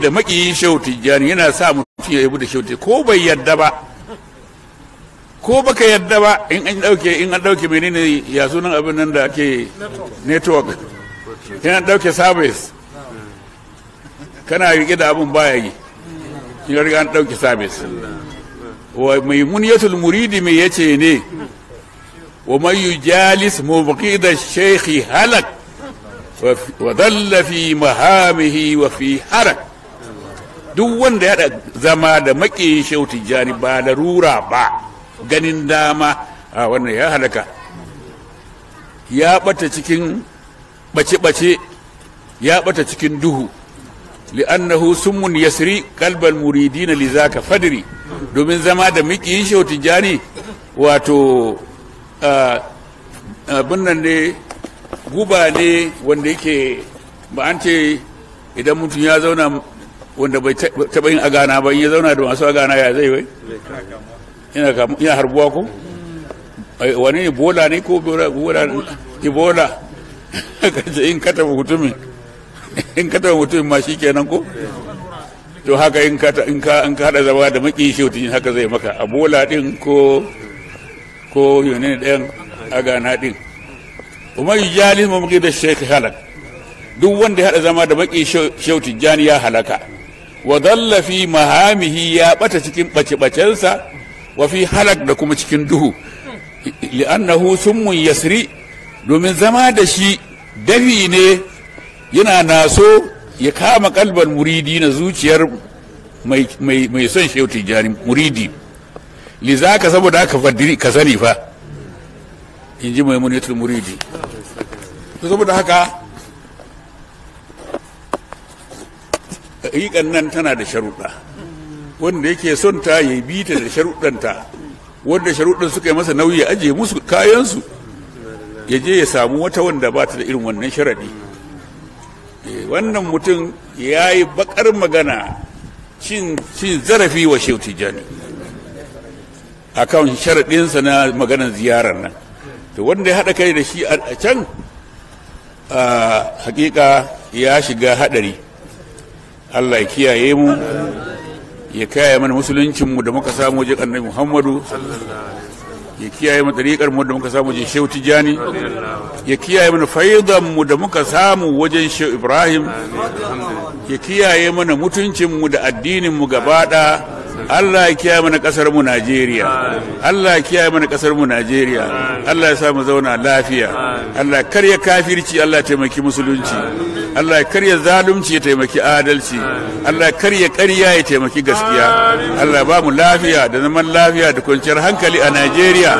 da makiyin shehu tijjani yana sa mutum ya yi da shehu ko bai yadda ba ko baka yadda ba in an dauke in an dauke menene ya sunan abin nan da ake network in an dauke service kana rike da abin baya yi in riga an dauke service wa maimuniyatul muridi me yace ne wa mu yujalis da shaykhi halak وظل mahamihi wa fi harak duk wanda ya zama da makiyin shehu tijjani ba larura ba ganin dama a wannan ya halaka ya bata cikin bace-bace ya bata cikin duhu li'annahu summun yasri kalbal muridina li zaka fadri domin zama da yin shehu tijjani wato abin ne guba ne wanda yake ba an idan mutum ya zauna wanda bai taɓa yin agana ba ya zauna da masu agana ya zai wai ina harbuwa ko wani ibola ne ko ibola in kata mutumin in kata mutumin ma shi kenan ko to haka in kata in ka in ka hada zama da maki shi haka zai maka abola din ko ko yunin a gana din umar jali mu da shekh halak duk wanda ya hada zama da baki shautin jani ya halaka wa dalla fi mahamihi ya bata cikin bace-bacensa wa fi halak da kuma cikin duhu li'annahu summun yasri domin zama da shi dafi ne yana naso ya kama kalban muridi na zuciyar mai son shehu tijjani muridi li za ka saboda ka fadiri ka sani fa in ji mai munitul muridi saboda haka haƙiƙan nan tana da sharuɗa wanda yake son ta ya bi ta da sharuɗanta wanda sharuɗan suka yi masa nauyi ya aje musu kayansu ya je ya samu wata wanda ba ta da irin wannan sharaɗi eh, wannan mutum ya yi bakar magana cin zarafi wa shehu tijjani a kan sharaɗinsa na maganar ziyarar nan to wanda ya haɗa kai da shi a can a hakika ya shiga haɗari Allah ya kiyaye mu ya kiyaye mana musuluncin mu da muka samu je annabi Muhammadu ya kiyaye mana tariƙar mu da muka samu je Shehu Tijani ya kiyaye mana faidan mu da muka samu wajen Shehu Ibrahim ya kiyaye mana mutuncin mu da addinin mu gaba Allah ya kiyaye mana kasar mu Najeriya Allah ya kiyaye mana kasar mu Najeriya Allah ya sa mu zauna lafiya Allah karya kafirci Allah taimaki musulunci Allah ya karya zalunci ya taimaki adalci Allah ya karya ƙarya ya taimaki gaskiya Allah ba mu lafiya da zaman lafiya da kwanciyar hankali a Najeriya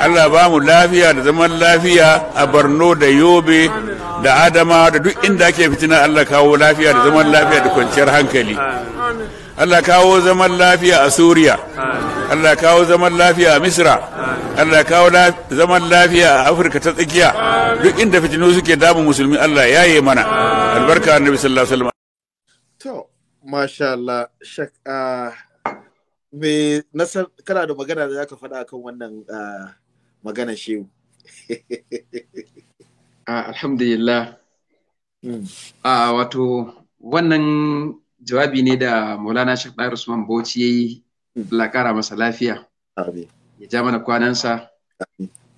Allah ba mu lafiya da zaman lafiya a Borno da Yobe da Adama da duk inda ake fitina Allah kawo lafiya da zaman lafiya da kwanciyar hankali Allah kawo zaman lafiya a Suriya Allah kawo zaman lafiya a Misra Allah kawo zaman lafiya a Afirka ta tsakiya duk inda fitinu suke damun musulmi Allah ya yi mana albarka na sallallahu alaihi wasallam to masha Allah shak ah, me nasar kana da magana da zaka faɗa akan wannan ah, magana shehu ah, alhamdulillah hmm. wato wannan jawabi ne da Maulana Sheikh Ɗari Usman Bauchi yayi hmm. Allah kara masa lafiya. Ya ja mana kwanansa.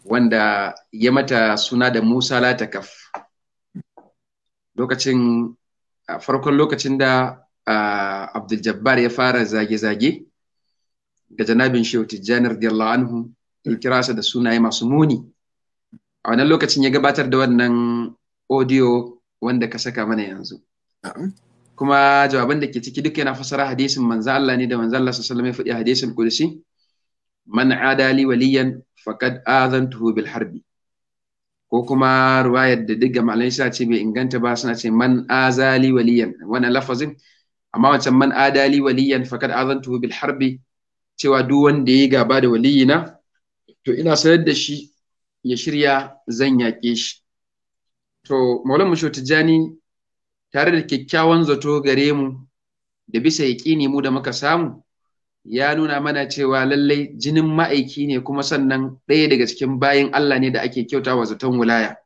Wanda ya mata suna da Musa Latakaf. Lokacin farkon lokacin da Abdul Jabbar ya fara zage-zage ga janabin Shehu Tijjani radiyallahu anhu ya kira sa da sunaye masu muni. A wannan lokacin ya gabatar da wannan audio wanda ka saka mana yanzu. kuma jawaban da ke ciki duk yana fasara hadisin manzo Allah ne da manzo Allah sallallahu alaihi wasallam ya faɗi hadisin kudusi man adali waliyan faqad azantuhu bil harbi ko kuma ruwayar da diga malamai suna ce bai inganta ba suna ce man azali waliyan wannan lafazin amma wancan man adali waliyan faqad azantuhu bil harbi cewa duk wanda ya gaba da waliyina to ina sanar da shi ya shirya zan yaƙe shi to maulan musho tijjani tare da kyakkyawan zato gare mu da bisa yaƙini mu da muka samu ya nuna mana cewa lallai jinin ma'aiki ne kuma sannan ɗaya daga cikin bayan Allah ne da ake kyauta wa zaton wilaya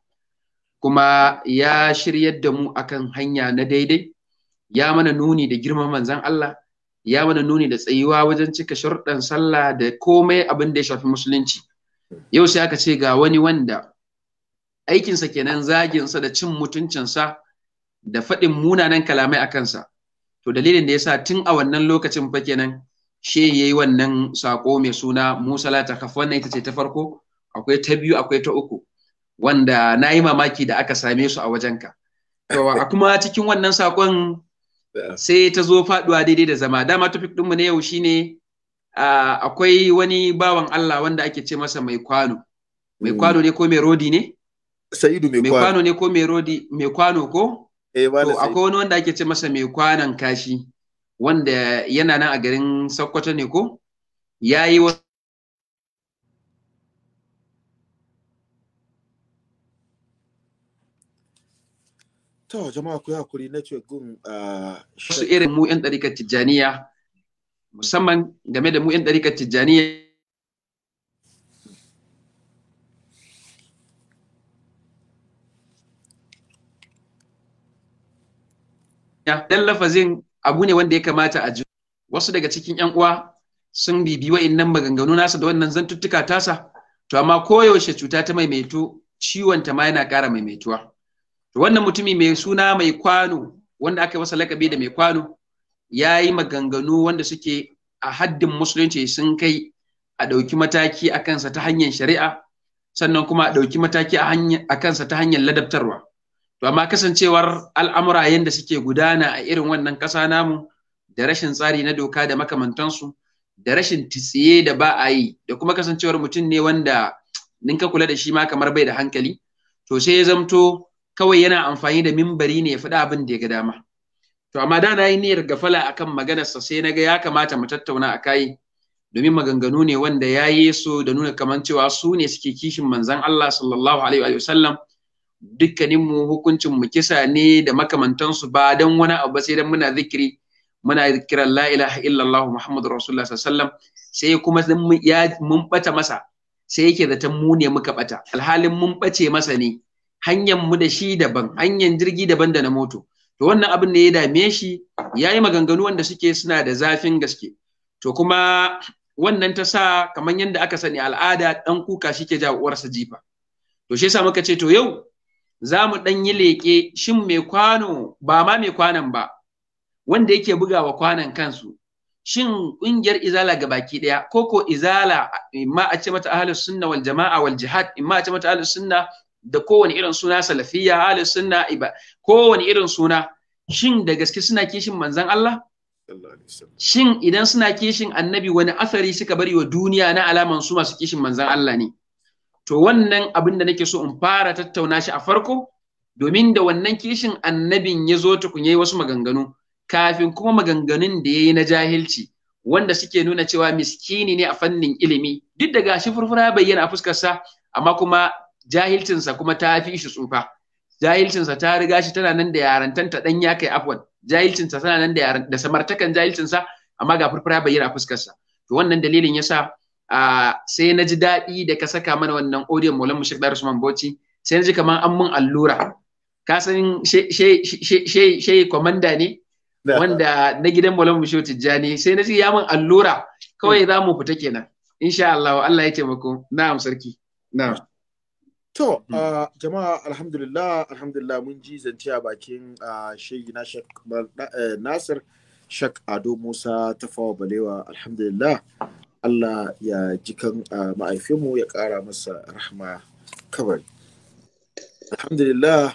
kuma ya shiryar da mu akan hanya na daidai ya mana nuni da girman manzan Allah ya mana nuni da tsayuwa wajen cika shurɗan sallah da komai abin da ya shafi musulunci yau sai aka ce ga wani wanda aikinsa kenan zaginsa da cin mutuncinsa da faɗin munanan kalamai a kansa to dalilin da ya sa tun a wannan lokacin fa shi she yi wannan saƙo mai suna Musa la ta kafa wannan ita ce ta farko akwai ta biyu akwai ta uku wanda na yi mamaki da aka same su a wajenka to a kuma cikin wannan saƙon sai ta zo faɗuwa daidai da zama dama tufik ɗinmu na yau shi ne. akwai wani bawan Allah wanda ake ce masa mai kwano mai mm. kwano ne ko mai rodi ne sa'idu mai kwano ne ko mai rodi mai kwano ko Eh, akwai wani wanda ake ce masa mai kwanan kashi wanda yana nan a garin Sokoto ne ko yayi Tawa jama'a ku hakuri na ce gun Wasu ah, irin mu 'yan ɗarikar Tijjaniya musamman game da mu 'yan ɗarikar Tijjaniya dan lafazin abu ne wanda ya kamata a ji wasu daga cikin yan uwa sun bibi wa'annan maganganu nasa da wannan zantuttuka tasa to amma koyaushe cuta ta maimaito ciwon ta ma yana ƙara maimaituwa to wannan mutumi mai suna mai kwano wanda aka yi masa lakabi da mai kwano ya yi maganganu wanda suke a haddin musulunci sun kai a ɗauki mataki a kansa ta hanyar shari'a sannan kuma a ɗauki mataki a kansa ta hanyar ladabtarwa to amma kasancewar al'amura yadda suke gudana a irin wannan ƙasa namu da rashin tsari na doka da makamantansu da rashin titsiye da ba a yi da kuma kasancewar mutum ne wanda ka kula da shi ma kamar bai da hankali to sai ya zamto kawai yana amfani da mimbari ne ya faɗi abin da ya ga dama to amma da na yi niyyar gafala akan maganarsa sai na ga ya kamata mu tattauna a kai domin maganganu ne wanda ya yi so da nuna kamar cewa su ne suke kishin manzon Allah sallallahu alaihi wa sallam dukkanin mu hukuncin mu kisa ne da makamantansu ba dan wani abu ba. sai dan muna zikiri muna kiran la ilaha illallah muhammadur rasulullah sallallahu alaihi wasallam sai kuma ya mun bata masa sai yake zaton mu ne muka bata alhalin mun bace masa ne hanyar mu da shi daban hanyar jirgi daban da na moto to wannan abin ne ya dame shi yayi yi maganganu wanda suke suna da zafin gaske to kuma wannan ta sa kamar yadda aka sani al'ada dan kuka shi ke uwarsa jifa to shi yasa muka ce to yau za mu ɗan yi leƙe shin mai kwano ba ma mai kwanan ba wanda yake wa kwanan kansu shin ƙungiyar izala ga baki ɗaya ko ko izala imma a ce mata ahlus sunna wal jama'a wal jihad imma a ce mata ahlus sunna da kowane irin suna salafiyya ahlus sunna iba kowane irin suna shin da gaske suna kishin manzon Allah shin idan suna kishin annabi wani asari suka bari wa duniya na alaman su masu kishin manzon Allah ne to wannan abin da nake so in fara tattauna shi a farko domin da wannan kishin annabin ya zo tukun yayi wasu maganganu kafin kuma maganganun da ya yi na jahilci wanda suke nuna cewa miskini ne a fannin ilimi duk da gashi furfura bayyana a fuskarsa amma kuma jahilcinsa kuma ta fi shi tsufa jahilcinsa ta riga shi tana nan da yarantanta dan ya kai afwan jahilcinsa tana nan da da samartakan jahilcinsa amma ga furfura bayyana a fuskarsa to wannan dalilin yasa sai na ji daɗi da ka saka mana wannan audio maulan mu shekdar usman bauchi sai na ji kamar an mun allura ka san shai komanda ne wanda na gidan maulan mu shehu tijjani sai na ji ya mun allura kawai za mu fita kenan insha Allah Allah ya taimako na'am sarki na'am To, hmm. jama'a alhamdulillah, alhamdulillah mun ji zantiya bakin uh, Nasir Shak Ado Musa Tafawa Balewa, alhamdulillah. Allah ya jikan ma'aifinmu ya ƙara masa rahma kabari. Alhamdulillah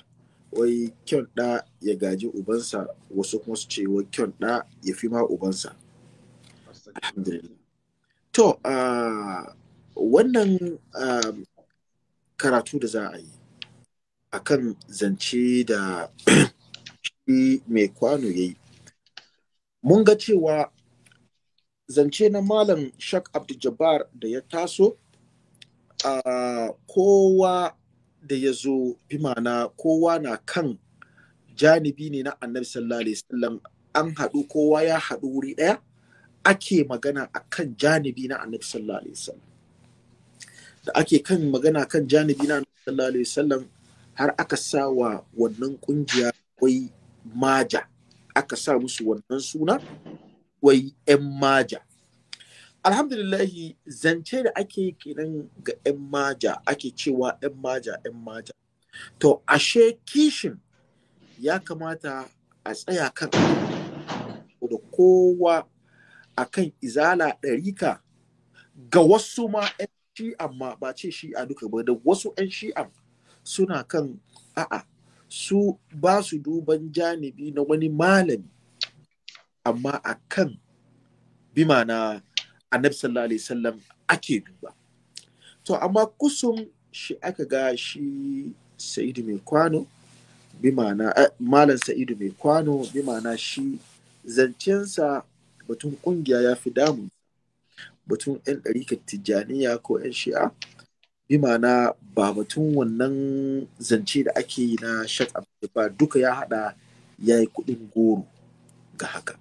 wai kyan ɗa ya gaji ubansa wasu kuma su ce wai kyan ɗa ya fi ma ubansa. To, wannan karatu da za a yi a kan zance da shi mai kwano ya yi. Mun ga cewa zance na malam shak abdul-jabbar da ya taso a kowa da ya zo bimana kowa na kan janibi ne na annabi sallallahu alaihi wasallam an haɗu kowa ya haɗu wuri ɗaya ake magana a kan janibi na annabi sallallahu alaihi wasallam da ake kan magana kan janibi na annabi sallallahu alaihi wasallam har aka sa wa wannan kungiya wai maja aka sa musu wannan suna wai 'yan maja alhamdulillahi zance da ake kiran ga 'yan maja ake cewa 'yan maja 'yan maja to ashe kishin ya kamata a tsaya kan da kowa a kan izala ɗarika ga wasu ma 'yan shi'an ma ba ce shi'a duka ba da wasu 'yan shi'an suna kan a'a su ba su duban janibi na wani malami amma a kan bima na annabi sallallahu alaihi ake duba to amma kusum shi aka ga shi sa'idu mai kwano bimana eh, malam sa'idu mai kwano bimana shi zancensa batun kungiya ya fi damu batun 'yan ɗarikar tijjaniya ko 'yan shi'a bimana ba batun wannan zance da ake yi na shak ba duka ya hada ya yi kuɗin goro ga haka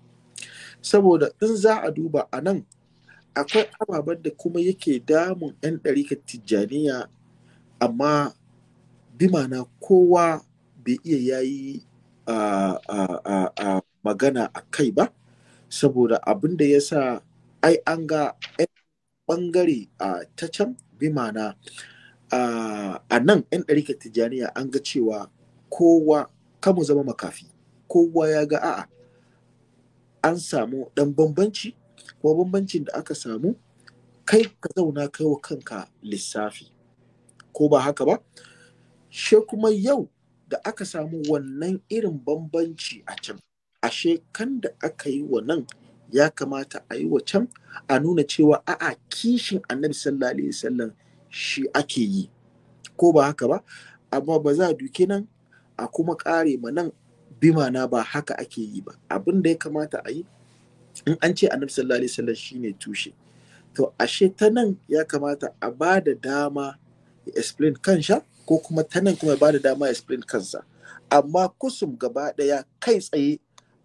saboda in za a duba a nan akwai ababen da kuma yake damun 'yan ɗarikar tijjaniya amma bimana kowa bai iya yayi a magana a kai ba saboda abin da ya sa ai an ga 'yan ɓangare a ta can bimana a nan 'yan ɗarikar tijjaniya an ga cewa kowa kamu zama makafi kowa ya ga a'a an samu ɗan bambanci ko bambancin da aka samu kai ka zauna kai wa kanka lissafi ko ba haka ba she kuma yau da aka samu wannan irin bambanci a can a kan da aka yi wa nan ya kamata a yi wa can a nuna cewa a'a kishin annabi sallallahu alaihi shi ake yi ko ba haka ba amma ba za a duke nan a kuma kare ma nan bi ma'ana ba haka ake yi ba abin da ya kamata a yi in an ce annabi sallallahu alaihi wasallam shine tushe to ashe ta nan ya kamata a ba da dama ya explain kansa ko kuma ta nan kuma ya ba da dama ya explain kansa amma kusum gaba ɗaya kai tsaye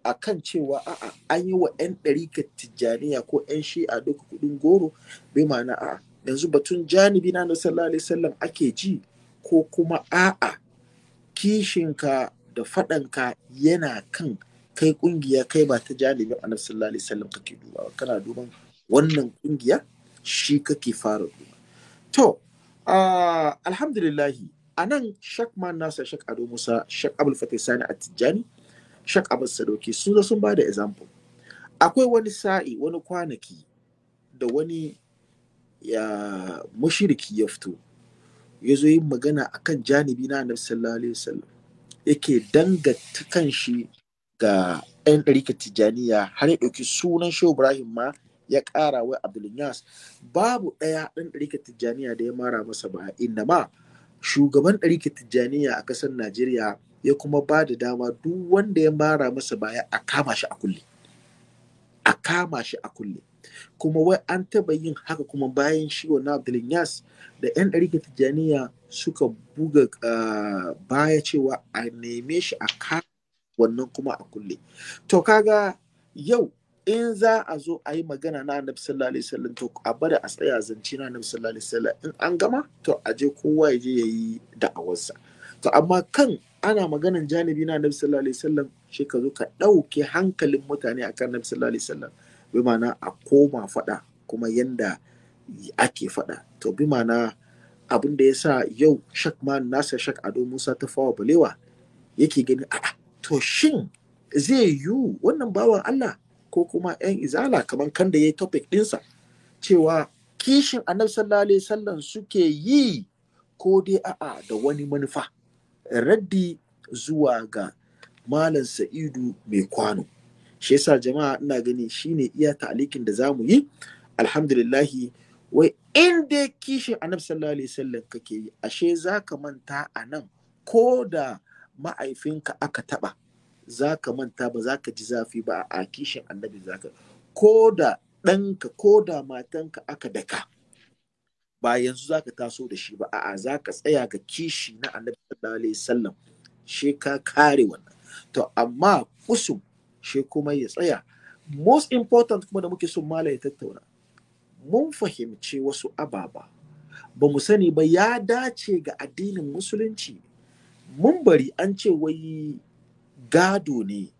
a kan cewa a'a an yi wa 'yan ɗarika tijjaniya ko 'yan shi'a duka kuɗin goro bai ma'ana a'a yanzu batun janibi na na sallallahu alaihi wasallam ake ji ko kuma a'a kishinka da faɗanka yana kan kai ƙungiya kai ba ta janibin annabi sallallahu alaihi wasallam kake duba. kana duban wannan ƙungiya shi kake fara duba to uh, alhamdulillahi a nan shak man nasa shak ado musa shak abul fatih sani a tijjani shak abul sadoki sun sun ba da example akwai wani sa'i wani kwanaki da wani ya mushiriki ya fito ya zo yin magana akan janibi na annabi sallallahu alaihi yake danganta kanshi ga 'yan ɗarika tijjaniya har ya ɗauki sunan shehu ibrahim ma ya ƙara wai abdul babu ɗaya ɗan ɗarika tijjaniya da ya mara masa ba inda ma shugaban ɗarika tijjaniya a ƙasar najeriya ya kuma ba da dama duk wanda ya mara masa baya a kama shi a kulle a kama shi a kulle kuma wai an taɓa yin haka kuma bayan shi wannan abdul da 'yan ɗarika tijjaniya suka buga eh, baya cewa a neme shi a ka wannan kuma a kulle to kaga yau in za a zo a yi magana na annabi sallallahu alaihi wasallam to a bada a tsaya zance na annabi sallallahu alaihi wasallam in an gama to a je kowa ya je yayi da'awarsa to amma kan ana maganan janibi na annabi sallallahu alaihi wasallam shi ka zo ka dauke hankalin mutane akan annabi sallallahu alaihi wasallam bi ma'ana a koma faɗa kuma yanda ake faɗa to bi ma'ana abin da ya sa yau shakman nasa shak ado musa ta fawa balewa yake gani a'a to shin zai yiwu wannan bawan allah ko kuma yan izala kamar kan da ya yi topic ɗinsa cewa kishin annab sallallahu alaihi wasallam suke yi ko dai a'a da wani manufa raddi zuwa ga malam sa'idu mai kwano shi yasa jama'a ina gani shine iya ta'alikin da za zamu yi alhamdulillahi wai inda dai kishin annabi sallallahu alaihi wasallam kake yi ashe zaka manta a nan ko da ma'aifinka aka taba zaka manta ba zaka ji zafi ba a kishin annabi zaka ko da ɗanka ko da matanka aka daka ba yanzu zaka taso da shi ba a'a zaka tsaya ga kishi na annabi sallallahu alaihi wasallam shi ka kare wannan to amma kusum shi kuma ya tsaya most important kuma da muke son malam ya tattauna mun fahimci wasu ababa ba mu sani ba ya dace ga addinin musulunci mun bari an ce wai gado ne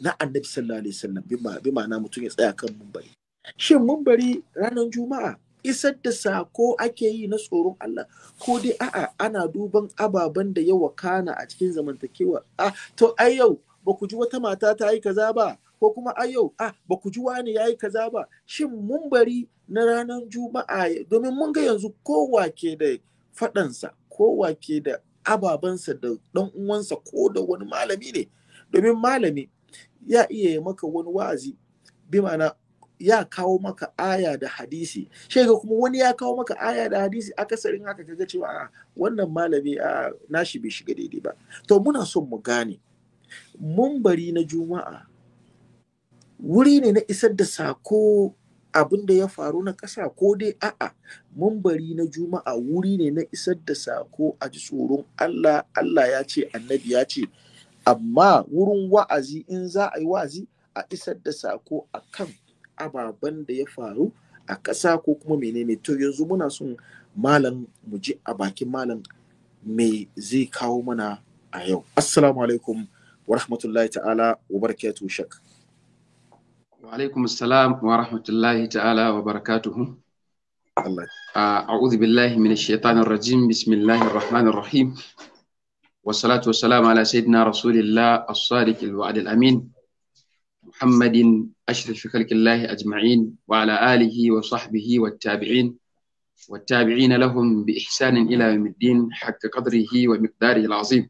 na annabi sallallahu alaihi wasallam bi ma'ana mutum ya tsaya kan mun bari shin mun bari ranar juma'a isar da sako ake yi na tsoron Allah ko dai a'a ana duban ababan da ya wakana a cikin zamantakewa a ah, to ai yau ba ku ji wata mata ta yi kaza ba ko kuma a yau a ah, ba ku ji wani yayi kaza ba shin mun bari na ranar juma'a domin mun ga yanzu kowa ke da faɗansa kowa ke da ababansa da ɗan uwansa ko da wani malami ne domin malami ya iya maka wani wa'azi bi ma'ana ya kawo maka aya da hadisi shi kuma wani ya kawo maka aya da hadisi akasarin haka kaga cewa a ah, wannan malami a ah, nashi bai shiga daidai ba to muna son mu gane mun bari na juma'a wuri ne na isar da sako abin da ya faru na ƙasa ko dai a'a mun bari na juma'a wuri ne na isar da sako a ji tsoron Allah Allah ya ce annabi ya ce amma wurin wa'azi in za a yi wa'azi a isar da sako a kan ababen da ya faru a ƙasa ko kuma menene to yanzu muna son malam mu ji a bakin malam me zai kawo mana a yau assalamu alaikum wa rahmatullahi ta'ala wa barakatuhu shak Wa alaikum salam wa rahmatullahi ta'ala wa barakatuhu. أعوذ بالله من الشيطان الرجيم بسم الله الرحمن الرحيم والصلاة والسلام على سيدنا رسول الله الصادق الوعد الأمين محمد أشرف خلق الله أجمعين وعلى آله وصحبه والتابعين والتابعين لهم بإحسان إلى يوم الدين حق قدره ومقداره العظيم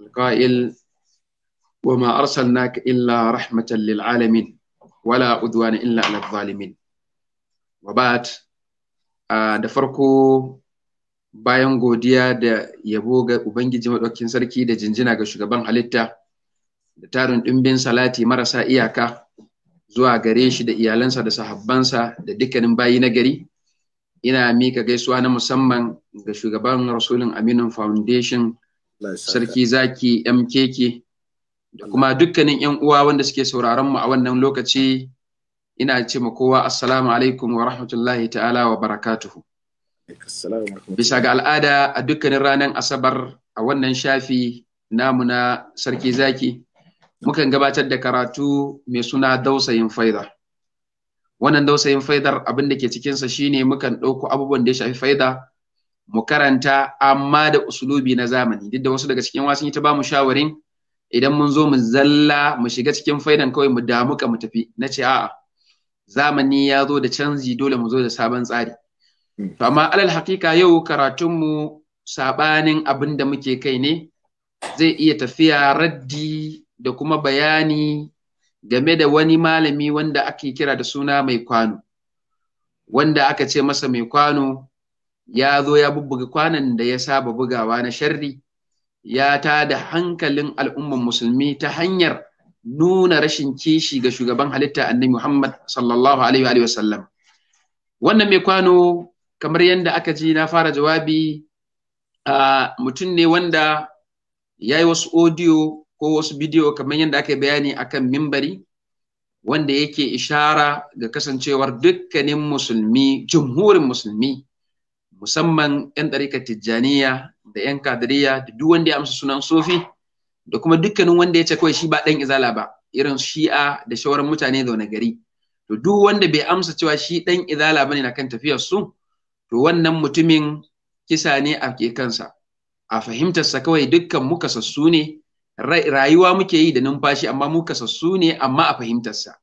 القائل وما أرسلناك إلا رحمة للعالمين ولا أدوان إلا على الظالمين وبعد da farko bayan godiya da yabo ga Ubangiji Maɗaukin Sarki da jinjina ga shugaban halitta da tarin ɗimbin salati marasa iyaka zuwa gare shi da iyalansa da sahabbansa da dukkanin bayi na gari ina mika gaisuwa na musamman ga shugaban rasulun aminin foundation sarki zaki mkk da kuma dukkanin yan uwa wanda suke sauraron mu a wannan lokaci ina ce ma kowa assalamu alaikum wa rahmatullahi ta'ala wa barakatuhu bisa ga al'ada a dukkanin ranar asabar a wannan shafi namu na sarki zaki mukan gabatar da karatu mai suna dausayin faida wannan dausayin faidar abin da ke cikinsa shine mukan ɗauko abubuwan da ya shafi faida mu karanta amma da usulubi na zamani duk da wasu daga cikin wasu yi ta bamu shawarin idan mun zo mu zalla mu shiga cikin faidan kawai mu damu ka mu tafi na ce a'a zamani ya zo da canji dole mu zo da sabon tsari hmm. to amma alal hakika yau karatun mu sabanin abin da muke kai ne zai iya tafiya raddi da kuma bayani game da wani malami wanda ake kira da suna mai kwano wanda aka ce masa mai kwano ya zo ya bubbuga kwanan da ya saba bugawa na sharri ya ta da hankalin al'umman musulmi ta hanyar nuna rashin kishi ga shugaban halitta annabi Muhammad sallallahu alaihi wa sallam wannan mai kwano kamar yadda aka ji na fara jawabi a mutum ne wanda ya yi wasu audio ko wasu bidiyo kamar yadda aka bayani akan mimbari wanda yake ishara ga kasancewar dukkanin musulmi jumhurin musulmi musamman 'yan ɗarika tijjaniya da yan kadiriya da duk wanda ya amsa sunan sufi da kuma dukkanin wanda ya ce kawai shi ba dan izala ba irin shi'a da shawaran mutane zaune gari to duk wanda bai amsa cewa shi dan izala bane na kan tafiyar su to wannan mutumin kisa ne a ke kansa a fahimtarsa kawai dukkan muka sassu ne rayuwa muke yi da numfashi amma muka sassu ne amma a fahimtarsa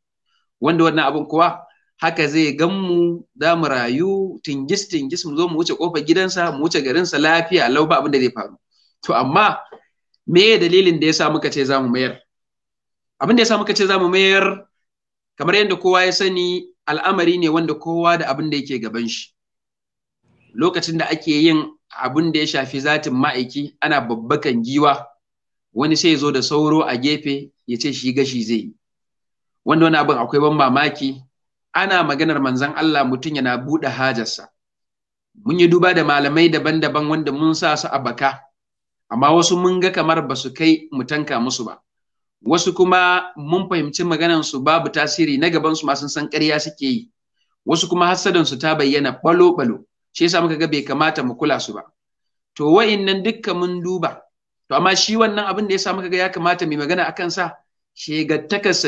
wanda wannan abin kuwa haka zai gan mu za mu rayu tingis tingis mu zo mu wuce kofar gidansa mu wuce garinsa lafiya lau ba abin da zai faru to amma me dalilin da yasa muka ce za mu mayar abin da yasa muka ce za mu mayar kamar yadda kowa ya sani al'amari ne wanda kowa da abin da yake gaban shi lokacin da ake yin abin da ya shafi zatin ma'aiki ana babbakan giwa wani sai ya zo da sauro a gefe ya ce shi gashi zai yi wanda wani abin akwai ban mamaki ana maganar manzan Allah mutum yana buɗe hajarsa mun yi duba da malamai daban-daban wanda mun sa su a baka amma wasu mun ga kamar ba su kai mutanka musu ba wasu kuma mun fahimci maganansu su babu tasiri na gaban su masu san ƙarya suke yi wasu kuma hassadansu ta bayyana ɓalo-ɓalo shi yasa muka ga bai kamata mu kula su ba to wa'innan dukkan mun duba to amma shi wannan abin da yasa muka ga ya kamata mu magana akan sa ga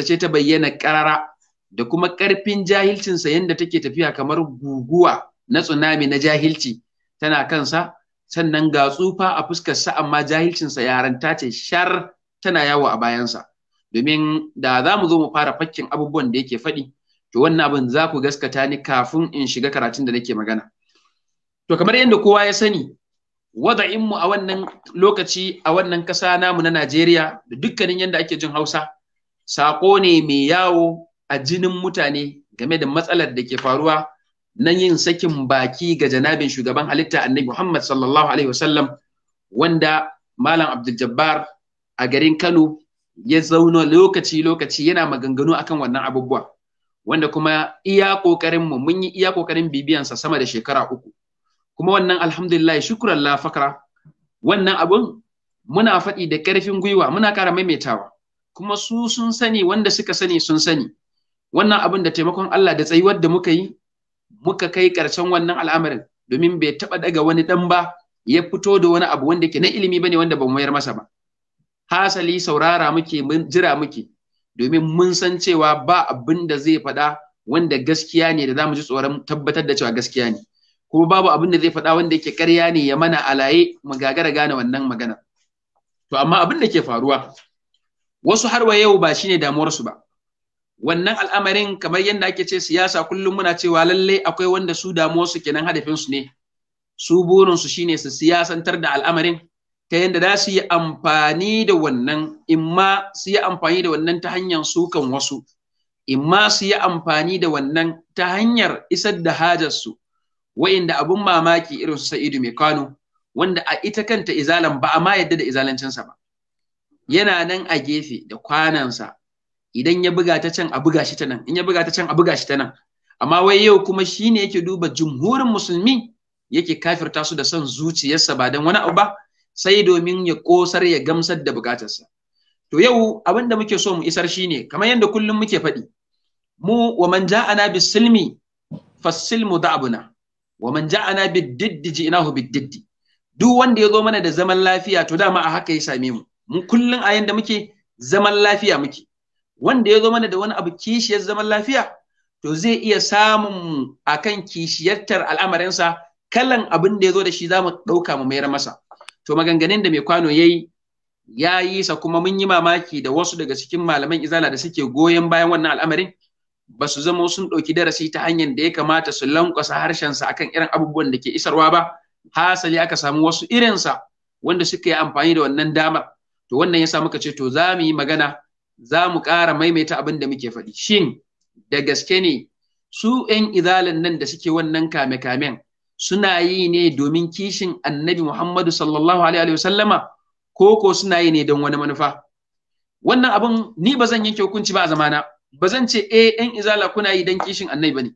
ce ta bayyana ƙarara da kuma ƙarfin jahilcinsa yadda take tafiya kamar guguwa na tsunami na jahilci tana kansa sannan ga tsufa a fuskarsa amma jahilcinsa yaranta ce shar tana yawo a bayansa domin da za mu zo mu fara fakkin abubuwan da yake faɗi to wannan abin za ku gaskata ni kafin in shiga karatun da nake magana to kamar yadda kowa ya sani wada'inmu a wannan lokaci a wannan ƙasa namu na Najeriya da dukkanin yadda ake jin Hausa saƙo ne mai yawo a jinin mutane game da matsalar da ke faruwa na yin sakin baki ga janabin shugaban halitta annabi Muhammad sallallahu alaihi wasallam wanda Malam Abdul a garin Kano ya zauna lokaci lokaci yana maganganu akan wannan abubuwa wanda kuma iya kokarin mu mun yi iya kokarin bibiyan sa sama da shekara uku kuma wannan alhamdulillah shukran la fakra wannan abun muna faɗi da ƙarfin gwiwa muna ƙara maimaitawa kuma su sun sani wanda suka sani sun sani wannan abin da taimakon Allah da tsayuwar da muka yi muka kai ƙarshen wannan al'amarin domin bai taɓa daga wani ɗan ba ya fito da wani abu wanda ke na ilimi bane wanda ba mu mayar masa ba hasali saurara muke mun jira muke domin mun san cewa ba abin da zai faɗa wanda gaskiya ne da zamu ji tsoron tabbatar da cewa gaskiya ne kuma babu abin da zai faɗa wanda yake ƙarya ne ya mana alaye mu gagara gane wannan magana to amma abin da ke faruwa wasu har wa yau ba shine damuwarsu ba wannan al'amarin kamar yadda ake ce siyasa kullum muna cewa lalle akwai wanda su damuwa su kenan hadafin su ne su burin su shine su siyasantar da al'amarin ta yadda za su yi amfani da wannan imma su yi amfani da wannan ta hanyar sukan wasu imma su yi amfani da wannan ta hanyar isar da hajarsu wa'inda abun mamaki irin su sa'idu mai kano wanda a ita kanta izalan ba a ma yadda da izalancinsa ba yana nan a gefe da kwanansa idan ya buga ta can a buga shi ta nan in ya buga ta can a buga shi ta nan amma wai yau kuma shine yake duba jumhurin musulmi yake kafirta su da son zuciyarsa ba dan wani abu ba sai domin ya kosar ya gamsar da bukatarsa to yau abin da muke so mu isar shine kamar yadda kullum muke faɗi mu wa man ja'ana bis silmi fasilmu da'abuna wa man ja'ana bid diddi ji'nahu bid diddi duk wanda ya zo mana da zaman lafiya to dama a haka ya same mu mu kullun a yanda muke zaman lafiya muke wanda ya zo mana da wani abu kishiyar zaman lafiya to zai iya samun akan kishiyartar al'amarinsa kalan abin da ya zo da shi za mu ɗauka mu mayar masa to maganganun da mai kwano yayi yi ya yi sa kuma mun yi mamaki da wasu daga cikin malaman izala da suke goyon bayan wannan al'amarin ba su zama sun ɗauki darasi ta hanyar da ya kamata su lankwasa harshen sa akan irin abubuwan da ke isarwa ba hasali aka samu wasu irinsa wanda suka yi amfani da wannan damar to wannan ya sa muka ce to za mu yi magana za mu ƙara maimaita abin da muke faɗi shin da gaske ne su 'yan izalan nan da suke wannan kame-kamen suna yi ne domin kishin annabi Muhammadu sallallahu alaihi wasallama ko ko suna yi ne don wani manufa wannan abin ni ba zan yanke hukunci ba a zamana ba zan ce eh 'yan izala kuna yi don kishin annabi ba ne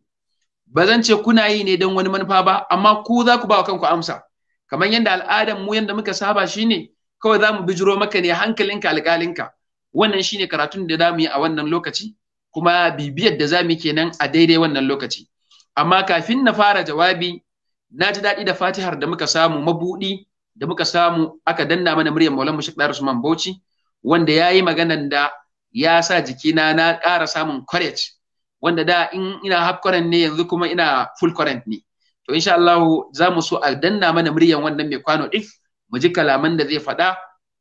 ba zan ce kuna yi ne don wani manufa ba amma ku za ku ba wa kanku amsa kamar yadda al'adar mu yadda muka saba shi ne, kawai za mu bijiro maka ne hankalinka alƙalinka wannan shine karatun da zamu yi a wannan lokaci kuma bibiyar da zamu kenan a daidai wannan lokaci amma kafin na fara jawabi na ji daɗi da fatihar da muka samu mabuɗi da muka samu aka danna mana muryar Maulana Sheikh Dar Usman Bauchi wanda yayi maganan da ya sa jikina na ƙara samun courage wanda da in ina half current ne yanzu kuma ina full current ne to insha Allah za mu so a danna mana muryan wannan mai kwano din mu ji kalaman da zai faɗa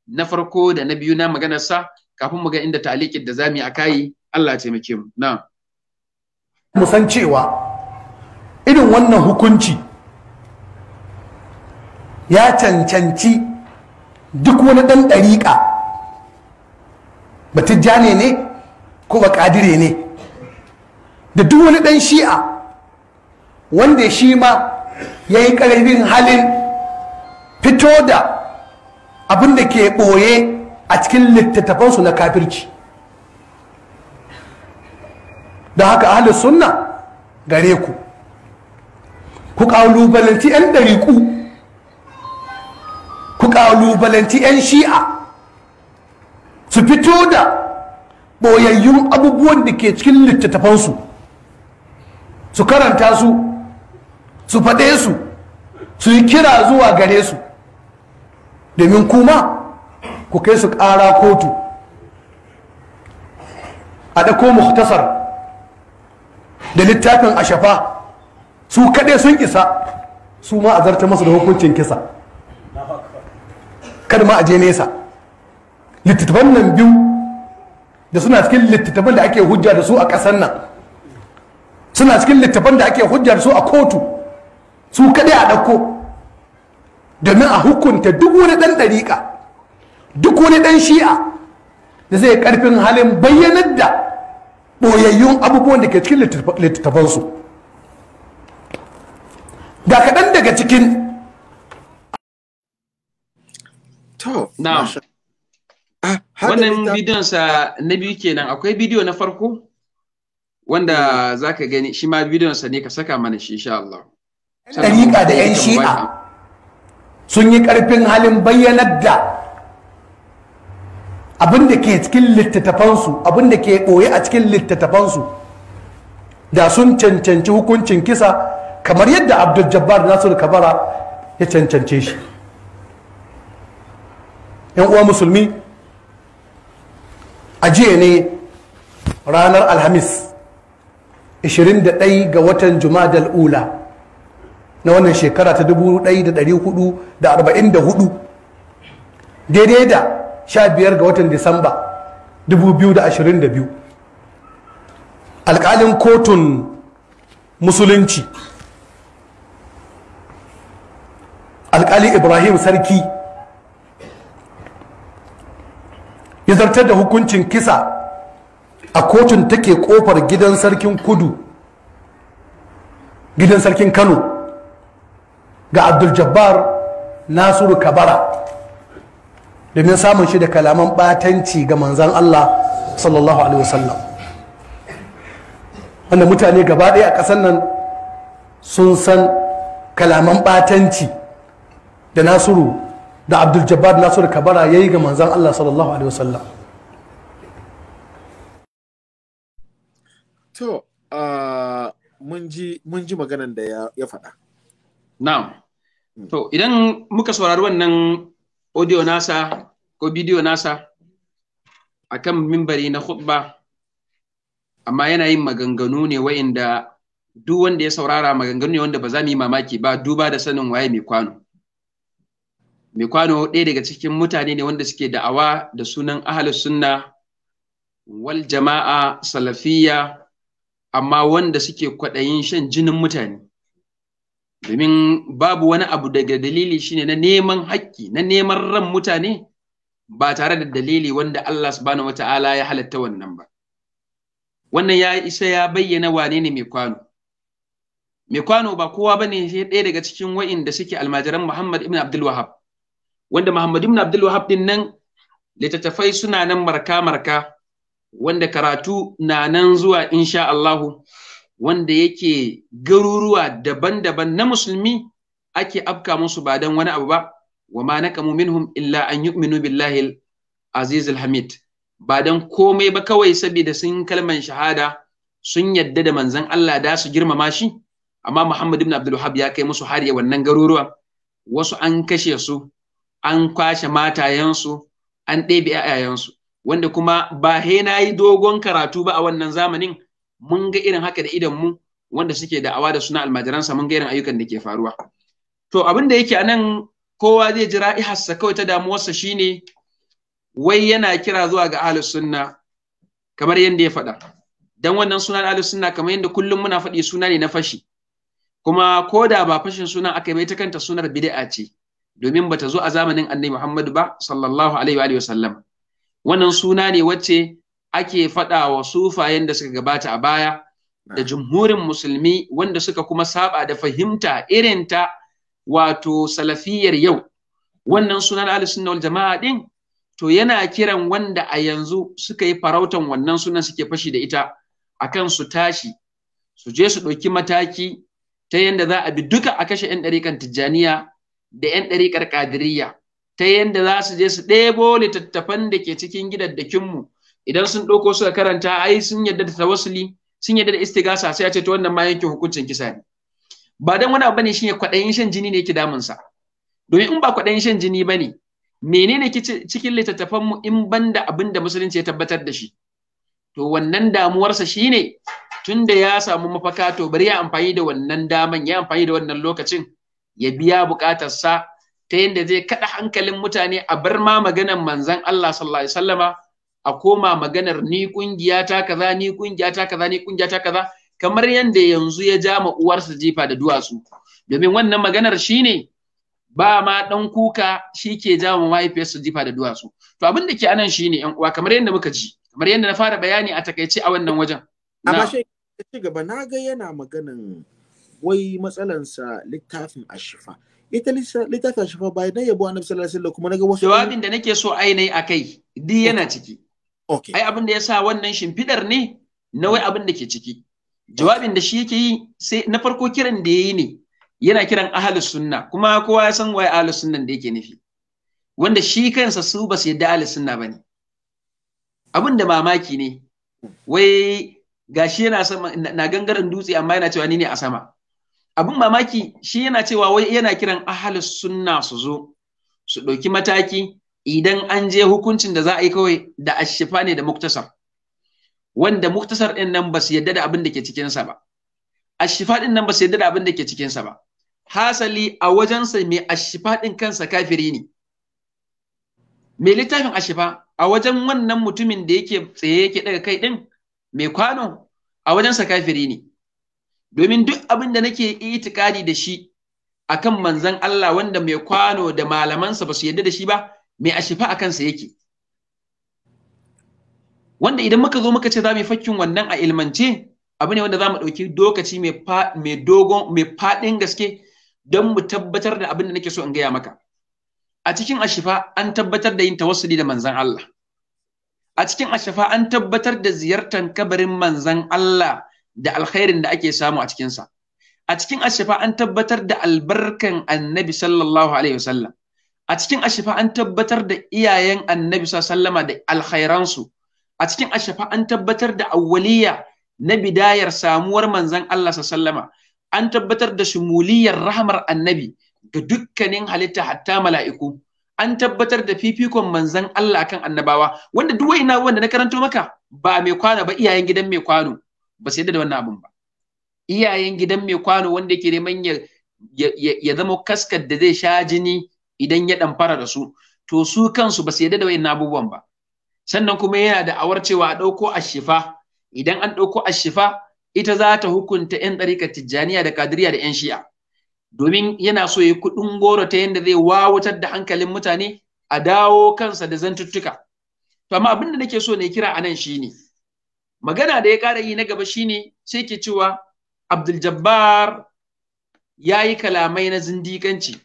na farko da na biyu na maganarsa kafin mu ga inda talikin da zamu yi yi, Allah ya taimake mu na mu san cewa irin wannan hukunci ya cancanci duk wani ɗan ɗariƙa batijjane ne ko ba ƙadire ne da duk wani ɗan shi'a wanda shi ma ya yi ƙarfin halin fito da abin da ke ɓoye a cikin littattafansu na kafirci Da haka ahalin sunna gare ku ku ƙalubalanci 'yan ɗariƙu ku ƙalubalanci 'yan shi'a su fito da ɓoyayyun abubuwan da ke cikin littattafansu su karanta su su faɗe su su yi kira zuwa gare su domin kuma ku kai su ƙara kotu a ɗako muhtasar da littafin a shafa su kaɗai sun isa su ma a zarta masu da hukuncin kisa kada ma a je nesa littattafan nan biyu da suna cikin littattafan da ake hujja da su a ƙasar nan suna cikin littattafan da ake hujja da su a kotu su kaɗai a ɗauko domin a hukunta duk wani ɗan ɗariƙa duk wani ɗan shi'a da zai ƙarfin halin bayyanar da ɓoyayyun abubuwan da ke cikin littattafansu ga kaɗan daga cikin ah, wannan bidiyon sa na biyu kenan akwai bidiyo na farko wanda za ka gani shi ma bidiyon sa ne ka saka mana shi sha Allah ɗariƙa da 'yan shi'a sun yi ƙarfin halin bayyanar da abin da ke cikin littattafansu abin da ke ɓoye a cikin littattafansu da sun cancanci hukuncin kisa kamar yadda abdul jabbar nasiru kabara ya cancance shi yan uwa musulmi a jiya ne ranar alhamis 21 ga watan juma'a ula na wannan shekara ta 1444 daidai da 15 ga watan disamba 2022 alkalin kotun musulunci alkali ibrahim sarki ya zartar da hukuncin kisa a kotun take kofar gidan sarkin kudu gidan sarkin kano ga abdul jabbar nasiru kabara domin samun shi da kalaman batanci ga manzan Allah sallallahu alaihi wasallam wanda mutane gaba ɗaya a ƙasar nan sun san kalaman batanci da Nasiru da Abdul Jabbar Nasiru Kabara ya yi ga manzan Allah sallallahu alaihi wasallam to mun ji mun ji maganan da ya faɗa na'am hmm. to idan muka saurari wannan audio nasa ko bidiyo nasa akan mimbari na khutba amma yana yin maganganu ne wa'inda duk wanda ya saurara maganganu ne wanda ba za mu yi mamaki ba duba da sanin waye mai kwano mai kwano ɗaya daga cikin mutane ne wanda suke da'awa da sunan ahalus sunna wal jama'a salafiyya amma wanda suke kwaɗayin shan jinin mutane domin babu wani abu daga dalili shine na neman haƙƙi na neman ran mutane ba tare da dalili wanda Allah subhanahu wata'ala ya halatta wannan ba wannan ya isa ya bayyana wane ne mai kwano mai kwano ba kowa ba bane sai ɗaya daga cikin wa'inda suke almajiran Muhammad ibn Abdul Wahab wanda Muhammad ibn Abdul Wahab din nan littattafai suna nan marka marka wanda karatu na nan zuwa insha Allahu wanda yake garuruwa daban-daban na musulmi ake afka musu ba dan wani abu ba wa ma nakamu minhum illa an yu'minu billahi aziz hamid ba dan komai ba kawai saboda sun kalman shahada sun yadda da manzon Allah da su girmama shi amma Muhammad ibn Abdul ya kai musu har ya wannan garuruwa wasu an kashe su an kwashe matayensu an ɗebe 'ya'yayensu wanda kuma ba he na yi dogon karatu ba a wannan zamanin mun ga irin haka da idan mu wanda suke da'awa da suna almajiransa mun ga irin ayyukan da ke faruwa to abin da yake nan, kowa zai jira ihassa kawai ta damuwarsa shine wai yana kira zuwa ga ahlus sunna kamar yadda ya faɗa dan wannan sunan ahlus sunna kamar yadda kullum muna faɗi suna ne na fashi kuma ko da ba fashin sunan aka mai ta kanta sunar bid'a ce domin bata zo a zamanin annabi Muhammad ba sallallahu alaihi wa sallam wannan suna ne wacce ake faɗa wa sufayen da suka gabata a baya da jumhurin musulmi wanda suka kuma saba da fahimta irin ta wato salafiyar yau wannan sunan alisun wal jama'a ɗin to yana kiran wanda a yanzu suka yi farautan wannan sunan suke fashi da ita A kan su tashi su je su ɗauki mataki ta yadda za a bi duka a kashe 'yan ɗarikan tijjaniya da 'yan ɗarikar ƙadiriyya ta yadda za su je su ɗebo littattafan da ke cikin gidaddakinmu idan sun ɗauko suka karanta ai sun yadda da tawassuli sun yadda da istigasa sai a ce to wannan ma yake hukuncin kisa ne ba dan wani abu bane shine kwaɗayin shan jini ne yake damun sa domin in ba kwaɗayin shan jini bane menene cikin littattafan mu in banda abin da musulunci ya tabbatar da shi to wannan damuwarsa shine tunda ya samu mafaka to bari ya amfani da wannan daman ya amfani da wannan lokacin ya biya sa ta yadda zai kaɗa hankalin mutane a bar ma maganan manzon Allah sallallahu alaihi wasallama a koma maganar ni kungiya ta kaza ni kungiya ta kaza ni kungiya ta kaza kamar yanda yanzu ya jama ma uwarsa jifa da duwatsu domin wannan maganar shine ba ma dan kuka shi ke ja ma mahaifiyarsa jifa da duwatsu to abin da ke anan shine yan uwa kamar yanda muka ji kamar yanda na fara bayani a takaice a wannan wajen amma shi ci gaba na ga yana maganan wai matsalansa littafin ashifa ita littafin ashifa bai na yabo annabi sallallahu alaihi wasallam kuma naga wasu jawabin da nake so ainai akai di yana ciki Okay. Ai abin da ya sa wannan shimfidar ne na wai abin da ke ciki. Jawabin da shi yake yi sai na farko kiran da ya yi ne yana kiran ahalus sunna kuma kowa ya san wai ahalus sunnan da yake nufi. Wanda shi kansa su ba su yadda ahalus sunna ba ne. Abin da mamaki ne wai gashi yana sama na gangaren dutse amma yana cewa ni ne a sama. Abin mamaki shi yana cewa wai yana kiran ahalus sunna su zo su ɗauki mataki idan an je hukuncin da za a yi kawai da ashifa ne da muktasar wanda muktasar din nan ba su yadda da abin da ke cikinsa ba ashifa din nan ba su yadda da abin da ke cikinsa ba hasali a wajensa mai ashifa din kansa kafiri ne mai littafin ashifa a wajen wannan mutumin da yake tsaye yake daga kai din mai kwano a wajensa kafiri ne domin duk abin da nake itikadi da shi akan manzon Allah wanda mai kwano da malamansa ba su yadda da shi ba me ashifa a kansa yake wanda idan muka zo muka ce za mu yi fakkin wannan a ilmance abu ne wanda za mu ɗauki lokaci mai dogon mai faɗin gaske don mu tabbatar da abin da nake so in gaya maka a cikin ashifa an tabbatar da yin tawassuli da manzan Allah a cikin ashifa an tabbatar da ziyartar kabarin manzan Allah da alkhairin da ake samu a cikinsa a cikin ashifa an tabbatar da albarkan annabi sallallahu alaihi wasallam a cikin ashifa an tabbatar da iyayen annabi sallama da alkhairansu a cikin ashifa an tabbatar da awwaliya na bidayar samuwar manzan Allah sallama an tabbatar da shumuliyar rahmar annabi ga dukkanin halitta hatta mala'iku an tabbatar da fifikon manzan Allah kan annabawa wanda duk waina wanda na karanto maka ba mai kwano ba iyayen gidan mai kwano ba sai da wannan abun ba iyayen gidan mai kwano wanda yake neman ya ya zama kaskar da zai sha jini idan ya ɗamfara da su to su kansu ba su yadda da wayan abubuwan ba sannan kuma yana da awar cewa a ɗauko ashifa idan an ɗauko ashifa ita za ta hukunta 'yan ɗarikar tijjaniya da kadiriya da 'yan shi'a domin yana so ya kuɗin goro ta yadda zai wawutar da hankalin mutane a dawo kansa da zantuttuka to amma abin da nake so ne kira anan shine magana da ya ƙara yi na gaba shine sai ke cewa Abdul Jabbar ya yi kalamai na zindikanci.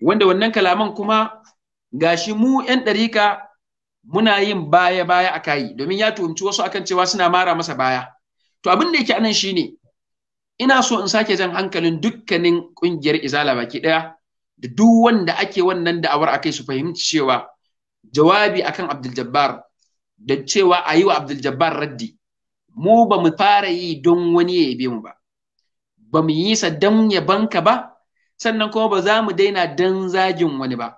wanda wannan kalaman kuma gashi mu 'yan ɗarika muna yin baya-baya a kayi domin ya tuhumci wasu akan cewa suna mara masa baya. To abin da yake anan shine ina so in sake jan hankalin dukkanin ƙungiyar izala baki ɗaya da duk wanda ake wannan da'awar akai su fahimci cewa jawabi akan Abdul Jabbar da cewa a yi wa Abdul Jabbar raddi mu ba mu fara yi don wani ya yabe ba. Ba mu yi sa don ya banka ba, sannan kuma ba za mu daina dan zagin wani ba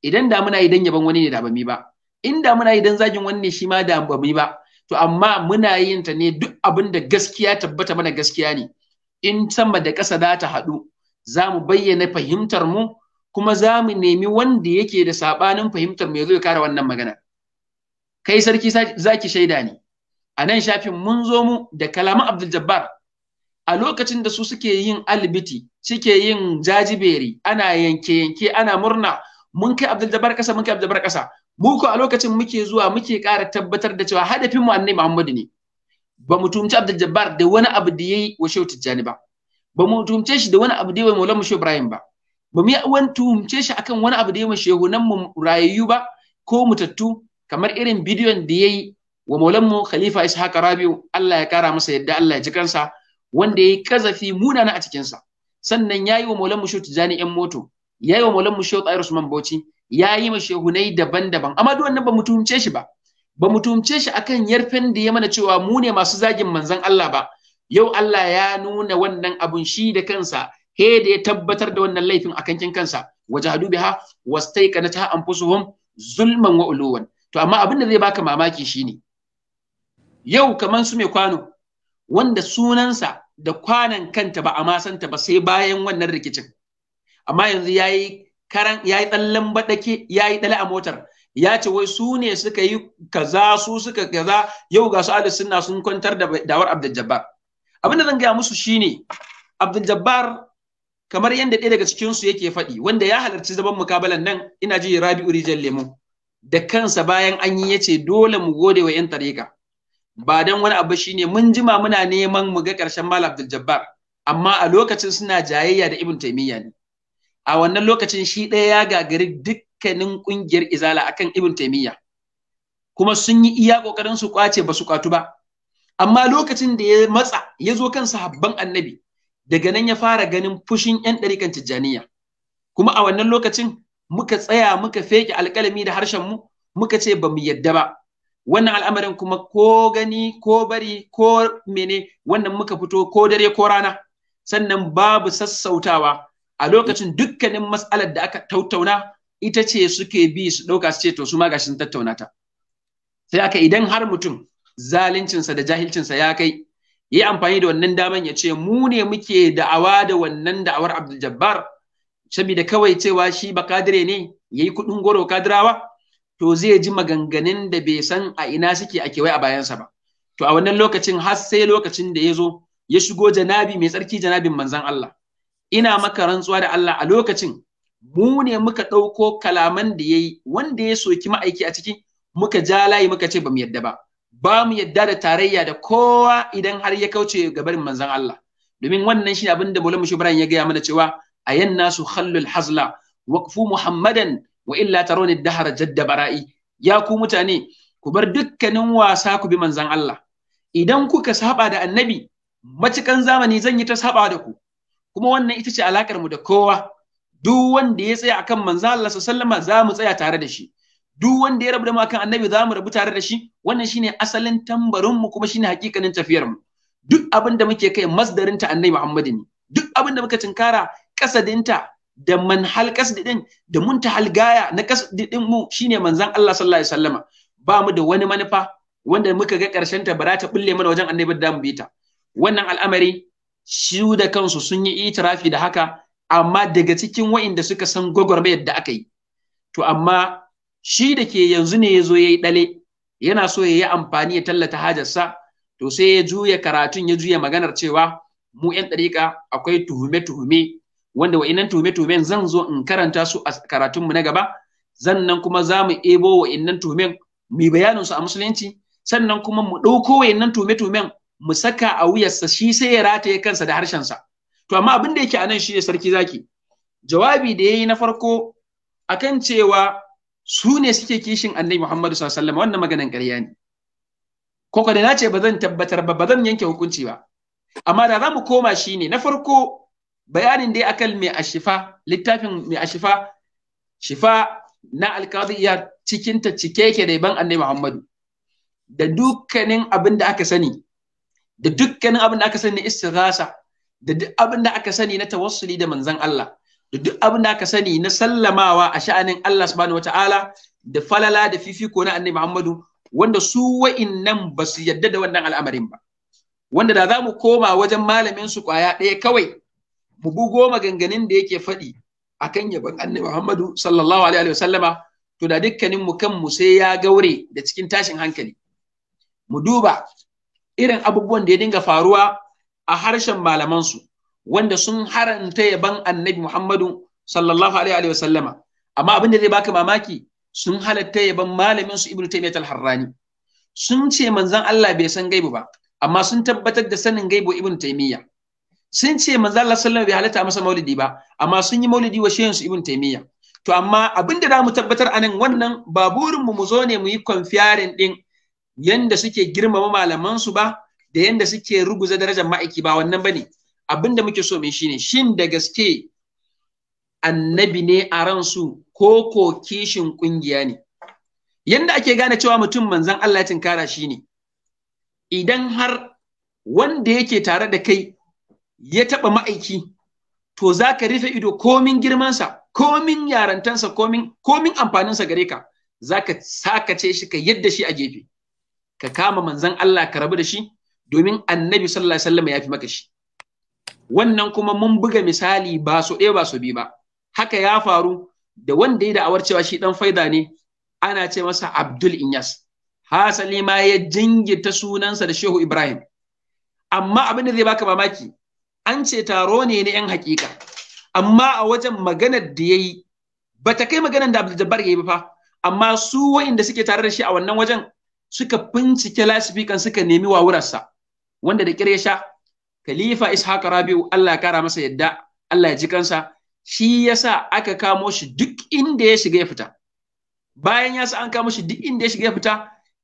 idan da muna yi dan yaban wani ne da ba mi ba in da muna yi dan zagin wani ne shi ma da ba mi ba to amma muna yin ta ne duk abin da gaskiya tabbata mana gaskiya ne in sama da ƙasa za ta haɗu za mu bayyana fahimtar mu kuma za mu nemi wanda yake da saɓanin fahimtar mu ya zo ya kare wannan magana kai sarki zaki shaida ne a nan shafin mun zo mu da kalaman abdul jabbar a lokacin da su suke yin albiti suke yin jajiberi ana yanke yanke ana murna mun kai Abdul Jabbar kasa mun kai Abdul Jabbar kasa mu ko a lokacin muke zuwa muke ƙara tabbatar da cewa hadafin mu annabi Muhammadu ne ba mu tumci Abdul Jabbar da wani abu da yayi wa Shehu Tijjani ba ba mu tumce shi da wani abu da yayi wa Maulana Shehu Ibrahim ba ba mu yi wani tumce shi akan wani abu da yayi wa Shehu nan mu rayayyu ba ko mutattu kamar irin bidiyon da yayi wa Maulan Khalifa Ishaq Rabiu Allah ya kara masa yadda Allah ya ji kansa wanda ya yi kazafi munana a cikinsa sa sannan yayi wa Maulan Musho Tijani yan moto yayi wa Maulan Musho Tsayar Usman Bauchi yayi ma shehunai daban-daban amma duk wannan ba mu tuhumce shi ba ba mu tuhumce shi akan yarfen da ya mana cewa mu ne masu zagin manzon Allah ba yau Allah ya nuna wannan abun shi da kansa he da ya tabbatar da wannan laifin akan kin kansa wajahadu biha ta anfusuhum zulman wa uluwan to amma abin da zai baka mamaki shine yau kaman su mai kwano wanda sunansa da kwanan kanta ba a masanta ba sai bayan wannan rikicin amma yanzu yayi karan yayi tsallan ya yayi dala a motar ya ce wai su ne suka yi kaza su suka kaza yau ga su ahlus sunna sun kwantar da dawar Abdul Jabbar da zan gaya musu shine Abdul Jabbar kamar yadda ɗaya daga cikin su yake faɗi wanda ya halarci zaman mukabalan nan ina ji Rabi'u Rijal Lemu da kansa bayan an yi yace dole mu gode wa 'yan tarika ba dan wani abu shine mun jima muna neman mu ga ƙarshen Malam Abdul Jabbar amma a lokacin suna jayayya da Ibn taimiyya ne a wannan lokacin shi ɗaya ya gagari dukkanin ƙungiyar Izala akan Ibn taimiyya, kuma sun yi iya ƙoƙarin su kwace ba su kwatu ba amma lokacin da ya matsa ya zo kan sahabban annabi daga nan ya fara ganin fushin 'yan ɗarikan tijjaniya kuma a wannan lokacin muka tsaya muka feke alƙalami da harshen mu muka ce ba mu yadda ba wannan al'amarin kuma ko gani ko bari ko mene wannan muka fito ko dare ko rana sannan babu sassautawa a lokacin dukkanin matsalar da aka tattauna ita ce suke bi su ɗauka su ce to su ma gashin tattauna ta sai aka idan har mutum zaluncinsa da jahilcinsa ya kai yi amfani da wannan daman ya ce mu ne muke da'awa da wannan da'awar Abdul Jabbar saboda kawai cewa shi ba kadire ne yayi kudin goro kadirawa to zai ji maganganun da bai san a ina suke ake wai a bayansa ba to a wannan lokacin har sai lokacin da ya zo ya shigo janabi mai tsarki janabin manzan Allah ina maka rantsuwa da Allah a lokacin mu ne muka ɗauko kalaman da ya yi wanda ya soki ma'aiki a ciki muka ja layi muka ce ba mu yadda ba ba mu yadda da tarayya da kowa idan har ya kauce gabarin manzan Allah domin wannan shi abin da Maulana ya gaya mana cewa ayan nasu khallul hazla waqfu muhammadan wa illa tarawni dahara jadda bara'i ya ku mutane ku bar dukkanin wasa ku bi manzan Allah idan kuka saba da annabi macikan zamani zan yi ta saba da ku kuma wannan ita ce alakar mu da kowa duk wanda ya tsaya akan manzan Allah sallama za mu tsaya tare da shi duk wanda ya rabu da mu akan annabi za mu rabu tare da shi wannan shine asalin tambarinmu mu kuma shine hakikanin tafiyar mu duk abin da muke kai masdarin ta annabi Muhammad ne duk abin da muka tinkara kasadinta da manhal kasdi din da ta halgaya na kasdi din mu shine manzon Allah sallallahu alaihi wasallama ba mu da wani manufa wanda muka ga karshen ta bara ta bulle mana wajen annabi da mu bita wannan al'amari shiu da kansu sun yi itirafi da haka amma daga cikin wa'inda suka san gwagwarmayar da aka yi to amma shi da ke yanzu ne ya zo ya yi ɗale yana so ya yi amfani ya tallata hajarsa to sai ya juya karatun ya juya maganar cewa mu 'yan ɗariƙa akwai tuhume-tuhume wanda wa'innan tuhume-tuhumen zan zo in karanta su a karatunmu na gaba zannan kuma za mu ebo wa'innan tuhumen mu bayanin su a musulunci sannan kuma mu ɗauko wa'innan tuhume-tuhumen mu saka a wuyarsa shi sai ya rataye kansa da harshen sa. to amma abin da yake a nan shine sarki zaki jawabi da yayi na farko akan cewa su ne suke kishin annabi Muhammadu sallallahu alaihi wannan maganan ƙarya ne ko da na ce ba zan tabbatar ba ba zan yanke hukunci ba amma da za mu koma shi ne na farko bayanin dai akan mai ashifa littafin mai ashifa shifa na alkaziya cikinta cike yake da ban annabi Muhammadu da dukkanin abin da aka sani da dukkanin abin da aka sani na istighasa da duk abin da aka sani na tawassuli da manzon Allah da duk abin da aka sani na sallamawa a sha'anin Allah subhanahu wataala da falala da fifiko na annabi Muhammadu wanda su wa'innan ba su yadda da wannan al'amarin ba wanda da za mu koma wajen malamin su kwaya ɗaya kawai mu bugo maganganun da yake faɗi kan yaban annabi Muhammadu sallallahu alaihi wasallama to da dukkanin mu kan mu sai ya gaure da cikin tashin hankali mu duba irin abubuwan da ya dinga faruwa a harshen malaman su wanda sun haranta yaban annabi Muhammadu sallallahu alaihi wasallama amma abin da zai baka mamaki sun halatta yaban malamin su Ibn Taymiyyah al-Harrani sun ce manzon Allah bai san gaibu ba amma sun tabbatar da sanin gaibu ibnu Taymiyyah sun ce manzo Allah sallallahu alaihi halatta masa maulidi ba amma sun yi maulidi wa shehin ibn taymiya to amma abin da mu tabbatar anan wannan ba burin mu mu zo ne mu yi confiaring din yanda suke girmama malaman su ba da yanda suke ruguza darajar ma'aiki ba wannan bane abin da muke so mu shine shin da gaske annabi ne a su ko ko kishin kungiya ne yanda ake gane cewa mutum manzon Allah ya tinkara shine. idan har wanda yake tare da kai ya taɓa ma'aiki to za ka rufe ido komin girmansa komin yarantansa komin komin amfaninsa gare ka za ka sakace shi ka yadda shi a gefe ka kama manzan Allah ka rabu da shi domin annabi sallallahu alaihi wasallam ya fi maka shi wannan kuma mun buga misali ba so ɗaya ba so biyu ba haka ya faru da wanda ya da'awar cewa shi ɗan faida ne ana ce masa Abdul Inyas hasali ma ya jingita sunansa da Shehu Ibrahim amma abin da zai baka mamaki an ce taro ne na 'yan hakika amma a wajen maganar da ya yi ba ta kai maganar da abdul ya yi ba fa amma su wa'inda suke tare da shi a wannan wajen suka bincike lasifikan suka nemi wawurarsa wanda da ya sha khalifa ishaq rabiu Allah ya kara masa yadda Allah ya ji kansa shi ya sa aka kamo shi duk inda ya shiga ya fita bayan ya sa an kamo shi duk inda ya shiga ya fita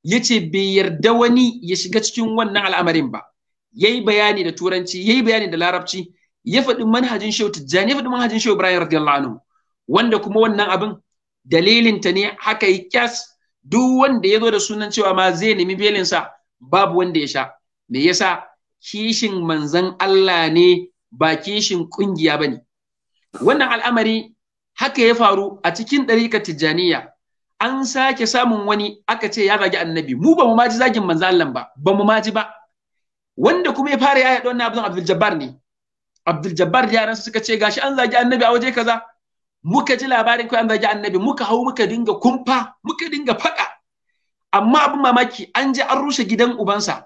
ya ce bai yarda wani ya shiga cikin wannan al'amarin ba yayi bayani da turanci yayi bayani da larabci ya faɗi manhajin Shehu Tijjani ya faɗi manhajin Shehu Ibrahim radiyallahu anhu wanda kuma wannan abin dalilin ta ne haka yi kyas duk wanda ya zo da sunan cewa ma zai nemi belinsa babu wanda ya sha me yasa kishin manzan Allah ne ba kishin kungiya ba ne wannan al'amari haka ya faru a cikin ɗarikar tijjaniya an sake samun wani aka ce ya zagi annabi mu ba mu ma ji zagin manzan Allah ba ba mu ma ji ba wanda kuma ya fara yaya wannan abin Abdul Jabbar ne Abdul Jabbar yaran suka ce gashi an zagi annabi a waje kaza muka ji labarin kawai an zagi annabi muka hau muka dinga kumfa muka dinga faka amma abin mamaki an je an rushe gidan ubansa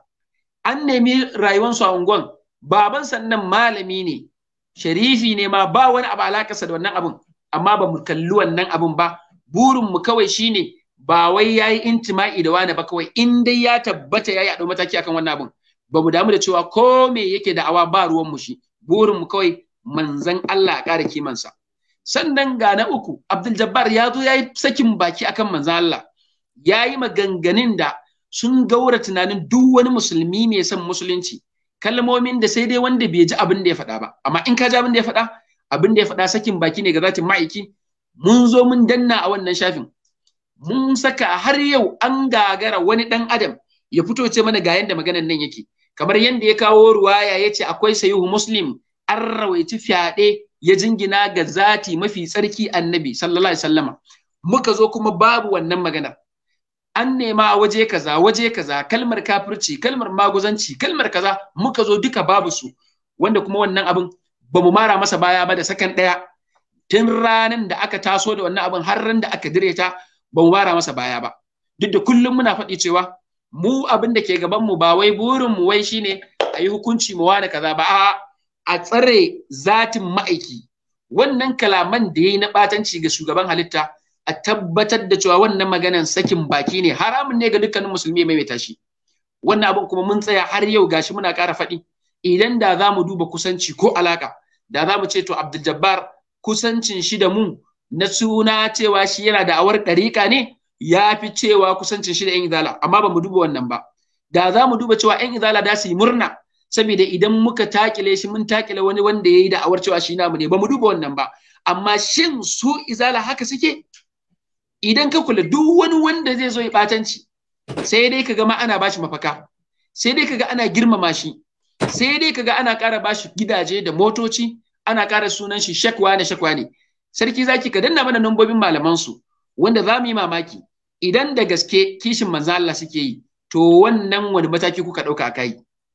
an nemi rayuwansu a unguwan baban sannan malami ne sharifi ne ma ba wani abu alakarsa da wannan abun amma ba mu kalli wannan abun ba burin mu kawai shine ba wai yayi intima'i da wani ba kawai in dai ya tabbata yayi a mataki akan wannan abun ba mu damu da cewa ko me yake da awa ba ruwan mu shi burin mu kawai manzan Allah a ƙara kimansa sannan ga na uku Abdul Jabbar ya zo yayi sakin baki akan manzan Allah yayi maganganun da sun gaura tunanin duk wani musulmi mai son musulunci kalmomin da sai dai wanda bai ji abin da ya faɗa ba amma in ka ji abin da ya faɗa abin da ya faɗa sakin baki ne ga zatin ma'aiki mun zo mun danna a wannan shafin mun saka har yau an gagara wani ɗan adam ya fito ce mana ga yanda maganar nan yake kamar yadda ya kawo ruwaya ya ce akwai sayuhu muslim an rawaici fyaɗe ya jingina ga zati mafi tsarki annabi sallallahu alaihi wasallama muka zo kuma babu wannan magana. an nema a waje kaza waje kaza kalmar kafirci kalmar maguzanci kalmar kaza muka zo duka babu su wanda kuma wannan abin ba mu mara masa baya ba da sakan ɗaya tun ranar da aka taso da wannan abin har ran da aka direta, ta ba mu mara masa baya ba duk da kullum muna faɗi cewa mu abin da ke gaban mu ba wai burin mu wai shine a yi hukunci mu wani kaza ba a tsare zatin ma'aiki wannan kalaman da yayi na ɓatanci ga shugaban halitta a tabbatar da cewa wannan maganan sakin baki ne haramun ne ga dukkanin musulmi mai tashi wannan abin kuma mun tsaya har yau gashi muna ƙara faɗi idan da za mu duba kusanci ko alaka da za mu ce to Abdul Jabbar kusancin shi da mu na suna cewa shi yana da awar ɗariƙa ne ya fi cewa kusancin shi da yan izala amma ba mu duba wannan ba da za mu duba cewa yan izala da su yi murna saboda idan muka takile shi mun takile wani wanda ya yi da'awar cewa shi namu ne ba mu duba wannan ba amma shin su izala haka suke idan ka kula duk wani wanda zai zo ya ɓatanci, sai dai ka ma ana bashi mafaka sai dai ka ga ana girmama shi sai dai ka ga ana ƙara bashi gidaje da motoci ana ƙara sunan shi shakwa ne shakwa ne sarki zaki ka danna mana nambobin malaman su wanda za mu yi mamaki idan da gaske kishin manzo Allah suke yi to wannan wani mataki kuka dauka a kai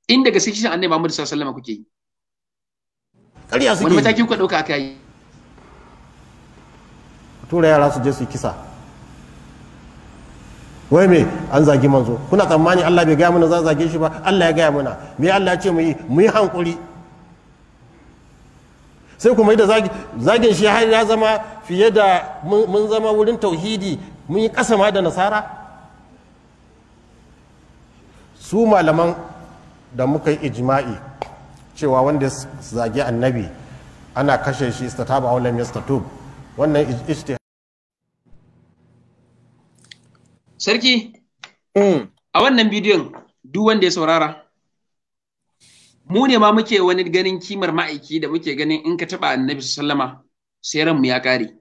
inda gaske kishin annabi Muhammad sallallahu alaihi wasallam kuke yi kariya suke wani mataki kuka dauka a kai tura yara su je su kisa wai me an zagi manzo kuna tsammani Allah bai gaya mana za zage shi ba Allah ya gaya mana me Allah ya ce mu yi mu yi hankuri sai kuma yi da zagin shi har ya zama fiye da mun zama wurin tauhidi mun yi ƙasa ma da nasara su malaman da muka yi ijima'i cewa wanda zage annabi ana kashe shi ba wa lam yastatub wannan ijtihad sarki mm. a wannan bidiyon duk wanda ya saurara mu ne ma muke wani ganin kimar ma'aiki da muke ganin in ka taba annabi sallama sai ranmu ya kare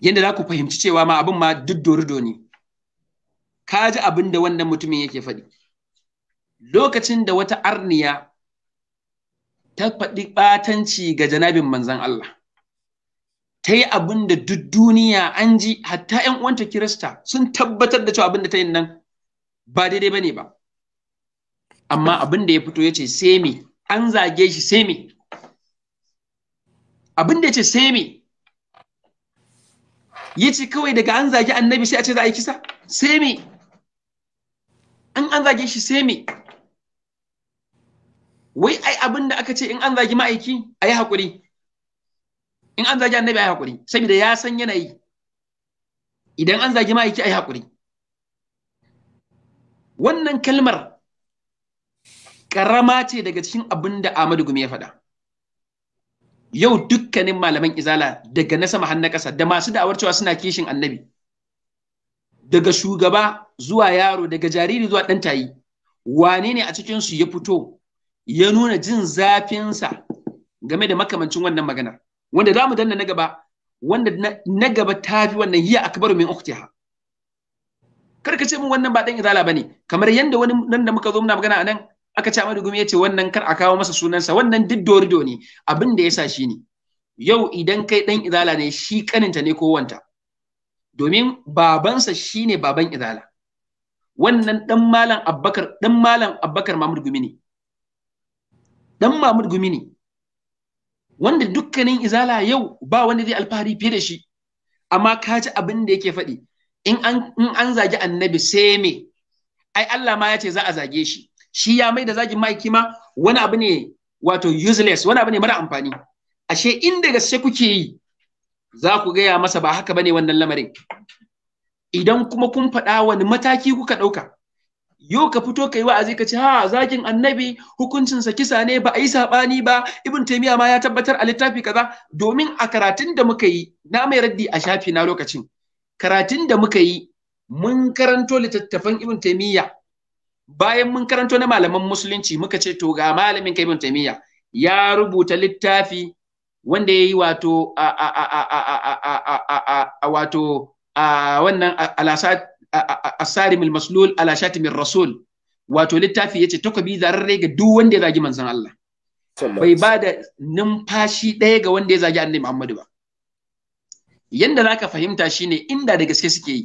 yadda za ku fahimci cewa ma abin ma duk dorido ne ka ji abin da wannan mutumin yake faɗi lokacin da wata arniya ta faɗi ɓatanci ga janabin manzan Allah ta yi abin da duk duniya an ji hatta 'yan uwanta kirista sun tabbatar da cewa abin da ta yi nan ba daidai ba ne ba amma abin da ya fito ya ce sai me an zage shi sai me abin da ya ce sai me yace kawai daga an zage annabi sai a ce za a yi kisa sai me an an zage shi sai me wai ai abin da aka ce in an zage ma'aiki a yi haƙuri in an zage annabi a yi haƙuri saboda ya san yanayi idan an zage ma'aiki a yi haƙuri wannan kalmar ƙarama ce daga cikin abin da Ahmadu Gumi ya faɗa yau dukkanin malaman izala daga na sama hannun na ƙasa da masu da'awar cewa suna kishin annabi daga shugaba zuwa yaro daga jariri zuwa ɗan tayi wane ne a cikinsu ya fito ya nuna jin zafinsa game da makamancin wannan maganar wanda za mu danna na gaba wanda na gaba ta fi wannan hiya akbaru min uktiha kar ka ce min wannan ba dan izala bane kamar yadda wani nan da muka zo muna magana anan aka ci Amadu Gumi ya ce wannan kar a kawo masa sunansa wannan duk dorido ne abin da ya sa shi ne yau idan kai dan izala ne shi kaninta ne ko wanta domin babansa shine baban izala wannan dan malam abbakar dan malam abbakar mamud Gumi ne dan mamud Gumi ne wanda dukkanin izala yau ba wani zai alfahari fiye da shi amma ka ji abin da yake faɗi in an zagi annabi sai me ai Allah ma ya ce za a zage shi shi ya mai da zagin ma'aiki ma wani abu ne wato useless wani abu ne mara amfani ashe in inda gaske kuke yi za ku gaya masa ba haka bane wannan lamarin idan kuma kun faɗa wani mataki kuka ɗauka yau ka fito ka yi wa'azi ka ce ha zagin annabi hukuncinsa kisa ne ba a yi saɓani ba ibn taimiyya ma ya tabbatar a littafi kaza domin a karatun da muka yi na mai raddi a shafi na lokacin karatun da muka yi mun karanto littattafan ibn taimiyya bayan mun karanto na malaman musulunci muka ce to ga malamin kai taimiyya ya rubuta littafi wanda ya yi wato a wato a wannan asarimul maslul ala shatimin rasul wato littafi yace takobi zararre ga duk wanda ya zagi manzon Allah bai ba da numfashi ɗaya ga wanda ya zagi annabi Muhammadu ba yanda zaka fahimta shine inda da gaske suke yi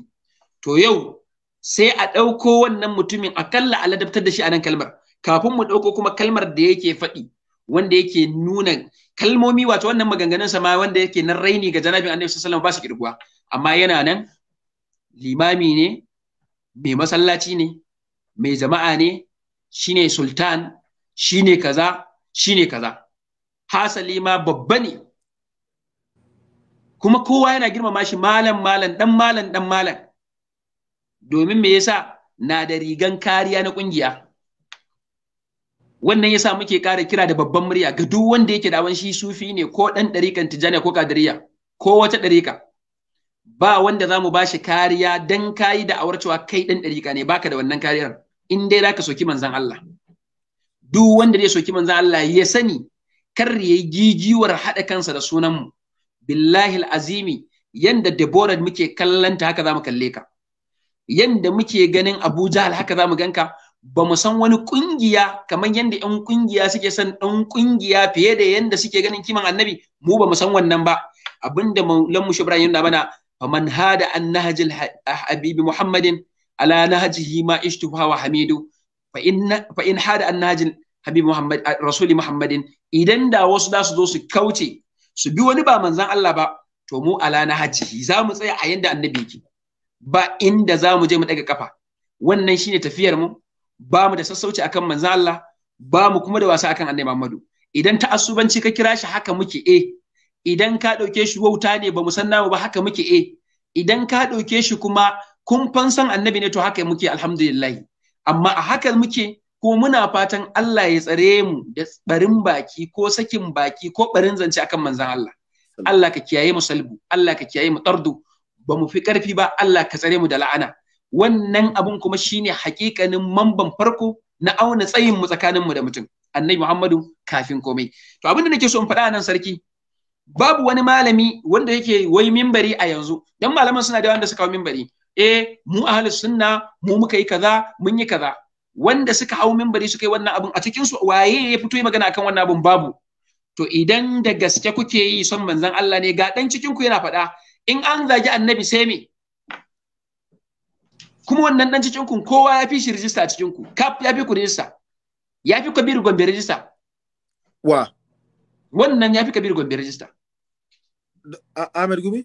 to yau sai a ɗauko wannan mutumin akalla a ladabtar da shi a nan kalmar kafin mu ɗauko kuma kalmar da yake faɗi wanda yake nuna kalmomi wato wannan maganganun sa ma wanda yake nan raini ga janabin annabi sallallahu alaihi wasallam ba su kirguwa amma yana nan limami ne mai masallaci ne mai jama'a ne shine sultan shine kaza shine kaza hasali ma babba ne kuma kowa yana girmama shi malam malam dan malam dan malam domin me yasa na da rigan kariya na kungiya wannan yasa muke kara kira da babban murya ga duk wanda yake da shi sufi ne ko dan dariƙan tijaniya ko kadariya ko wata dariƙa ba wanda zamu bashi kariya dan kayi da awar cewa kai dan dariƙa ne baka da wannan kariyar in dai zaka soki manzon Allah duk wanda zai soki manzon Allah ya sani kar yayi gigiwar hada kansa da sunan mu billahi azimi yanda Deborah muke kallanta haka zamu kalle ka yanda muke ganin Abuja, alhaka za mu ganka ba mu san wani kungiya kamar yanda ƴan kungiya suke son ɗan kungiya fiye da yanda suke ganin kiman annabi mu ba mu san wannan ba abinda maulan mu shibran yana mana man hada an nahjil habibi muhammadin ala nahjihi ma ishtuha wa hamidu fa in fa in hada an nahjil habibi muhammad rasuli muhammadin idan da wasu da su zo su kauce su bi wani ba manzan Allah ba to mu ala nahjihi za mu tsaya a yanda annabi yake ba inda za mu je mu ɗaga kafa wannan shine tafiyar mu ba mu da sassauci akan manzon Allah ba mu kuma da wasa akan annabi Muhammadu idan ta asubanci ka kira shi haka muke eh idan ka ɗauke shi wauta ne ba mu san namu ba haka muke eh idan ka ɗauke shi kuma kun san annabi ne to haka muke alhamdulillah amma a haka muke ko muna fatan Allah ya tsare mu da barin baki ko sakin baki ko barin zance akan manzan Allah Allah ka kiyaye mu salbu Allah ka kiyaye mu tardu ba mu fi ƙarfi ba Allah ka tsare mu da la'ana wannan abun kuma shine hakikanin mamban farko na auna tsayin mu tsakanin mu da mutum annabi Muhammadu kafin komai to abin da nake so in faɗa nan sarki babu wani malami wanda yake wai mimbari a yanzu dan malaman suna da wanda suka hau mimbari eh mu ahli sunna mu muka yi kaza mun yi kaza wanda suka hau mimbari suka yi wannan abun a cikin su waye ya fito yi magana akan wannan abun babu to idan da gaske kuke yi son manzon Allah ne ga dan cikin ku yana faɗa in an zagi annabi sai me kuma wannan dan cikin ku kowa ya fi shi rijista a cikin ku ya fi ku rijista ya fi kabiru gombe rijista wa wannan ya fi kabiru gombe rijista Ahmed Gumi?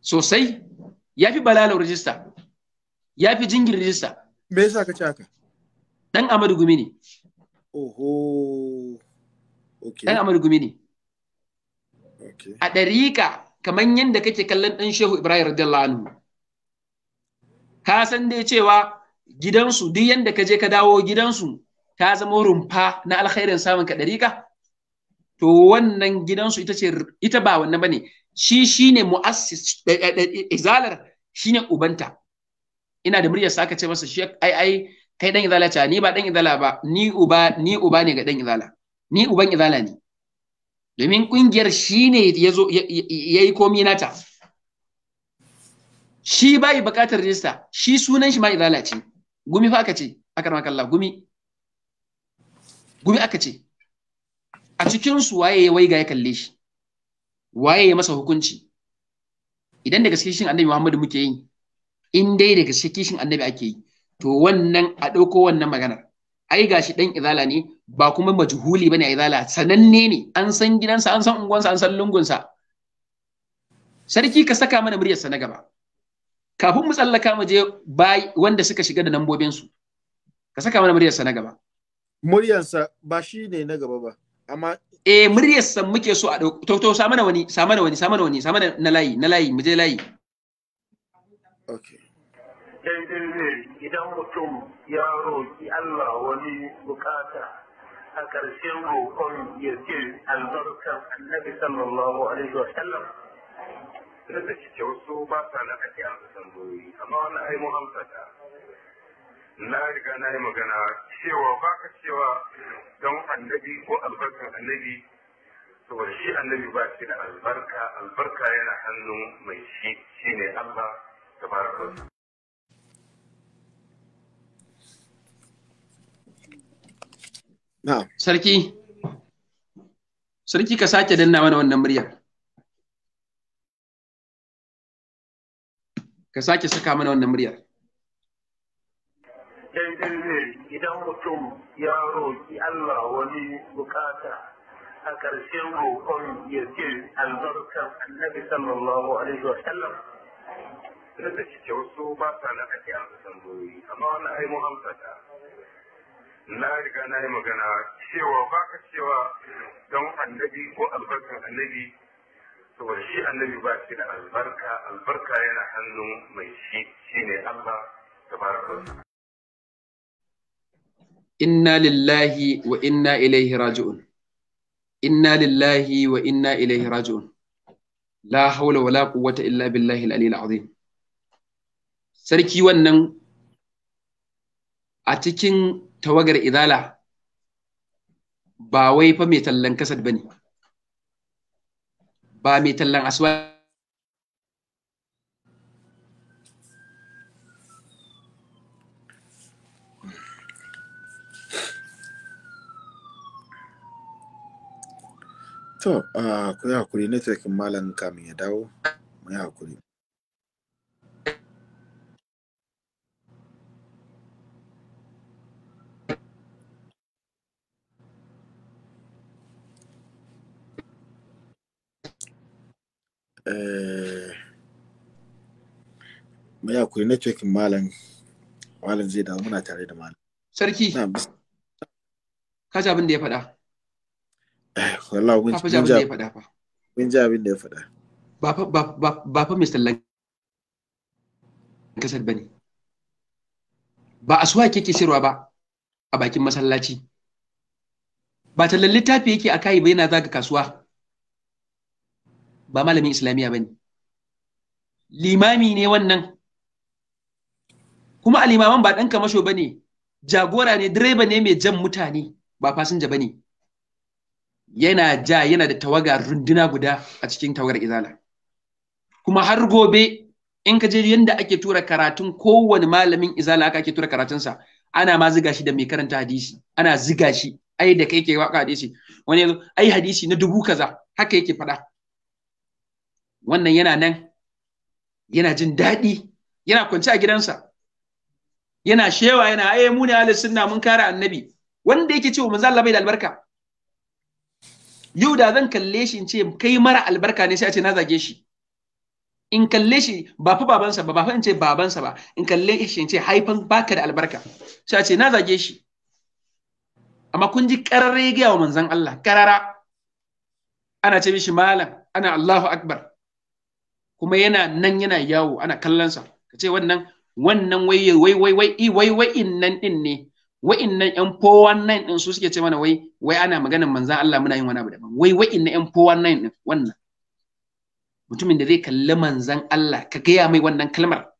Sosai, ya fi balalau rijista, ya fi jingin rijista. Me yasa ka ce haka? Dan Ahmed Gumi ne. Oho, okay. Dan Ahmed Gumi ne. Okay. A dariƙa. kamar yadda kake kallon ɗan shehu ibrahim radiyallahu anhu ka san dai cewa gidansu duk yadda ka je ka dawo gidansu ta zama rumfa na alkhairin samun ka ɗarika to wannan gidansu ita ce ita ba wannan bane shi shine mu'assis izalar shine ubanta ina da muryar sa ce masa shi ai ai kai dan izala ce ni ba dan izala ba ni uba ni uba ne ga dan izala ni uban izala ne domin kungiyar shi ne ya yi komi nata shi bai bukatar rijista shi sunan shi ma izala ce gumi fa aka ce aka ramaka kalla, gumi gumi aka ce a cikin su waye ya waiga ya kalle shi waye ya masa hukunci idan daga cikin annabi Muhammadu muke yi in dai daga cikin annabi ake yi to wannan a ɗauko wannan maganar ai gashi dan izala ne ba kuma majhuli bane a izala sananne ne an san gidansa an san unguwansa an san lungunsa sarki ka saka mana muryarsa na gaba kafin mu tsallaka mu je bai wanda suka shiga da nambobin su ka saka mana muryarsa na gaba muryarsa ba shi ne na gaba ba amma eh muryarsa muke so a dauko to to sa mana wani sa mana wani sa mana wani sa mana na layi na layi mu je layi okay dai dai idan mutum ya roki Allah wani bukata a ƙarshen roƙon ya ce albarkar annabi sallallahu alaihi wa sallam wasu ba sa na ake amsa tambayoyi amma wannan ai mun amsa ta na riga na yi magana cewa ba ka cewa don annabi ko albarkar annabi saboda shi annabi ba shi da albarka albarka yana hannun mai shi shine Allah da wa Sarki, sarki ka sake danna mana wannan muryar. Ka sake saka mana wannan muryar. Daidai idan mutum ya roƙi Allah wani bukata a ƙarshen roƙon ya ce albarkar annabi sallallahu alaihi wa sallam. Duk da cike wasu ba sa na ake amsa tambayoyi, amma wannan ai mu amsa ta. na riga na yi magana cewa ba ka cewa don annabi ko albarkar annabi saboda shi annabi ba shi da albarka albarka yana hannun mai shi shi ne Allah tabaraka inna lillahi wa inna ilaihi raji'un inna lillahi wa inna ilaihi raji'un la haula wala quwwata illa billahi al-aliyyil azim sarki wannan a cikin tawagar idala ba wai fa mai tallan kasad bane ba mai tallan aswa To, a ah, kuri hakuri na malam kamin ya dawo, mu yi hakuri. Eh, mai hakuri network malam malam zai da muna tare da malam sarki ka ji abin da ya faɗa eh, wallahi kun ji abin da ya faɗa fa kun ji abin da ya faɗa ba fa ba fa Mr. Lancaster bane ba asuwa yake sirwa ba a bakin masallaci ba tallan littafi yake a kai ba yana zaga kasuwa ba malamin islamiyya ne. limami ne wannan kuma alimaman ba masho kamasho bane jagora ne direba ne mai jan mutane ba fasinja bane yana ja yana da tawaga runduna guda a cikin tawagar izala kuma har gobe in ka je yadda ake tura karatun kowane malamin izala aka ake tura karatunsa ana ma ziga shi da mai karanta hadisi ana ziga shi ai da kai ke waka hadisi wani ai hadisi na dubu kaza haka yake faɗa wannan yana nan yana jin daɗi yana kwance a gidansa yana shewa yana aye mu ne ahli sunna mun kare annabi wanda yake cewa manzo Allah bai da albarka yau da zan kalle shi in ce kai mara albarka ne sai a ce na zage shi in kalle shi ba fa babansa ba ba fa in ce babansa ba in kalle shi in ce haifan baka da albarka sai a ce na zage shi amma kun ji kararre gaya wa manzon Allah karara ana ce mishi malam ana Allahu akbar kuma yana nan yana yawo ana kallonsa ka ce wannan wannan wai wai wai wai wai wai innan din ne wa'innan yan 419 din su suke ce mana wai wai ana maganar manzan Allah muna yin wani abu daban wai wa'innan yan nan din wannan mutumin da zai kalli manzan Allah ka gaya mai wannan kalmar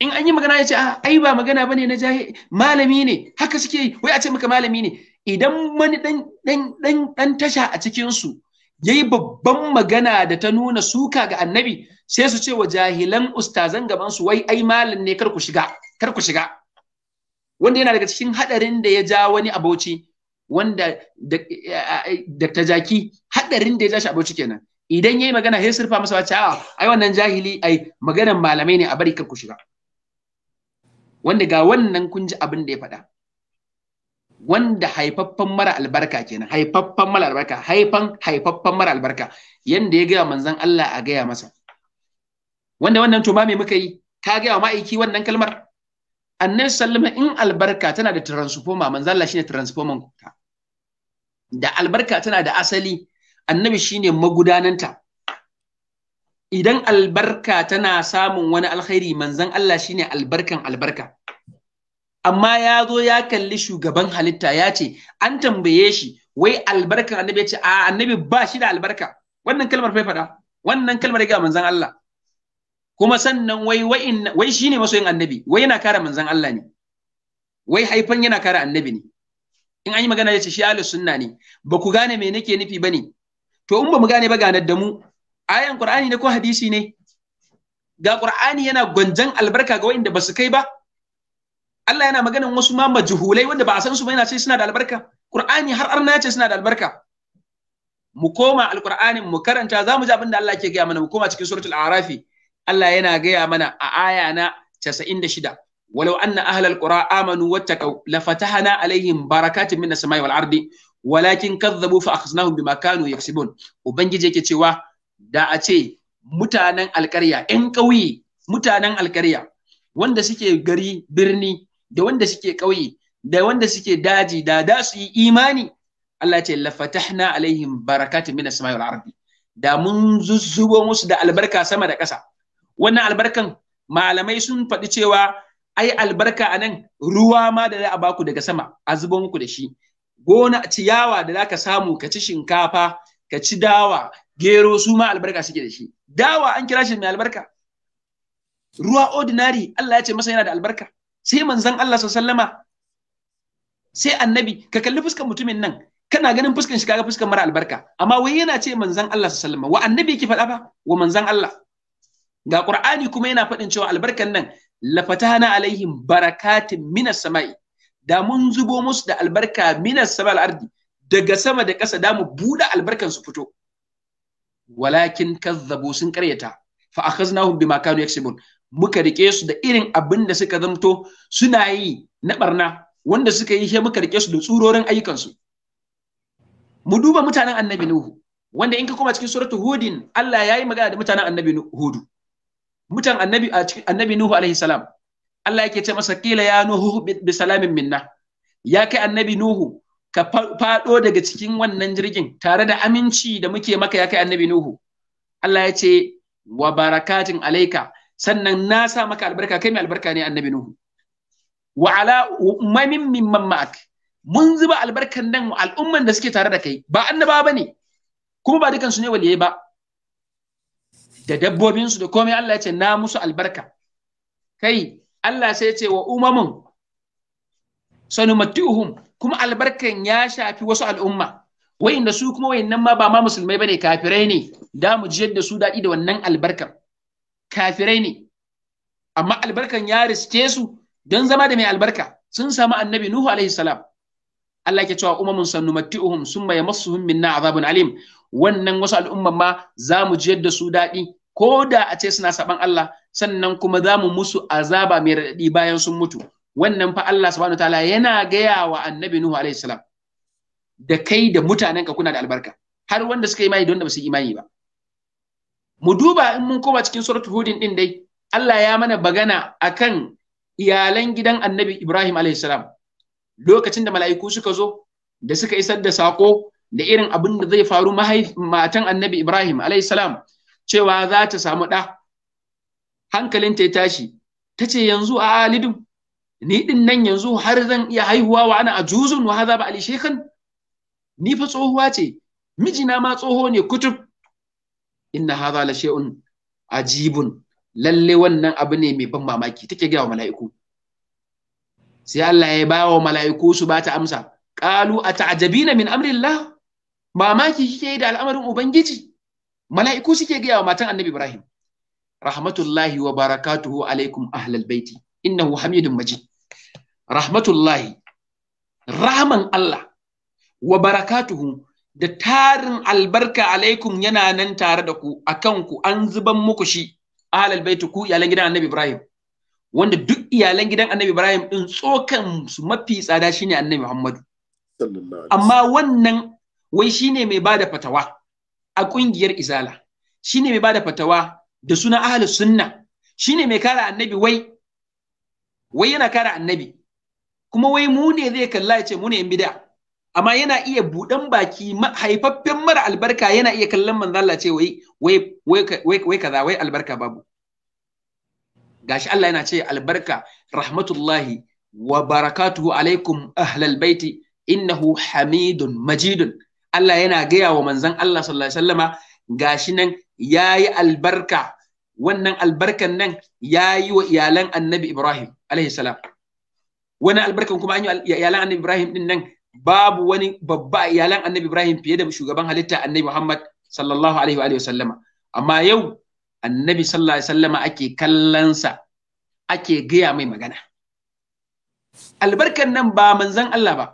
in an yi magana ya ce a ah, ai ba magana ba ne na jahi malami ne haka suke yi wai a ce maka malami ne idan wani dan dan dan dan tasha a cikin su yayi babban magana da ta nuna suka ga annabi sai su ce wa jahilan ustazan gaban su wai ai malam ne kar ku shiga kar ku shiga wanda yana daga cikin hadarin da ya ja wani aboci wanda da eh, ta jaki hadarin da ya ja shi aboci kenan idan yayi magana sai surfa masa wace a ai wannan jahili ai maganan malamai ne a bari kar ku shiga wanda ga wannan kun ji abin da ya faɗa wanda haifaffen mara albarka kenan haifaffen mara albarka haifan haifaffen mara albarka yanda ya gaya manzon Allah a gaya masa wanda wannan to me muka yi ka gaya wa ma'aiki wannan kalmar annabi sallama in albarka tana da transformer manzon Allah shine transformer ta da albarka tana da asali annabi shine magudananta idan albarka tana samun wani alkhairi manzan Allah shine albarkan albarka amma ya zo ya kalli shugaban halitta ya ce an tambaye shi wai albarkar annabi ya ce a annabi ba shi da albarka wannan kalmar fai faɗa wannan kalmar ya ga manzon Allah kuma sannan wai wai shine masoyin annabi wai yana kare manzon Allah ne wai haifan yana kare annabi ne in an yi magana ya ce shi ahlus sunna ne ba ku gane me nake nufi bane to in ba mu gane ba ganar da mu ayan qur'ani ne ko hadisi ne ga qur'ani yana gwanjan albarka ga wa'inda ba su kai ba Allah yana maganin wasu ma majhulai wanda ba a san su ba yana ce suna da albarka Qur'ani har arna ya ce suna da albarka mu koma alqur'ani mu karanta za mu ji abin da Allah ke gaya mana mu koma cikin suratul arafi Allah yana gaya mana a aya na 96 ولو أن أهل القرى آمنوا واتقوا لفتحنا عليهم بركات من السماء والأرض ولكن كذبوا فأخذناهم بما كانوا يكسبون وبنجي yake cewa da a ce mutanen alƙarya 'yan ƙauye mutanen alƙarya wanda suke gari birni da wanda suke ƙauye da wanda suke daji da da su yi imani Allah ce la fatahna alaihim barakatun min as-sama'i wal ardi da mun zuzzubo musu da albarka sama da ƙasa wannan albarkan malamai sun faɗi cewa ai albarka anan ruwa ma da za a baku daga sama a zubo muku da shi gona ciyawa da zaka samu ka ci shinkafa ka ci dawa gero su ma albarka suke da shi dawa an kira shi mai albarka ruwa ordinary Allah ya ce masa yana da albarka sai manzon Allah sallama sai annabi ka kalli fuskar mutumin nan kana ganin fuskar shi kaga fuskan mara albarka amma wai yana ce manzon Allah sallama wa annabi ki faɗa ba wa manzon Allah ga qur'ani kuma yana faɗin cewa albarkan nan lafatana alaihim barakatin minas sama'i da mun zubo musu da albarka minas sama'al ardi daga sama da ƙasa da mu buɗe albarkan su fito walakin kazzabu sun ƙaryata fa akhaznahum bima kanu yaksubun muka rike su da irin abin da suka zamto suna yi na barna wanda suka yi sai muka rike su da tsurorin ayyukansu mu duba mutanen annabi nuhu wanda in ka koma cikin suratul hudin Allah ya yi magana da mutanen annabi hudu mutan annabi annabi nuhu alaihi salam Allah yake ce masa kila ya nuhu bi salamin minna ya kai annabi nuhu ka fado daga cikin wannan jirgin tare da aminci da muke maka ya kai annabi nuhu Allah ya ce wa barakatin alaika sannan na sa maka albarka kai mai albarka ne annabi nuhu wa ala umamin mimman ma'ak mun zuba albarkan nan al'umman da suke tare da kai ba annaba ne. kuma ba dukansu ne waliyai ba da dabbobinsu da komai Allah ya ce na musu albarka kai Allah sai ya ce wa umamin sanumattuhum kuma albarkan ya shafi wasu al'umma wayanda su kuma wayannan ma ba ma musulmai bane kafirai ne da mu jiyar da su daɗi da wannan albarkan kafirai ne amma albarkan ya riske su don zama da mai albarka sun samu annabi nuhu alaihi salam Allah ke cewa umamun sannu matti'uhum musu yamassuhum minna azabun alim wannan wasu al'umman ma za mu jiyar da su daɗi ko da a ce suna saban Allah sannan kuma za mu musu azaba mai raɗaɗi bayan sun mutu wannan fa Allah subhanahu ta'ala yana gaya wa annabi nuhu alaihi salam da kai da mutanenka kuna da albarka har wanda suka yi imani don da ba su imani ba mu duba in mun koma cikin suratul hudin din dai Allah ya mana bagana akan iyalan gidan annabi Ibrahim alaihissalam lokacin da mala'iku suka zo da suka isar da sako da irin abin da zai faru matan annabi Ibrahim alaihissalam cewa za ta samu ɗa hankalinta ya tashi ta ce yanzu a alidu ni din nan yanzu har zan iya haihuwa wa ana ajuzun wa hadha ba ali shekan ni fa tsohuwa ce mijina ma tsoho ne kutub inna hadha la shay'un ajibun lalle wannan abu ne mai ban mamaki take gaya wa mala'iku sai Allah ya ba wa mala'iku su ba ta amsa qalu ata'jabina min amrillah mamaki kike da al'amarin ubangiji mala'iku suke gaya matan annabi ibrahim rahmatullahi wa barakatuhu alaikum ahlal baiti innahu hamidun majid rahmatullahi rahman Allah wa barakatuhu da tarin albarka alaikum yana nan tare da ku a kanku an zuban muku shi ahlal baitu ku iyalan gidan annabi ibrahim wanda duk iyalan gidan annabi ibrahim din tsokan su mafi tsada shine annabi muhammadu amma wannan wai shine mai bada fatawa a kungiyar izala shine mai bada fatawa da suna ahlus sunna shine mai kara annabi wai wai yana kara annabi kuma wai mu ne zai kalla ya ce mu ne yan bid'a amma yana iya buɗan baki haifaffen mara albarka yana iya kallon manzo Allah ce wai wai wai kaza wai albarka babu gashi Allah yana ce albarka rahmatullahi wa barakatuhu alaikum ahlal baiti innahu hamidun majidun Allah yana gaya wa manzon Allah sallallahu alaihi wasallama gashi nan yayi albarka wannan albarkan nan yayi wa iyalan annabi Ibrahim alaihi salam wannan albarkan kuma an yi iyalan annabi Ibrahim din nan babu wani babba iyalan annabi Ibrahim fiye da shugaban halitta annabi Muhammad sallallahu alaihi wa sallama amma yau annabi sallallahu alaihi sallama ake kallansa ake gaya mai magana albarkan nan ba manzan Allah ba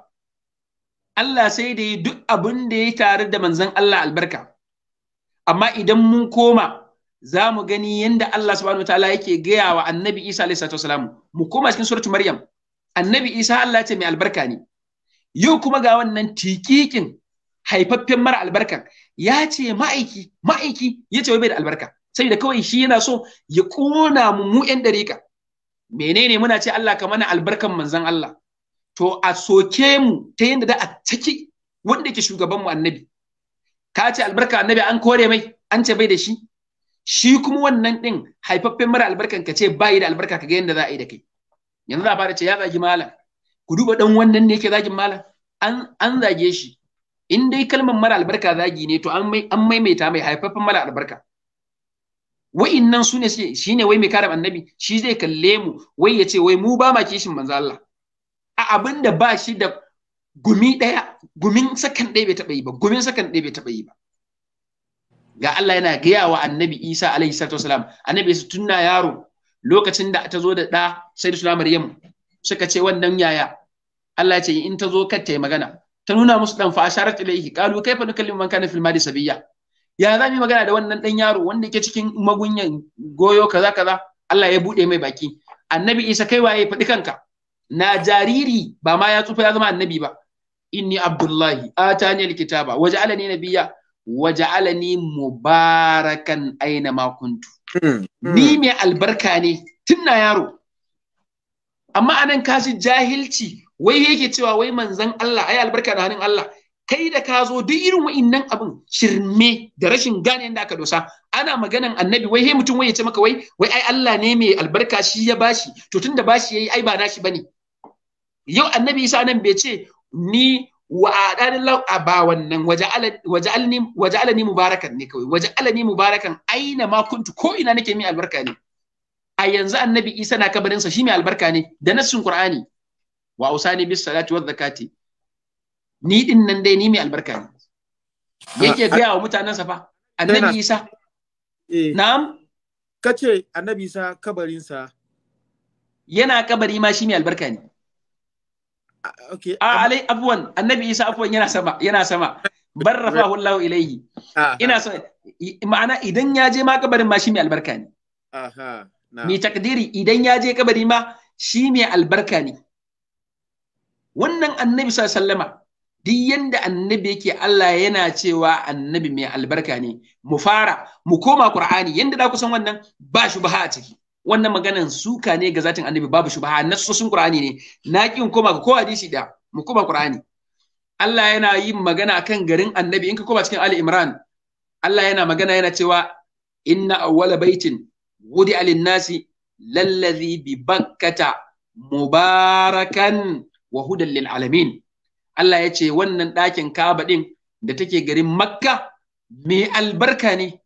Allah sai da yi duk abin da ya tare da manzan Allah albarka amma idan mun koma za mu gani yadda Allah subhanahu wataala yake gaya wa annabi Isa alaihi salatu wasalam mu koma cikin suratul Maryam annabi Isa Allah ce mai albarka ne yau kuma ga wannan tikikin haifaffen mara albarka, ya ce ma'aiki ma'aiki ya ce bai da albarka saboda kawai shi yana so ya kona mu mu yan dariƙa menene muna ce Allah ka mana albarkan manzon Allah to a soke mu ta yadda da a caki wanda ke shugaban mu annabi ka ce albarka annabi an kore mai an ce bai da shi shi kuma wannan ɗin haifaffen mara albarkan ka ce bai da albarka ka ga yadda za a yi da kai yanzu za a fara ce ya zagi malam ku duba dan wannan ne yake zagin malam an an zage shi in dai kalmar mara albarka zagi ne to an mai an maimaita mai haifaffen mara albarka wa'innan su ne shine wai mai kare annabi shi zai kalle mu wai ya ce wai mu ba ma kishin manzo Allah a abin ba shi da gumi daya gumin sakan ɗaya bai taɓa yi ba gumin sakan ɗaya bai taɓa yi ba ga Allah yana gaya wa annabi Isa alaihi salatu wasalam annabi Isa tunna yaro lokacin da ta zo da ɗa sai da suna Maryam suka ce wannan yaya Allah ya ce in ta zo kar ta yi magana ta nuna musu dan fa asharat Kalu kai fa nukallimu man kana fil madi sabiyya. ya za mu magana da wannan dan yaro wanda yake cikin magunyan goyo kaza kaza Allah ya bude mai baki annabi Isa kai waye faɗi kanka na jariri ba ma ya tsufa ya zama annabi ba inni abdullahi atani alkitaba waja'alani nabiyya waja'alani mubarakan aina ma kuntu hmm, hmm. ni mai albarka ne tun na yaro amma anan kashi jahilci wai yake cewa wai manzan Allah ai albarka na hannun Allah kai da ka zo duk irin wa'innan abin shirme da rashin gane yadda aka dosa ana maganan annabi wai he mutum wai ya ce maka wai wai ai Allah ne mai albarka shi ya bashi to tunda bashi yayi ai ba nashi bane yau annabi Isa nan bai ce ni wa a ba wannan waja'alani mubarakan ne kawai waja'alani mubarakan aina ma kuntu ko ina nake mai albarka ne a yanzu annabi isa na kabarinsa shi mai albarka ne da nassin qur'ani wa usani bis salati wa zakati ni din nan dai ni mai albarka ne yake ah, ah. gaya mutanen sa fa annabi isa eh. na'am kace annabi isa kabarinsa yana kabari ma shi mai albarka ne ah, okay a alai afwan annabi isa afwan yana sama yana sama barrafahu Allah ilayhi ina so ma'ana idan ya je ma kabarin ma shi mai albarka ne aha mi takdiri idan ya je kabari ma shi mai albarka ne wannan annabi sallama duk yanda annabi yake Allah yana cewa annabi mai albarka ne mu fara mu koma Qur'ani yanda da ku san wannan ba shubha a ciki wannan maganan suka ne ga zatin annabi babu shubaha nassosin Qur'ani ne na kin koma ko hadisi da mu koma Qur'ani Allah yana yin magana akan garin annabi in ka koma cikin Ali Imran Allah yana magana yana cewa inna awwala baitin wudi alinnasi nasi lallazi bi bakkata mubarakan wa hudan lil alamin Allah ya ce wannan ɗakin Ka'aba ɗin da take garin Makka mai albarka ne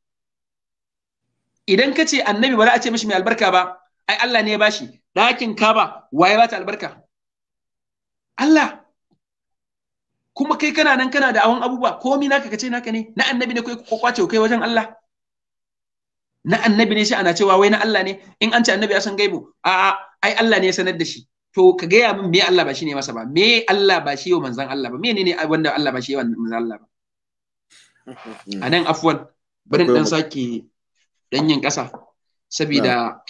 idan ka ce annabi ba za a ce mishi mai albarka ba ai Allah ne ya bashi ɗakin Ka'aba waye ba ta albarka Allah kuma kai kana nan kana da awon abubuwa komi naka kace naka ne na annabi ne kai ko kwace kai wajen Allah na annabi ne shi ana cewa wai na Allah ne in an ce annabi ya san gaibu A'a, ai Allah ne ya sanar da shi to ka gaya min me Allah ba shi ne masa ba me Allah ba shi manzan Allah ba menene wanda Allah ba shi manzan Allah ba mm-hmm. a nan afwan barin dan sake danyen ƙasa saboda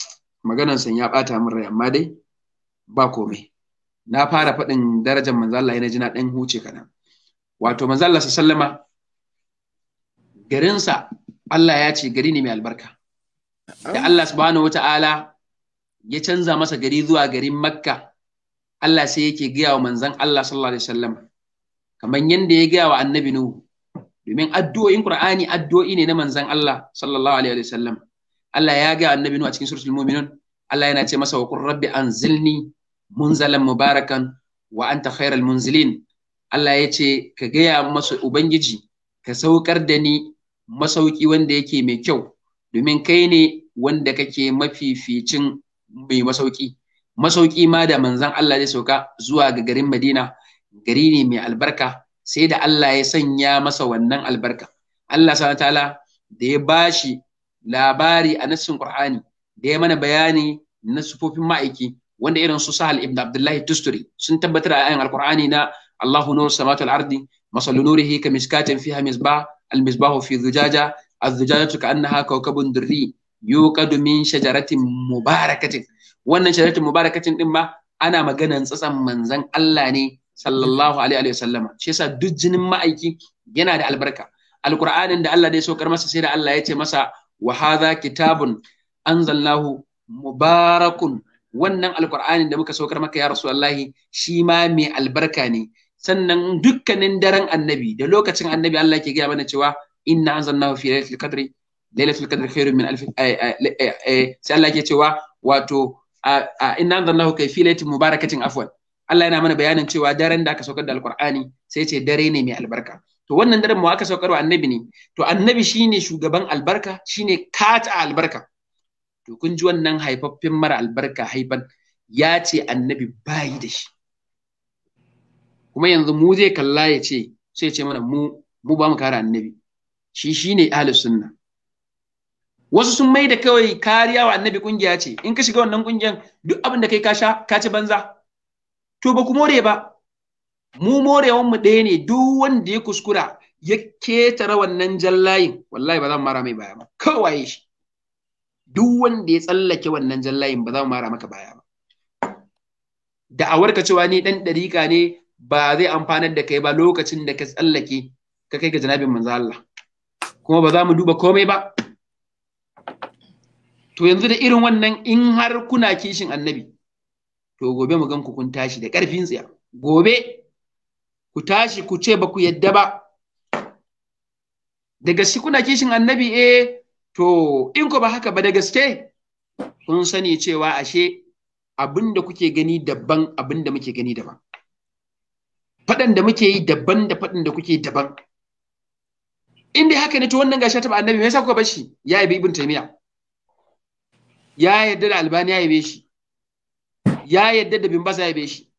maganan san ya bata min rai amma dai ba komai na fara faɗin darajar manzan Allah yana jina na dan huce kana wato manzan Allah sallama garinsa Allah ya ce gari ne mai albarka da ah. Allah subhanahu wataala ya canza masa gari zuwa garin Makka Allah sai yake gaya wa manzan Allah sallallahu alaihi wasallam kamar yanda ya gaya wa annabi Nuhu domin addu'o'in Qur'ani addu'o'i ne na manzon Allah sallallahu alaihi wasallam Allah ya gaya annabi Nuhu a cikin suratul mu'minun Allah yana ce masa wa qur rabbi anzilni munzalan mubarakan wa anta khairal munzilin Allah ya ce ka gaya masa ubangiji ka saukar da ni masauki wanda yake mai kyau domin kai ne wanda kake mafificin mai masauki masauki ma da manzan Allah zai sauka zuwa ga garin Madina gari ne mai albarka sai da Allah ya sanya masa wannan albarka Allah subhanahu ta'ala da ya bashi labari a nassin Qur'ani da ya mana bayani na sufofin ma'aiki wanda irin su Sahal ibn Abdullahi Tusturi sun tabbatar a ayan Al-Qur'ani na Allahu nur samatul al-ardi masalu nurihi miskatin fiha misbah al-misbahu fi zujaja az-zujajatu ka'annaha kawkabun durri yuqadu min shajaratin mubarakatin wannan shajaratul mubarakacin din ma ana maganan tsatsan manzan Allah ne sallallahu alaihi wa sallama shi yasa duk jinin ma'aiki yana da albarka alqur'anin da Allah dai saukar masa sai da Allah ya ce masa wa hadha kitabun anzalnahu mubarakun wannan alqur'anin da muka saukar maka ya rasulullahi shi ma mai albarka ne sannan dukkanin daren annabi da lokacin annabi Allah yake gaya mana cewa inna anzalnahu fi lailatul qadri lailatul qadri khairun min alf eh, eh, eh, sai Allah yake cewa wato a inna zannahu kai filatin mubarakatin afwan Allah yana mana bayanin cewa daren da aka saukar da alqur'ani sai ce dare ne mai albarka to wannan daren mu aka saukar wa annabi ne to annabi shine shugaban albarka shine kata albarka to kun ji wannan haifaffen mara albarka haifan ya ce annabi bayi da shi kuma yanzu mu zai kalla ya ce sai ce mana mu mu ba mu kare annabi shi shine ahlus sunna wasu sun mai da kawai kariya wa annabi kungiya ce in ka shiga wannan kungiyan duk abin da kai ka sha ka ci banza to ba ku more ba mu morewan mu ɗaya ne duk wanda ya kuskura ya ketara wannan jallayin wallahi ba zan mara mai baya ba kawai shi duk wanda ya tsallake wannan jallayin ba zan mara maka baya ba awar ka cewa ni dan dariƙa ne ba zai amfanar da kai ba lokacin da ka tsallake ka kai ga janabin manzo Allah kuma ba za mu duba komai ba to yanzu da irin wannan in har kuna kishin annabi to gobe mu gan ku kun tashi da ƙarfin tsiya gobe ku tashi ku ce ba ku yadda ba da gaske kuna kishin annabi eh to in ku ba haka ba da gaske kun sani cewa ashe abin da kuke gani daban abin da muke gani daban faɗan da muke yi daban da faɗan da kuke daban in dai haka ne to wannan gashi ta annabi me yasa kuka bar shi ya ibn taymiya ya yadda da albani ya yabe shi ya yadda da bimbasa ya yabe shi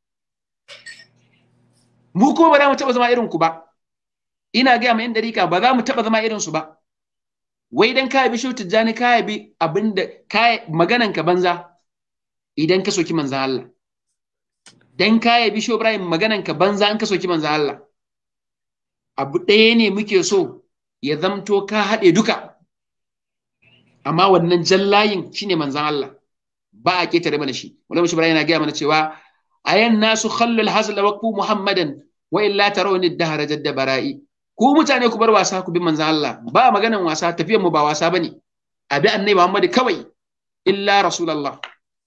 mu ko ba za mu taɓa zama irin ku ba ina gaya ma yan dariƙa ba za mu taɓa zama irin su ba wai dan ka bi shutu jani ka bi abinda ka maganan ka banza idan ka soki manzo Allah dan ka bi shu Ibrahim maganan ka banza an ka soki manzo Allah abu ɗaya ne muke so ya zamto ka haɗe duka amma wannan jan jallayin shine manzan Allah ba a ketare mana shi wala shi bara yana gaya mana cewa ayan nasu khallul wa waqfu muhammadan wa illa da dahra jadda bara'i ku mutane ku bar wasa ku bi manzan Allah ba maganan wasa tafiyan mu ba wasa bane abi annabi Muhammad kawai illa rasulullah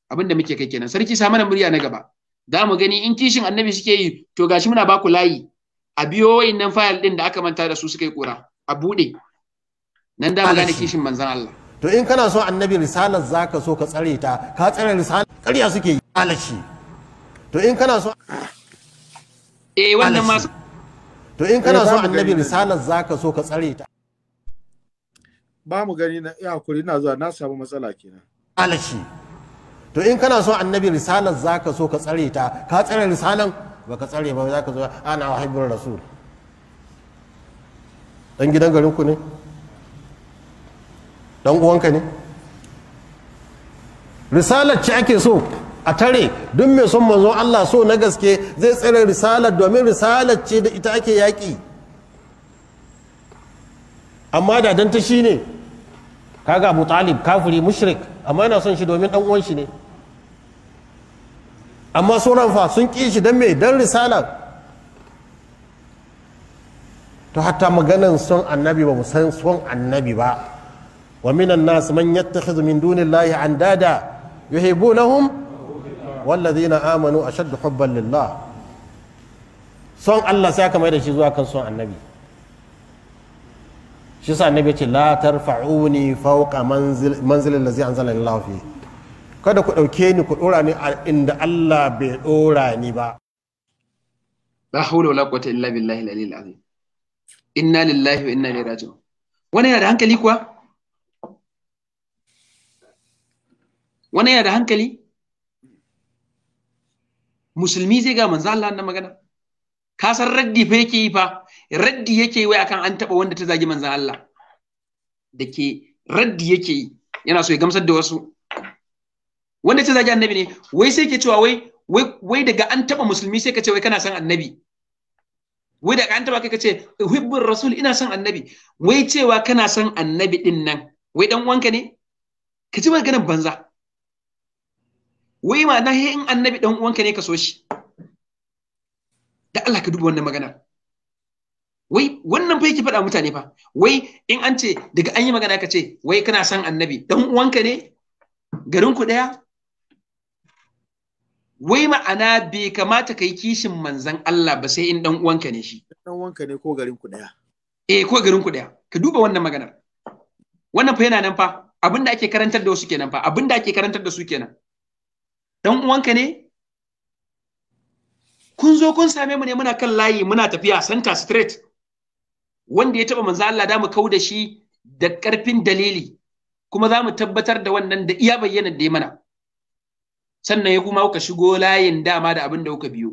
abinda muke kai kenan sarki sa mana murya na gaba za mu gani in kishin annabi suke yi to gashi muna baku layi a biyo wayannan fayil din da aka manta da su suka yi kura a buɗe. nan da mu gane kishin manzan Allah to in kana so annabi risalar zaka so ka tsare ta ka tsare risalar ƙarya suke yi alashi to in kana so eh wannan ma to in kana eh, so annabi risalar zaka so ka tsare ta ba mu gani na ya kuri na zuwa na samu matsala kenan alashi to in kana so annabi risalar zaka so ka tsare ta ka tsare risalan baka tsare ba zaka zo ana wahibbul rasul dan gidan garin ku ne dan uwanka ne risalar ce ake so a tare duk mai son manzon Allah so na gaske zai tsere risalar domin risalar ce da ita ake yaƙi amma da dan ta shine kaga Abu Talib kafiri mushrik amma yana son shi domin dan uwan shi ne amma sauran fa sun ƙi shi dan me dan risalar to hatta maganan son annabi ba mu san son annabi ba wa minan nas man yattakhidhu min dunillahi andada yuhibbunahum walladhina amanu ashaddu hubban lillah son Allah sai aka maida shi zuwa kan son annabi shi sa annabi ce la tarfa'uni fawqa manzilin lazi anzala Allah fi kada ku dauke ni ku dora ni a inda Allah bai dora ni ba la hawla wala quwwata illa billahi al-aliyyil azim inna lillahi wa inna ilaihi raji'un wani yana da hankali kuwa Wani yana da hankali musulmi zai ga manzo Allah na magana ka san raddi fa yake yi fa raddi yake yi wai akan an taba wanda ta zagi manzo Allah da ke raddi yake yi yana so ya gamsar da wasu wanda ta zagi annabi ne wai sai ke cewa wai wai daga an taba musulmi sai ka ce wai kana son annabi wai daga an taba kai ka ce hibbur rasul ina son annabi wai cewa kana son annabi din nan wai dan uwanka ne ka ji maganar banza wai ma na in annabi dan uwanka ne ka so shi da Allah ka duba wannan magana wai wannan fa yake faɗa mutane fa wai in an ce daga an yi magana ka ce wai kana son annabi dan uwanka ne garin ku daya wai ma'ana bai kamata kai kishin manzan Allah ba sai in dan uwanka ne shi dan uwanka ne ko garin ku daya eh ko garin ku daya ka duba wannan maganar wannan fa yana nan fa abinda da ake karantar da su kenan fa abinda da ake karantar da su kenan dan uwanka ne kun zo kun same mu ne muna kan layi muna tafiya center straight wanda ya taba manzo Allah da mu kau da shi da karfin dalili kuma za mu tabbatar da wannan da iya bayyana da mana sannan ya kuma kuka shigo layin dama da abin da kuka biyo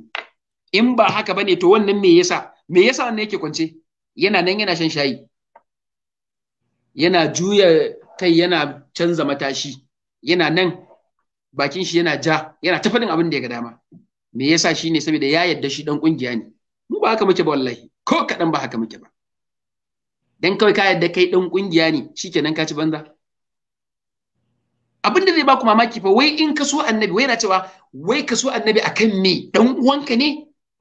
in ba haka bane to wannan me yasa me yasa wannan yake kwance yana nan yana shan shayi yana juya kai yana canza matashi yana nan bakin shi yana ja yana ta fadin abin da ya ga dama me yasa shi ne saboda ya yadda shi dan kungiya ne mu ba haka muke ba wallahi ko kaɗan ba haka muke ba dan kawai ka yadda kai dan kungiya ne shikenan ka ci banza abin da zai ba ku mamaki fa wai in ka so annabi wai yana cewa wai ka so annabi akan me dan uwanka ne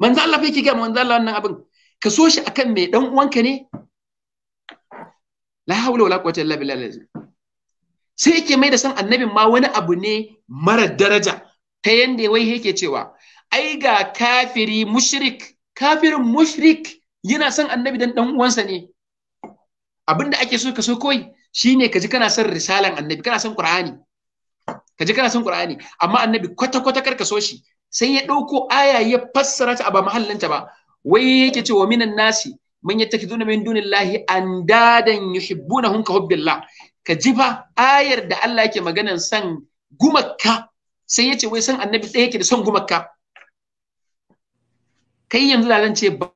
manzo Allah fa yake ga manzo Allah wannan abin ka so shi akan me dan uwanka ne la hawla wala quwwata illa billah sai yake mai da san annabin ma wani abu ne mara daraja ta yanda wai yake cewa ai ga kafiri mushrik kafirin mushrik yana son annabi dan dan uwansa ne abinda ake so ka so kawai shine kaji kana son risalan annabi kana son qur'ani kaji kana son qur'ani amma annabi kwata kwata kar ka so shi sai ya dauko aya ya fassara ta ba mahallanta ba wai yake cewa minan nasi man yattakiduna min dunillahi andadan yuhibbunahum ka hubbillah ka ji fa ayar da Allah yake maganan san gumakka sai ya ce wai san annabi ɗaya yake da son gumakka kai yanzu da zan ce ba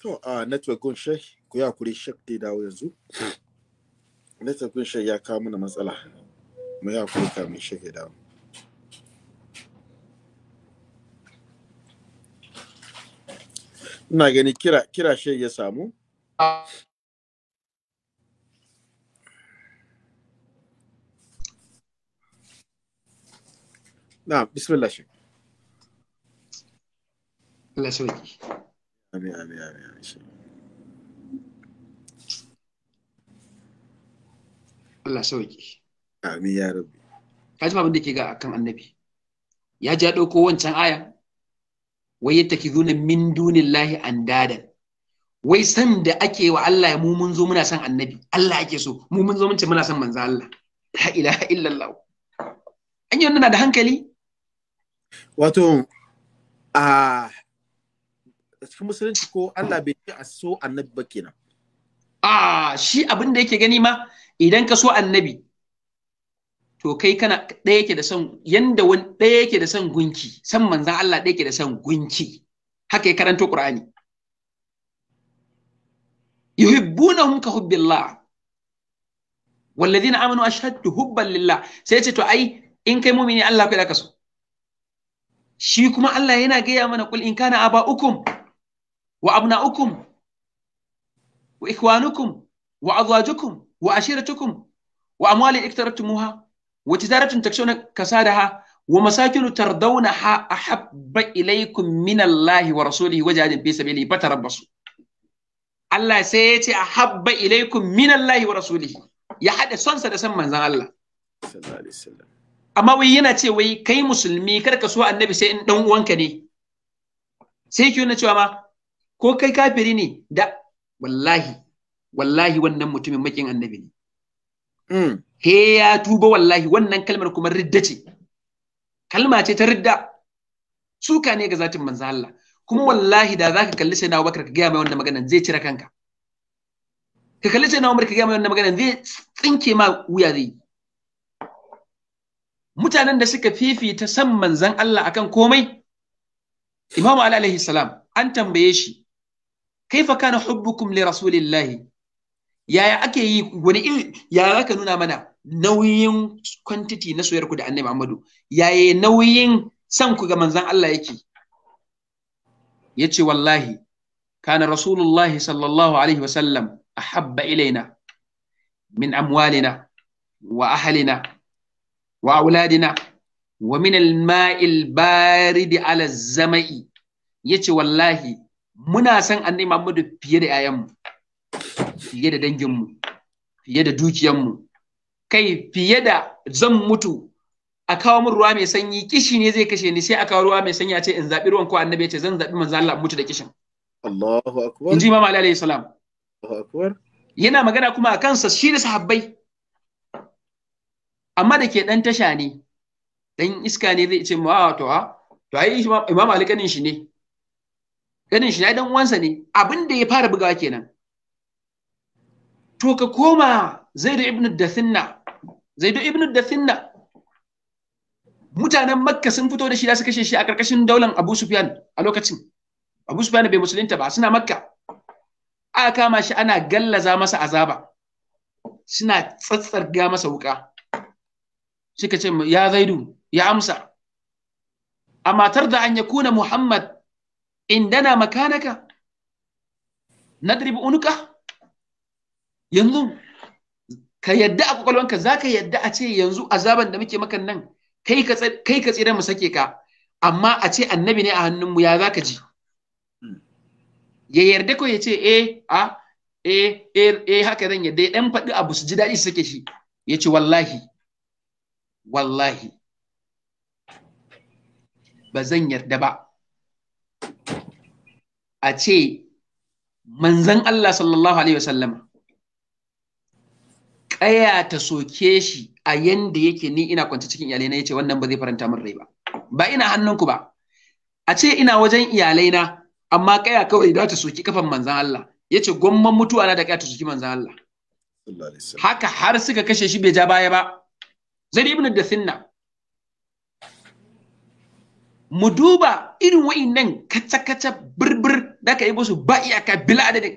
To a network gun shai ku ya kure shak dai dawo yanzu. Network gun shai ya kawo mana matsala. Mu ya kure kamin shek ya dawo. ina gani kira kira shi ya samu na bismillah shi Allah sauki amin amin amin amin shi Allah amin ya rabbi kaji abin da ke ga akan annabi ya ja dauko wancan aya wai zuna min an andadan wai san da ake wa Allah mu mun zo muna son annabi Allah ake so mu mun zo mun ce muna son manzo Allah la ilaha illallah an yi wannan da hankali wato a cikin musulunci ko Allah bai ce a so annabi ba kenan a shi abin da yake gani ma idan ka so annabi to kai kana ɗaya ke da son yanda wani ɗaya yake da son gunki san manzan Allah ɗaya yake da son gunki haka ya karanto Qur'ani yuhibbunahum ka hubbillah walladhina amanu ashaddu hubban lillah sai ce to ai in kai mumini Allah kai da so shi kuma Allah yana gaya mana kul in kana aba'ukum wa abna'ukum wa ikwanukum wa azwajukum wa ashiratukum wa amwali iktarattumuha da ha, wa وتجارة تخشون كسادها ومساكن ترضونها wa إليكم من الله ورسوله وجهاد في سبيله فتربصوا Allah sai ya ce ahabba ilaikum min wa rasulihi ya haɗa sonsa da san manzon Allah amma wai yana ce wai kai musulmi kar ka so annabi sai in dan uwanka ne sai ki cewa ma ko kai kafiri ne da wallahi wallahi wannan mutumin makin annabi ne Mm. he ya tuba wallahi wannan kalmar kuma ridda ce kalma ce ta ridda suka ne ga zatin manzo Allah kuma wallahi da zaka kalli sai na Abubakar ka gaya mai wannan maganan zai cire kanka ka kalli sai na Umar ka gaya mai wannan maganan zai tsinke ma wuya zai mutanen da suka fifita san manzon Allah akan komai Imam Ali alaihi salam an tambaye shi kaifa kana hubbukum li rasulillahi yaya ake yi wani iri yaya zaka nuna mana nauyin kwantiti na soyar ku da annabi Muhammadu yaya nauyin san ku ga manzon Allah yake yace wallahi kana rasulullahi sallallahu alaihi wasallam ahabba ilaina min amwalina wa ahlina wa auladina wa min al-ma'i ala zamai yace wallahi muna san annabi Muhammadu fiye da 'ya'yanmu fiye da danginmu fiye da dukiyanmu kai fiye da zan mutu a kawo min ruwa mai sanyi kishi ne zai kashe ni sai a kawo ruwa mai sanyi a ce in zaɓi ruwan ko annabi ya ce zan zaɓi manzo Allah mutu da kishin Allahu akbar inji Imam Ali alayhi salam Allahu akbar yana magana kuma a kansa shi da sahabbai amma da ke dan tasha ne dan iska ne zai ce ma ah, to ha to ai Imam Ali kanin shi ne ganin shi ya dan uwansa ne abin da ya fara bugawa kenan to ka koma zaidu ibn dathinna zaidu ibn dathinna mutanen makka sun fito da shi da su kashe shi a karkashin daular abu sufyan a lokacin abu sufyan bai musulunta ba suna makka A kama shi ana gallaza masa azaba suna tsatsarga masa wuka suka ce ya zaidu ya amsa a matar da an yakuna muhammad indana makanaka nadribu unuka yanzu ka yadda a kwakwalwanka za ka yadda a ce yanzu azaban da muke makan nan kai ka tsira mu sake ka amma a ce annabi ne a hannunmu ya za ka ji ya yarda ko ya ce e a e haka zan yadda ya dan faɗi abu su ji daɗi su sake shi ya ce wallahi wallahi ba zan yarda ba a ce manzan Allah sallallahu alaihi wasallama tsaya ta soke shi a yanda yake ni ina kwance cikin iyalai na ce wannan ba zai faranta min rai ba ba ina hannunku ba a ce ina wajen iyalai na amma kaya kawai da ta soki kafan manzan Allah Ya ce gwamman mutuwa na da kaya ta soki manzan Allah haka har suka kashe shi bai ja baya ba zai ibn da sinna mu duba irin nan kaca-kaca birbir da ka yi musu ba iyaka bila adadin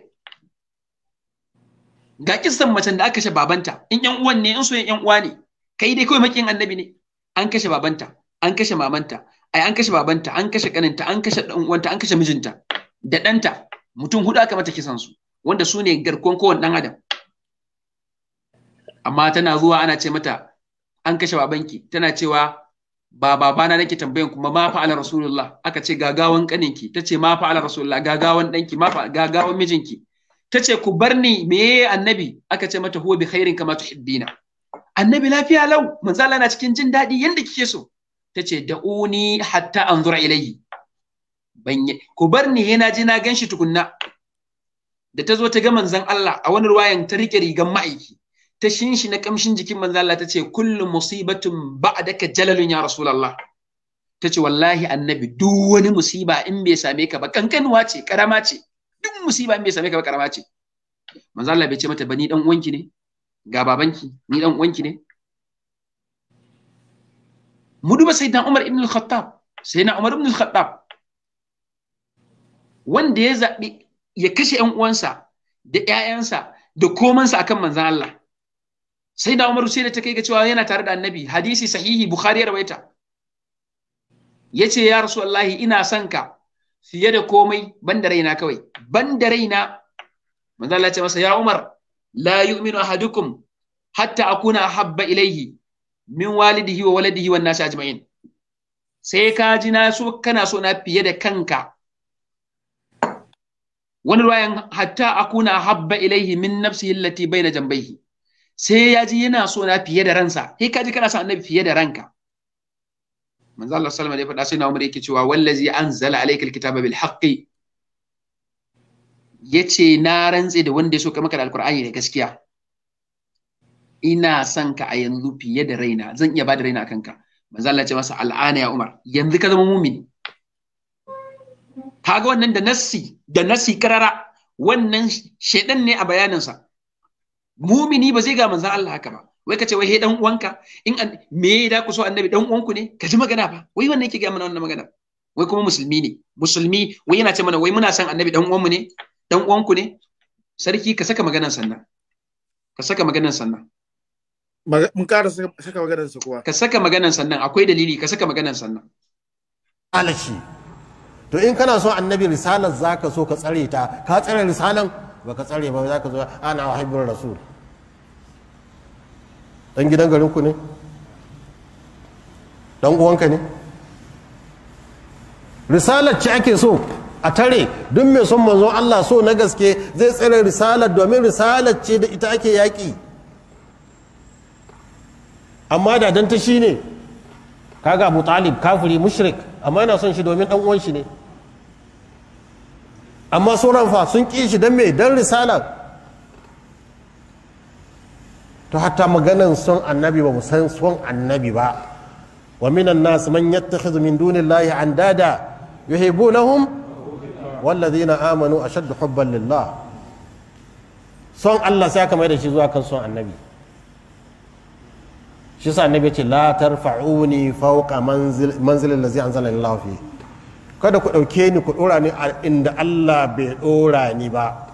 ga kissan macen da aka kashe babanta in yan uwan ne in soyayyen yan uwa ne kai dai kawai makin annabi ne an kashe babanta an kashe mamanta ai an kashe babanta an kashe kaninta an kashe dan uwanta an kashe mijinta da danta mutum hudu aka mata kisan su wanda su ne garkuwan kowan dan adam amma tana zuwa ana ce mata an kashe babanki tana cewa ba babana nake tambayan kuma ma ala rasulullah aka ce gagawan kaninki tace ma ala rasulullah gagawan danki ma gagawan mijinki ta ce ku bar ni meye annabi aka ce mata huwa bi khairin kama tuhibbina annabi lafiya lau manzo Allah na cikin jin daɗi yanda kike so ta ce da'uni hatta anzura ilayhi ku bar ni yana ji na ganshi tukunna da ta zo ta ga manzon Allah a wani ruwayan ta rike rigan ma'aiki ta shinshi na kamshin jikin manzo Allah ta ce kullu musibatin ba'daka jalalun ya rasulullah ta ce wallahi annabi duk wani musiba in bai same ka ba kankanuwa ce karama ce duk musiba in bai same ka ba karama ce manzo Allah bai ce mata ba ni dan uwanki ne ga babanki ni dan uwanki ne mu duba sayyidina Umar ibn al-Khattab sayyidina Umar ibn al-Khattab wanda ya zabi ya kashe ƴan uwansa da ƴaƴansa da komansa akan manzo Allah sai da Umar sai da ta kai ga cewa yana tare da Annabi hadisi sahihi Bukhari ya rawaita yace ya Rasulullahi ina son ka fiye da komai ban da raina kawai Ban da raina manzo Allah ya ce masa ya Umar la yu'minu ahadukum hatta akuna habba ilaihi min walidihi wa waladihi wan nasi ajma'in sai ka ji na so kana so na fiye da kanka wani ruwayan hatta akuna habba ilaihi min nafsihi allati na jambayhi sai ya ji yana so na fiye da ransa sai ka ji kana son annabi fiye da ranka manzo Allah sallallahu alaihi wasallam ya faɗa sai na Umar yake cewa wallazi anzala alayka alkitaba bil haqqi yace na rantse da wanda ya so maka da alqur'ani da gaskiya ina son ka a yanzu fiye da raina zan iya bada raina akan ka manzo Allah ce masa al'ana ya Umar yanzu ka zama mumini kaga wannan da nassi da nassi karara wannan shedan ne a bayanin sa. mumini ba zai ga manzon Allah haka ba wai ka ce wai he dan uwanka in me da ku so annabi dan uwanku ne ka ji magana fa wai wannan yake ga mana wannan magana wai kuma musulmi ne musulmi wai yana ce mana wai muna son annabi dan uwanmu ne dan uwanku ne sarki ka saka maganar sannan ka saka maganar sannan mun ƙara saka maganar sa kuwa ka saka maganar sannan akwai dalili ka saka maganar sannan alashi to in kana so annabi risalar zaka so ka tsare ta ka tsare risalan baka tsare ba zaka zo ana wahibbul rasul dan gidan garinku ne dan uwanka ne risalar ce ake so a tare duk mai son manzo Allah so na gaske zai tsere risalar domin risalar ce da ita ake yaƙi amma da dan shi ne kaga Abu Talib kafiri mushrik amma yana son shi domin dan uwan shi ne amma sauran fa sun ƙi shi dan mai dan risalar to hatta maganan son annabi ba mu san son annabi ba wa minan nas man yattakhidhu min dunillahi andada yuhibbunahum walladhina amanu ashaddu hubban lillah son Allah sai aka da shi zuwa kan son annabi shi sa annabi ce la tarfa'uni fawqa manzilin allazi anzala Allah fi kada ku dauke ni ku dora ni inda Allah bai dora ni ba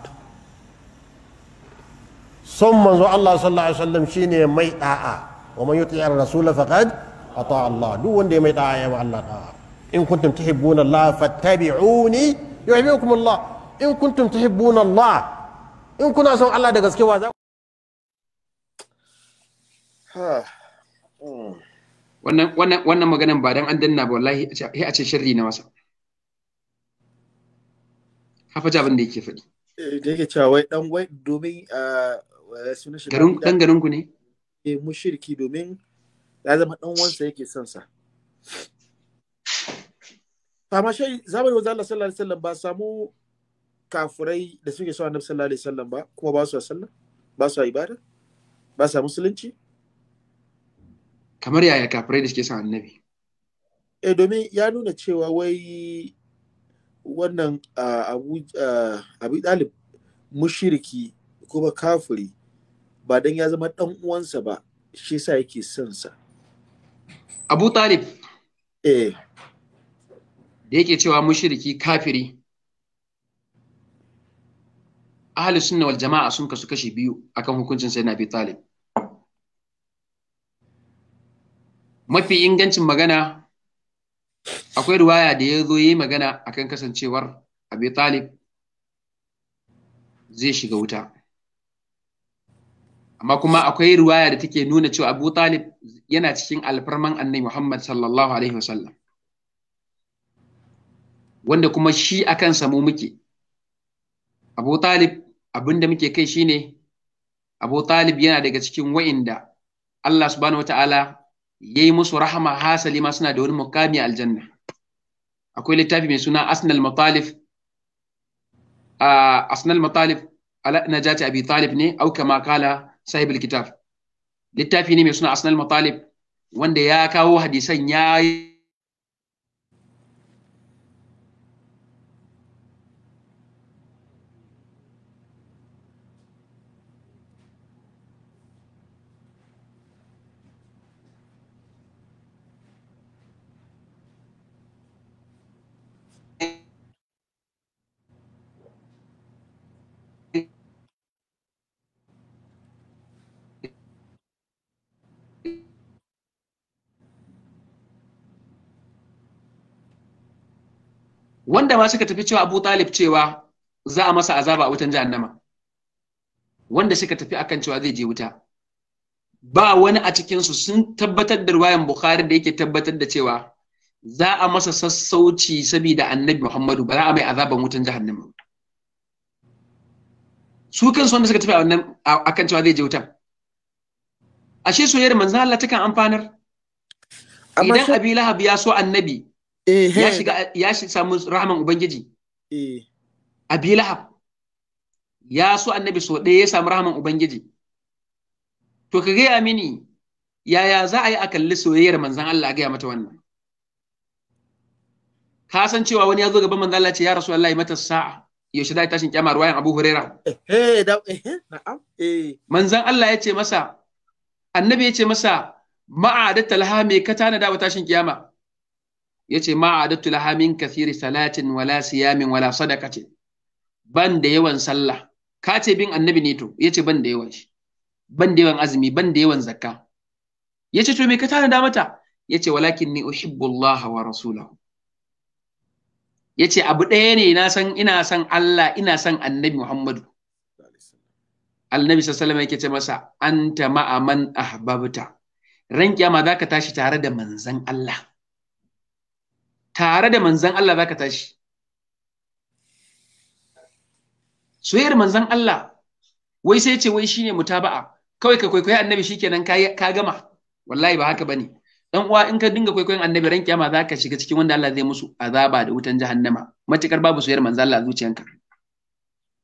son manzo Allah sallallahu alaihi wasallam shine mai da'a wa man yuti ar-rasul faqad ata Allah duk wanda mai da'a ya wa Allah da'a in kuntum tuhibbuna Allah fattabi'uni yuhibbukum Allah in kuntum tuhibbuna Allah in kuna son Allah da gaske za ku hmm. wannan wannan wannan maganan ba dan an danna ba wallahi sai a ce sharri na masa hafa jabin da yake faɗi eh, da yake cewa wai dan wai domin ah, sunan shi garin dan garin ku ne eh mushriki domin ya zama dan wansa yake son sa amma shi zamanin wanzu Allah sallallahu alaihi wasallam ba samu kafurai da suke so annabi sallallahu alaihi wasallam ba kuma ba su sallah ba su ibada ba su musulunci kamar yaya kafurai da suke son annabi eh domin ya nuna cewa wai wannan ah, abu dalib ah, mushiriki kuma kafuri. ba don ya zama ɗan uwansa ba shi sa yake son sa Abu Talib eh da yake cewa mushriki kafiri ahli sunna wal jama'a sun kasu kashi biyu akan hukuncin na abu Talib mafi ingancin magana akwai ruwaya da ya zo yi magana akan kasancewar Abi Talib zai shiga wuta amma kuma akwai riwaya da take nuna cewa Abu Talib yana cikin alfarman Annabi Muhammad sallallahu alaihi wasallam wanda kuma shi akan samu muke Abu Talib abinda muke kai shine Abu Talib yana daga cikin wa'inda Allah subhanahu wataala yayi musu rahama hasali ma suna da wani mukami aljanna akwai littafi mai suna Asnal Matalif ah, Asnal Matalif ala najati Abi Talib ne au kama kala sahibul kitab littafi ne mai suna asnal matalib wanda ya kawo hadisan ya wanda ma suka tafi cewa Abu Talib cewa za a masa azaba a wutan jahannama wanda suka tafi akan cewa zai je wuta ba wani a cikinsu sun tabbatar da ruwayan Bukhari da yake tabbatar da cewa za a masa sassauci saboda annabi Muhammadu ba za a mai azaban wutan jahannama su kansu wanda suka tafi a wannan akan cewa zai je wuta. ashe soyayyar manzo Allah takan amfanar idan Abi Lahab ya so annabi ya shiga ya samu rahman ubangiji eh. abi lahab ya so annabi so ɗaya ya samu rahman ubangiji to ka gaya mini yaya za a yi a kalli soyayyar manzan Allah a gaya mata wannan ka san cewa wani ya zo gaban manzan Allah ce ya rasu Allah ya mata sa'a yaushe da tashin kyama ruwayan Abu Huraira eh. manzan Allah ya ce masa annabi ya ce masa ma'a da talha me ka tana da tashin kiyama yace ma adatu laha min kathiri salatin wala siyamin wala sadaqatin ban da yawan sallah ka ce bin annabi ne to yace ban da yawan shi ban da yawan azumi ban da yawan zakka yace to me ka tana da mata yace walakin ni uhibbu Allah wa rasulahu yace abu ɗaya ne na san ina san Allah ina san annabi Muhammadu Annabi sallallahu alaihi yake ce masa anta ma'a man ahbabta ran kiyama zaka tashi tare da manzon Allah tare da manzan Allah za ka tashi soyayyar manzan Allah wai sai ce wai shine mutaba'a kawai ka kwaikwayi annabi kenan ka gama wallahi ba haka ba ne. dan uwa in ka dinga kwaikwayon annabi ran kiyama za ka shiga cikin wanda Allah zai musu azaba da wutan jahannama matukar babu soyayyar manzan Allah a zuciyanka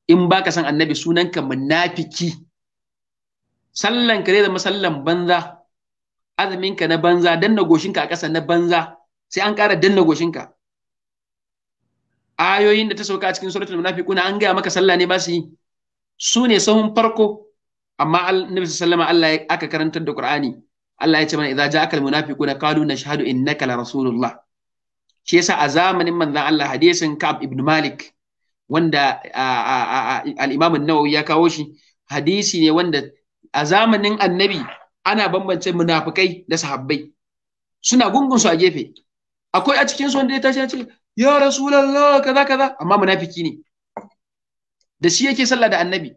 in baka san annabi sunanka munafiki sallan ka zai zama sallan banza azumin ka na banza danna goshinka a ƙasa na banza sai an ƙara danna goshinka ayoyin da ta sauka a cikin suratul munafiquna an gaya maka sallah ne ba su yi su ne sahun farko amma annabi sallama Allah ya aka karantar da Qur'ani Allah ya ce mana idza ja'akal munafiquna qalu nashhadu innaka la rasulullah shi yasa a zamanin manzon Allah hadisin Ka'ab ibn Malik wanda al-Imam an-Nawawi ya kawo shi hadisi ne wanda a zamanin annabi ana bambance munafikai da sahabbai suna gungun su a gefe akwai a cikin su wanda ya tashi ya ce ya rasulallah kaza kaza amma munafiki ne da shi yake sallah da annabi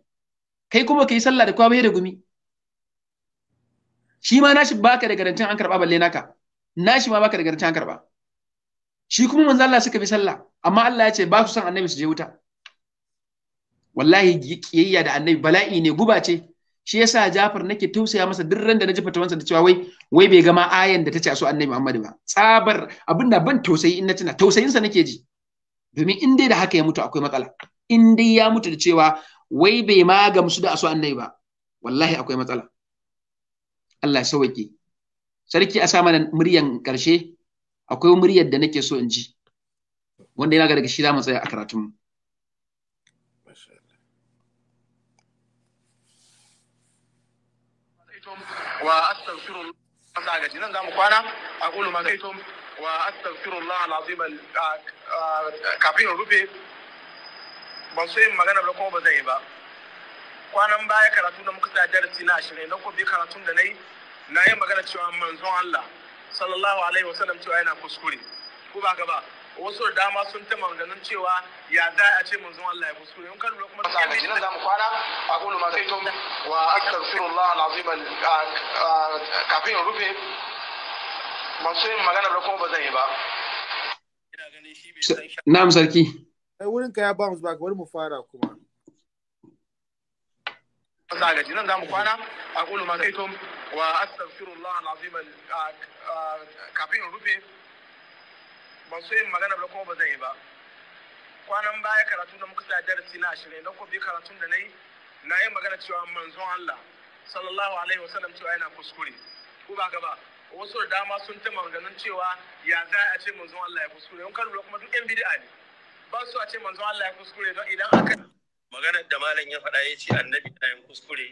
kai kuma kai sallah da bai da gumi shi ma nashi baka da garantin an karba balle naka nashi ma baka da garantin an karba shi kuma manzo Allah suka bi sallah amma Allah ya ce ba su san annabi su je wuta wallahi kiyayya da annabi bala'i ne guba ce shi yasa Jafar nake tausaya masa duk ran da naji fatawansa da cewa wai wai bai gama ayan da tace a so Annabi Muhammad ba tsabar abin da ban tausayi in na tuna tausayin sa nake ji domin in dai da haka ya mutu akwai matsala in dai ya mutu da cewa wai bai ma gamsu da a so Annabi ba wallahi akwai matsala Allah ya sauke sarki a sama muryan karshe akwai muryar da nake so in ji wanda yana ga daga shi za mu tsaya a mu. wa astaghfirullah Allah ga jinan zamu kwana aqulu ma gaitum wa astaghfirullah alazim kafin rufe ban so yin magana ba ba zan yi ba kwanan baya karatu da muka tsaya darasi na ashirin na kuma karatun da na yi na yi magana cewa manzon Allah sallallahu alaihi wasallam cewa yana kuskure ko ba ka ba wasu da dama sun ta maganganun cewa ya za a ce manzon Allah ya musu in kan lura kuma da hadisi nan zamu kwana aqulu ma saytum wa astaghfirullah alazim kafin rufe masu yin magana da kuma ba zan yi ba na'am sarki ai wurin ka ya ba mu ba mu fara kuma masa gaji za zamu kwana a kullum ma saytum wa astaghfirullah alazim kafin rufe ban so yin magana ba kuma ba zai yi ba kwanan baya karatu da muka sa darasi na ashirin na kuma karatun da na na yi magana cewa manzon Allah sallallahu alaihi wasallam cewa yana kuskure ko ba gaba wasu da dama sun ta maganganun cewa ya za a ce manzon Allah ya kuskure in kan kuma duk yan bid'a ne ba su a ce manzon Allah ya kuskure don idan aka magana da malam ya faɗa ya ce annabi na yin kuskure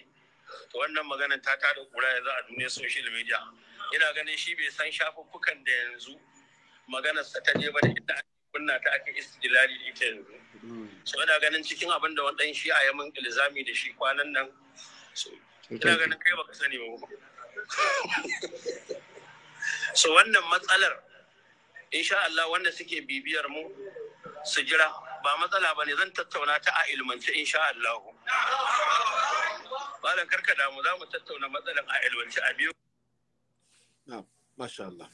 to wannan maganar ta tada kura yanzu a duniyar social media ina ganin shi bai san shafuffukan da yanzu maganar sa ta je ba da inda ake kunna ta ake istijlali ita yanzu so ina ganin cikin abin da wani dan shi a yamin ilzami da shi kwanan nan so ina ganin kai baka sani ba so wannan matsalar insha Allah wanda suke bibiyar mu su jira ba matsala bane zan tattauna ta a ilmance insha Allah malam karka damu za mu tattauna matsalar a ilmance a biyu na masha Allah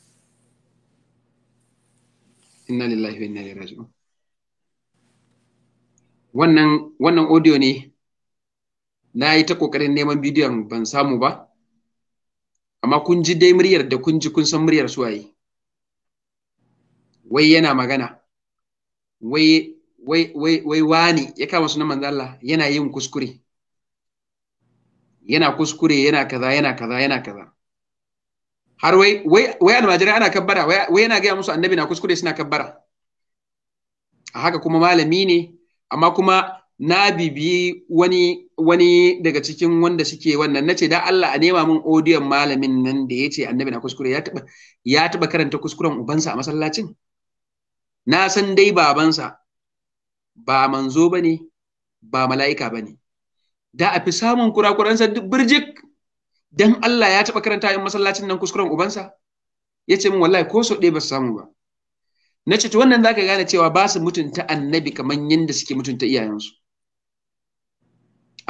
inna lillahi wa inna ilaihi raji'un wannan wannan audio ne na yi ta kokarin neman bidiyon ban samu ba amma kun ji dai muryar da kun ji kun san muryar su waye wai yana magana wai wai wai wai wani ya kama sunan manzo Allah yana yin kuskure yana kuskure yana kaza yana kaza yana kaza har wai wai a almajirai ana kabbara wai yana gaya musu annabi na kuskure suna kabbara a haka kuma malami ne amma kuma na bibi wani wani daga cikin wanda suke wannan nace da Allah a nema min odiyon malamin nan da yace annabi na kuskure ya taba ya taba karanta kuskuren ubansa a masallacin na san dai babansa ba manzo bane ba mala'ika bane da a fi samun kurakuransa duk birjik dan Allah ya taɓa karanta 'yan masallacin nan kuskuren ubansa ya ce min wallahi ko so ɗaya ba su samu ba na ce to wannan zaka gane cewa ba su mutunta annabi kamar yadda suke mutunta iyayensu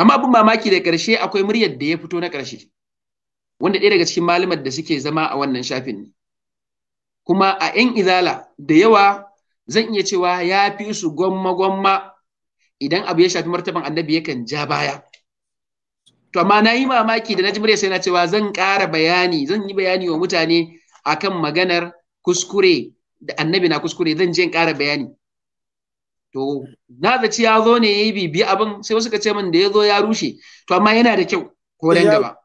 amma abin mamaki da ƙarshe akwai muryar da ya fito na ƙarshe wanda ɗaya daga cikin malumar da suke zama a wannan shafin ne kuma a 'yan izala da yawa zan iya cewa ya fi su gwamma-gwamma idan abu ya shafi martaban annabi yakan ja baya to amma na yi mamaki da na ji sai na cewa zan ƙara bayani zan yi bayani wa mutane akan maganar kuskure da annabi na kuskure zan je in ƙara bayani to na zaci ya zo ne ya yi bibi abin sai wasu ka ce min da ya zo ya rushe to amma yana da kyau ko dan gaba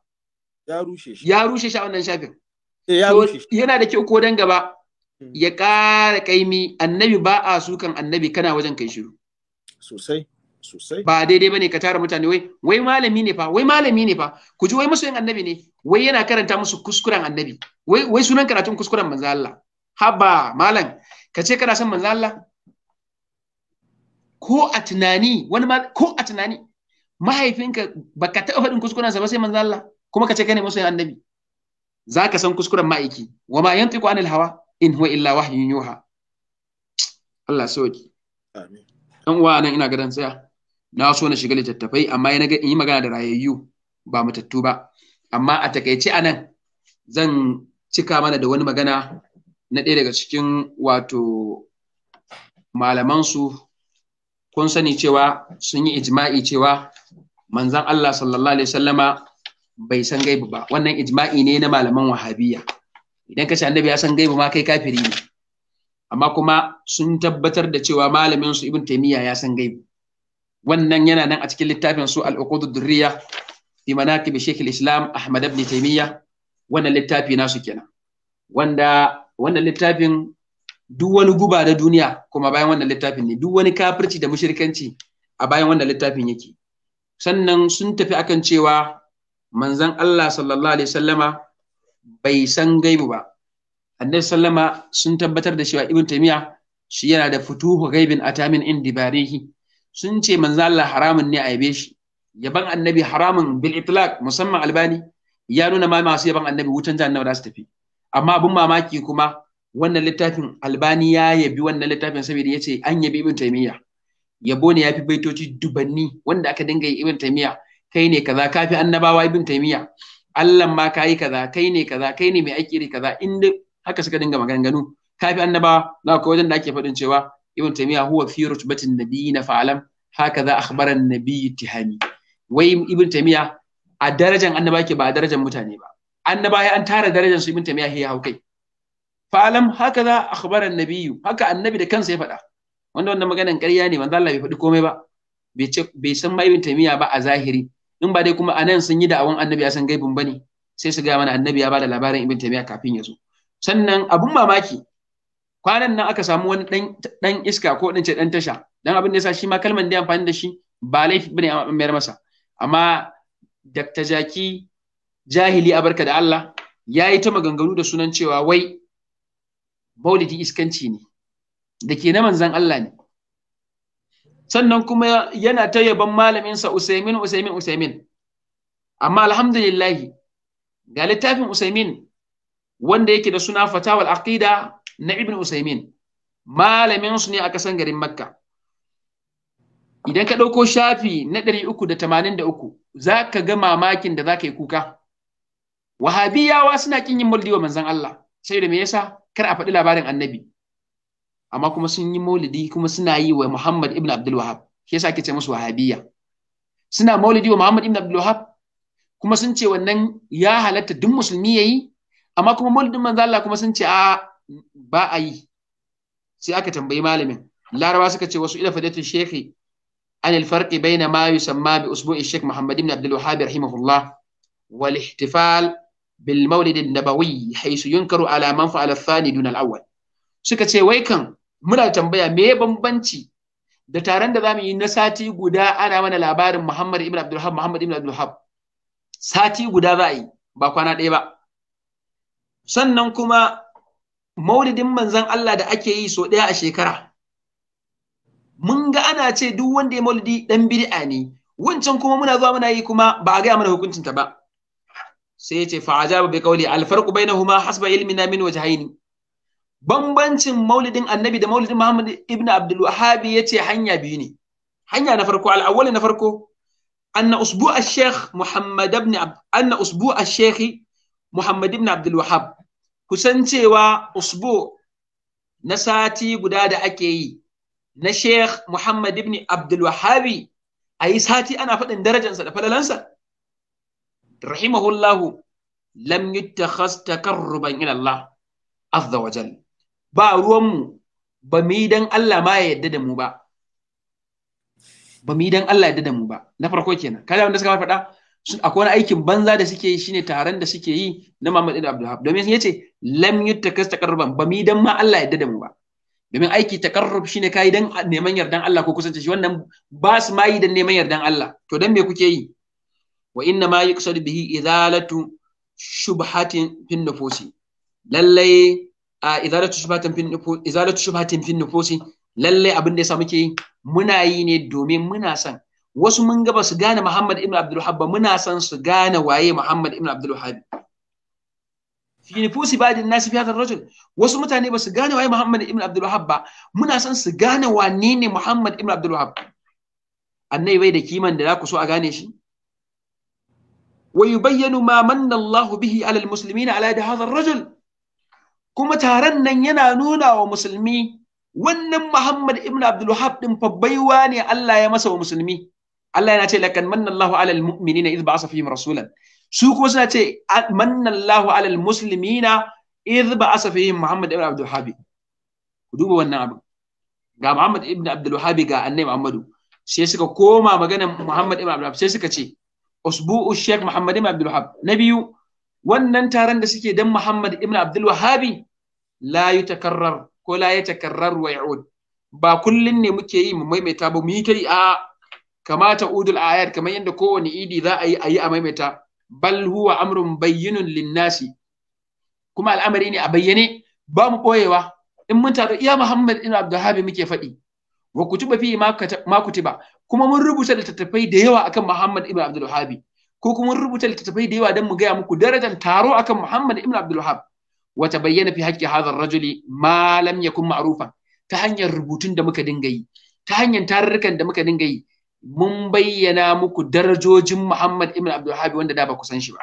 ya rushe shi ya rushe shi a wannan shafin eh, ya rushe yana da kyau ko dan gaba hmm. ya ƙara ƙaimi annabi ba a sukan annabi kana wajen kai shiru sosai sosai ba daidai bane ka tara mutane wai wai malami ne fa wai malami ne fa ku ji wai masoyin annabi ne wai yana karanta musu kuskuren annabi wai wai sunan karatun kuskuren manzo Allah haba malam ka ce kana son manzo Allah ko a tunani wani ma ko a tunani mahaifinka baka taɓa faɗin kuskuren sa ba sai manzo Allah kuma ka ce kai ne masoyin annabi za ka san kuskuren ma'aiki wa ma yantiku anil hawa in huwa illa wahyun yuha Allah sauki amin dan uwa nan ina gadan tsaya na so na shiga littattafai amma in yi magana da rayayyu ba matattu ba amma a takaice nan, zan cika mana da wani magana na ɗaya daga cikin wato malamansu kun sani cewa sun yi ijma'i cewa manzan Allah sallallahu alaihi sallama bai san gaibu ba wannan ijma'i ne na malaman wahabiyya idan ka ce annabi ya san gaibu ma kai kafiri ne amma kuma sun tabbatar da cewa malamin su ibn taymiya ya san gaibu wannan yana nan a cikin littafin su al durriya fi manaqib shaykh al-islam ahmad ibn taymiya wannan littafi nasu kenan wanda wannan littafin duk wani guba da duniya kuma bayan wannan littafin ne duk wani kafirci da mushrikanci a bayan wannan littafin yake sannan sun tafi akan cewa manzon Allah sallallahu alaihi sallama bai san gaibu ba annabi sallama sun tabbatar da cewa ibn taymiya shi yana da futuhu gaibin atamin indibarihi barihi sun ce manzo Allah haramun ne a yabe shi yaban annabi haramun bil itlaq musamman albani ya nuna ma masu yaban annabi wutan jahannama za su tafi amma abin mamaki kuma wannan littafin albani ya yabi wannan littafin saboda ya ce an yabi ibn taymiya yabo ne ya fi baitoci dubanni wanda aka dinga yi ibn taymiya kai ne kaza kafi annabawa ibn taymiya Allah ma yi kaza kai ne kaza kai ne mai aiki kaza inda haka suka dinga maganganu kafi annabawa na ka wajen da ake faɗin cewa ibn taymiya huwa fi rutbatin nabiyina a hakaza akhbara an-nabiy tihami wai ibn taymiya a darajan annaba ke ba a darajan mutane ba annaba ya an tara darajan su ibn taymiya ya hau kai fa'alam hakaza akhbara an-nabiy haka annabi da kansa ya faɗa wanda wannan maganan ƙarya ne manzo Allah bai faɗi komai ba bai san ma ibn taymiya ba a zahiri in ba dai kuma anan sun yi da'awan annabi ya san gaibin bane sai su ga mana annabi ya bada labarin ibn taymiya kafin ya zo sannan abun mamaki kwanan nan aka samu wani dan iska ko ɗance ce dan tasha dan abin da yasa shi ma kalman da amfani da shi ba laifi bane a mayar masa amma Dr. Jaki jahili a barka da Allah ya yi ta maganganu da sunan cewa wai maulidi iskanci ne da ke na manzan Allah ne sannan kuma yana ta yaban malaminsa Usaimin Usaimin Usaimin amma lillahi ga littafin Usaimin wanda yake da suna fatawal aqida na ibn usaymin malamin su ne a kasan garin makka idan ka ɗauko shafi na ɗari uku da tamanin da uku za ka ga mamakin da za ka yi kuka wahabiyawa suna kin yin maulidi wa manzon Allah sai da me yasa kar a faɗi labarin annabi amma kuma sun yi maulidi kuma suna yi wa Muhammad ibn Abdul Wahab shi yasa ake ce musu wahabiyya suna maulidi wa Muhammad ibn Abdul Wahab kuma sun ce wannan ya halatta duk musulmi yayi amma kuma maulidin manzo Allah kuma sun ce a ba a yi sai aka tambayi malamin laraba suka ce wasu ila fadatu shekhi an alfarqi baina ma samma bi usbu'i shekh muhammad ibn abdul wahhab rahimahullah wal ihtifal bil maulid an-nabawi haythu yunkaru ala man fa'ala thani dun al-awwal suka ce wai kan muna tambaya me bambanci da taron da zamu yi na sati guda ana mana labarin muhammad ibn abdul wahhab muhammad ibn abdul sati guda za a yi ba kwana ɗaya ba sannan kuma maulidin manzan Allah da ake yi so ɗaya a shekara mun ga ana ce duk wanda ya maulidi dan bid'a ne wancan kuma muna zuwa muna yi kuma ba a gaya mana hukuncin ta ba sai ya ce fa ajaba bi qawli al farqu bainahuma hasba ilmina min wajhaini bambancin maulidin annabi da maulidin Muhammad ibn Abdul Wahhab yace hanya biyu ne hanya na farko al awwal na farko anna usbu' shaykh Muhammad ibn anna shaykh Muhammad ibn Abdul kusan cewa usbu na sati guda da ake yi na Sheikh Muhammad ibn Abdulwahabi, a yi sati ana faɗin darajansa da falalansa rahimahullahu lam yutakhas takarruban ila Allah azza wa jal ba ruwanmu ba mu yi dan Allah ma ya yadda da mu ba ba mu yi dan Allah ya yadda da mu ba na farko kenan kada wanda suka faɗa akwai wani aikin banza da suke yi shine taron da suke yi na Muhammad ibn Abdul domin yace lam yutakas taqarruban ba mi dan ma Allah yadda da mu ba domin aiki taqarrub shine kai dan neman yardan Allah ko kusance shi wannan ba su ma yi dan neman yardan Allah to dan me kuke yi wa inna ma yuqsadu bihi izalatu shubhatin fin nufusi lallai a izalatu shubhatin fin nufusi izalatu shubhatin fin nufusi lallai abin da yasa muke yi muna yi ne domin muna son wasu mun ga su gane Muhammad ibn Abdul Wahhab ba muna san su gane waye Muhammad ibn Abdul Wahhab fi nufusi ba din nasi fi hadar rajul wasu mutane ba su gane waye Muhammad ibn Abdul Wahhab ba muna san su gane wane ne Muhammad ibn Abdul Wahhab annai bai da kiman da za ku so a gane shi ويبين ما من الله به على المسلمين على يد هذا الرجل كما تارن نن yana nuna wa musulmi wannan Muhammad ibn Abdul Wahhab din fa baiwa ne Allah ya masa wa musulmi Allah yana ce lakan manna Allahu alal mu'minina idh ba'asa fihim rasulan su kuma suna ce manna Allahu alal muslimina idh ba'asa fihim Muhammad ibn Abdul Wahhab ku duba wannan abu ga Muhammad ibn Abdul Wahhab ga Annabi Muhammadu sai suka koma maganar Muhammad ibn Abdul Wahhab sai suka ce usbu'u Sheikh Muhammad ibn Abdul Wahhab na biyu wannan taron da suke dan Muhammad ibn Abdul Wahhab la yutakarrar ko la yatakarrar wa ya'ud ba kullun ne muke yi mu maimaita ba mu yi kai a kama ta udul ayat kamar yadda kowane idi za a yi a yi a maimaita bal huwa amrun bayyinun linnasi kuma al'amari ne a bayyane ba mu boyewa in mun taru iya Muhammad ibn Abdulhabi muke faɗi wa kutuba fi ma kutiba kuma mun rubuta littattafai da yawa akan Muhammad ibn Abdullahi. ko kuma mun rubuta littattafai da yawa don mu gaya muku darajar taro akan Muhammad ibn Abdullahi? wa tabayyana fi haqqi hadha rajuli ma lam yakun ma'rufan ta hanyar rubutun da muka dinga yi ta hanyar tarurrukan da muka dinga yi mun bayyana muku darajojin Muhammad ibn Abdul wanda da ba ku san shi ba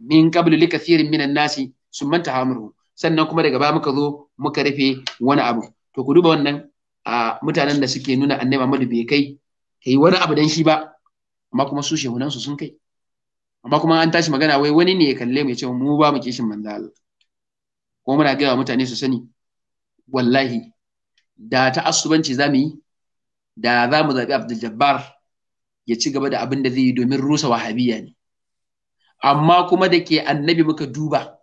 min qablu li kathirin minan nasi sun manta hamuru. sannan kuma daga baya muka zo muka rufe wani abu to ku duba wannan a mutanen da suke nuna annabi Muhammad bai kai kai wani abu dan shi ba amma kuma su shehunan su sun kai amma kuma an tashi magana wai wani ne ya kalle mu ya ce mu ba mu kishin manzo Allah Ko muna ga mutane su sani wallahi da ta asubanci zamu yi da za mu zaɓi Abdul ya ci gaba da abin da zai yi domin rusa wahabiya ne amma kuma da ke annabi muka duba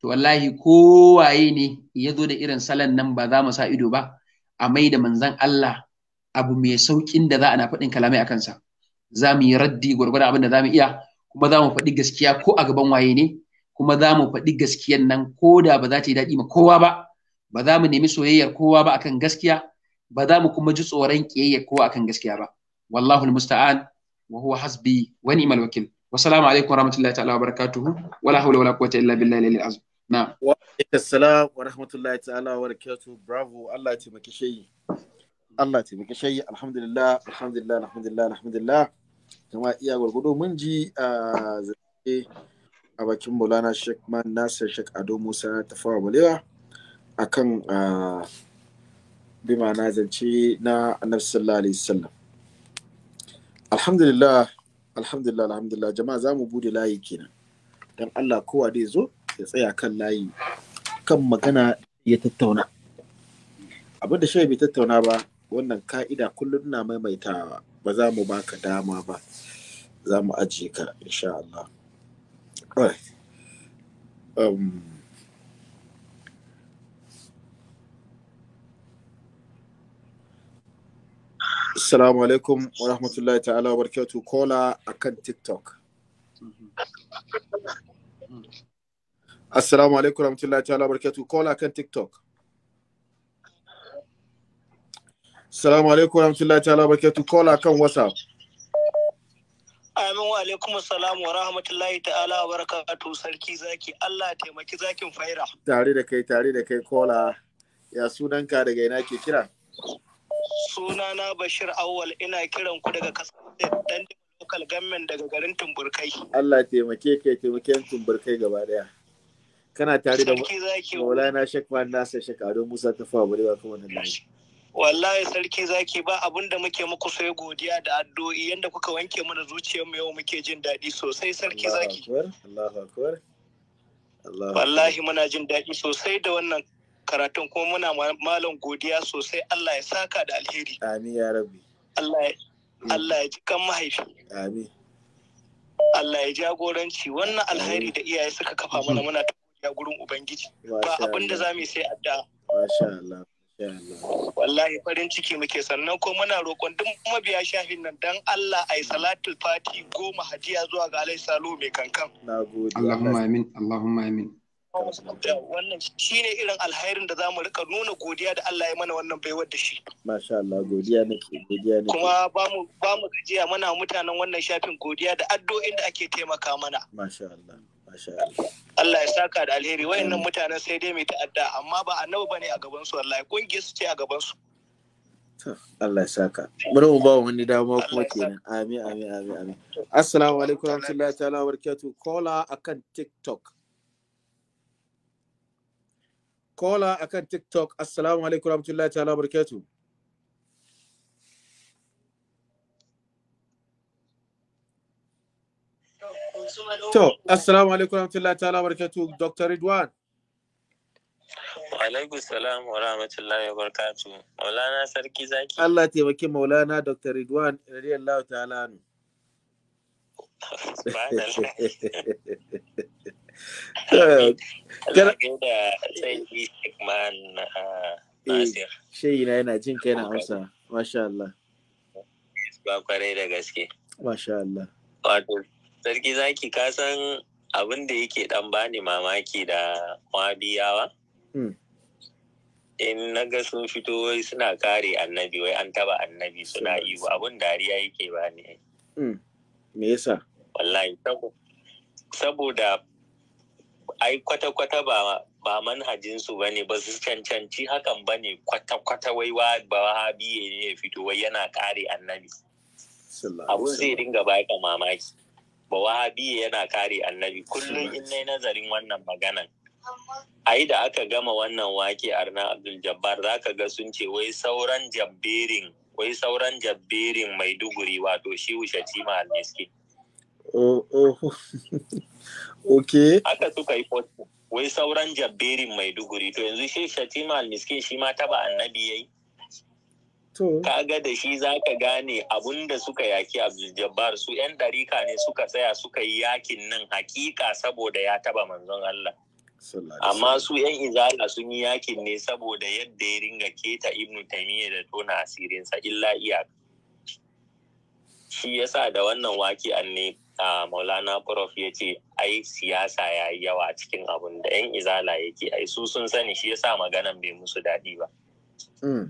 to wallahi kowaye ne ya zo da irin salon nan ba za mu sa ido ba a mai da manzan Allah abu mai sauƙin da za a na faɗin kalamai a kansa za mu yi raddi gwargwadon abin da za mu iya kuma za mu faɗi gaskiya ko a gaban waye ne kuma za mu faɗi gaskiyan nan ko da ba za ta yi daɗi ma kowa ba ba za mu nemi soyayyar kowa ba akan gaskiya ba za mu kuma ji tsoron kiyayya ko akan gaskiya ba wallahu almusta'an wa huwa hasbi wa ni'mal wakil wa salamu alaikum warahmatullahi ta'ala wabarakatuh wala hawla wala quwwata illa billahi al-aliyyil azim na'am wa assalam wa rahmatullahi ta'ala wa barakatuh bravo Allah ya taimake shi Allah ya taimake shi alhamdulillah alhamdulillah alhamdulillah alhamdulillah kuma iya gurgudu mun ji a ah, zake a bakin Maulana Sheikh Man Nasir Sheikh Ado Musa Tafawa Balewa akan ah, bi ma'ana zance na annabi alhamdulillah alhamdulillah alhamdulillah jama'a za mu bude layi kenan dan Allah kowa dai zo ya tsaya kan layi kan magana ya tattauna abin da shi bai tattauna ba wannan ka'ida kullum na maimaitawa ba za mu baka dama ba za mu ajiye ka insha Allah Assalamu alaikum wa rahmatullahi ta'ala wa barakatu kola a kan TikTok. Assalamu alaikum wa rahmatullahi ta'ala wa barakatu kola a kan TikTok. Assalamu alaikum wa rahmatullahi ta'ala wa barakatu kola a kan WhatsApp. Amin wa alaikum salam wa rahmatullahi ta'ala wa barakatu sarki zaki Allah taimaki zakin faira. Tare da kai tare da kai kola ya sunanka daga ina ke kira. sunana Bashir Awal ina kiran ku daga kasar dan local government daga garin Tumburkai. Allah taimake ka taimake Tumburkai gaba daya. Kana tare da Maulana Sheikh Nasa Sheikh Ado Musa ta fawa bari ba kuma nan. Wallahi sarki zaki ba abin da muke muku sai godiya da addu'o'i yanda kuka wanke mana mu yau muke jin daɗi sosai sarki zaki. Allahu akbar. Allahu akbar. Wallahi muna jin daɗi sosai da wannan karatun kuma muna malam godiya sosai Allah ya saka da alheri. Amin ya rabbi. Allah ya ji kan mahaifi. Amin. Allah ya jagoranci wannan alheri da iyaye suka kafa mana muna ta godiya gurin Ubangiji. Ba abin da za mu sai adda. Masha Allah. Wallahi farin ciki muke sannan ko muna roƙon duk mabiya shafin nan dan Allah ai salatul fati goma hajiya zuwa ga Alai Salo mai kankan. Allahumma amin, Allahumma amin. wannan shi ne irin alhairin da za mu rika nuna godiya da Allah ya mana wannan baiwar da shi. Masha Allah godiya ke godiya ne. Kuma ba mu ba mu gajiya mana mutanen wannan shafin godiya da addu'o'in da ake taimaka mana. Masha Allah. Masha Allah. Allah ya saka da alheri wayannan mutanen sai dai mai ta'adda amma ba annabi bane a gaban su wallahi kungiyar su ce a gaban su. Allah ya saka. Bari mu ba wani dama kuma kenan. Amin amin amin amin. Assalamu alaikum warahmatullahi ta'ala wa barakatuh. Kola akan TikTok. kola akan tiktok assalamu alaikum rahmatullahi ta'ala barkatu to assalamu alaikum rahmatullahi ta'ala barkatu dr ridwan alaikum salam wa rahmatullahi wa barakatu maulana sarki zaki Allah taimaki maulana dr ridwan radiyallahu ta'ala nu Lado eh, da Saidi Hikman ah, eh, Nasir. Shehi na yana jin kai na Hausa. Masha Allah. Ba kwarai da gaske. Masha Allah. Wato, sarki zaki ka san abin da yake dan bani mamaki da wabiyawa. Hmm. In na ga sun fito wai suna kare annabi wai an taba annabi suna ihu abin dariya yake bani. Hmm. Me yasa? Wallahi, saboda ai kwata-kwata ba ba manhajinsu ba ne ba su cancanci hakan ba ne kwata-kwata wai ba wahabiye ne ya fito wai yana kare annabi abun zai dinga baka mamaki ba wahabiye yana kare annabi kullum in na nazarin wannan maganan ai da aka gama wannan wake arna abdul jabbar za ka ga sun ce wai sauran jabbirin wai sauran jabbirin maiduguri wato shi wuce cima almiski oh, oh. ok haka suka yi fosfo. wai sauran jabberin maiduguri to yanzu shi shatima almiskin shi ma taba annabi yayi kaga da shi zaka gane abun da suka yaki abdul su yan ɗarika ne suka tsaya suka yi yakin nan hakika saboda ya taba manzon Allah amma su yan izala sun yi yakin ne saboda yadda ya ringa keta ibnu taimiyya da tona asirinsa illa iyaka shi yasa da wannan waki ne maulana prof ya ce ai siyasa ya yi yawa cikin abun da yan izala yake ai su sun sani shi yasa maganan bai musu daɗi ba hmm.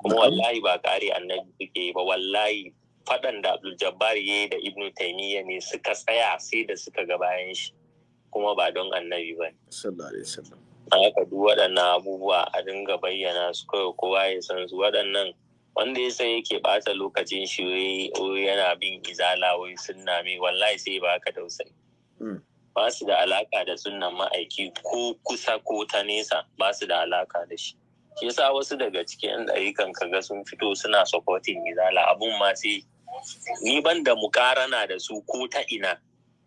kuma wallahi ba ƙari annabi suke ba wallahi faɗan da abdul jabbar ya da ibnu taimiyya ne suka tsaya sai da suka ga bayan shi kuma ba don annabi ba ne haka duk waɗannan abubuwa a dinga bayyana su kowa ya san su waɗannan wanda ya sai yake ɓata lokacin shi yana bin izala wai sunna mai wallahi sai ba ka dausai hmm. ba su da alaka da sunnan ma'aiki ko kusa ko ta nesa ba su da alaka da shi shi yasa wasu daga cikin yan ɗarikan kaga sun fito suna supporting izala abun ma sai ni ban da mukarana da su ko ta ina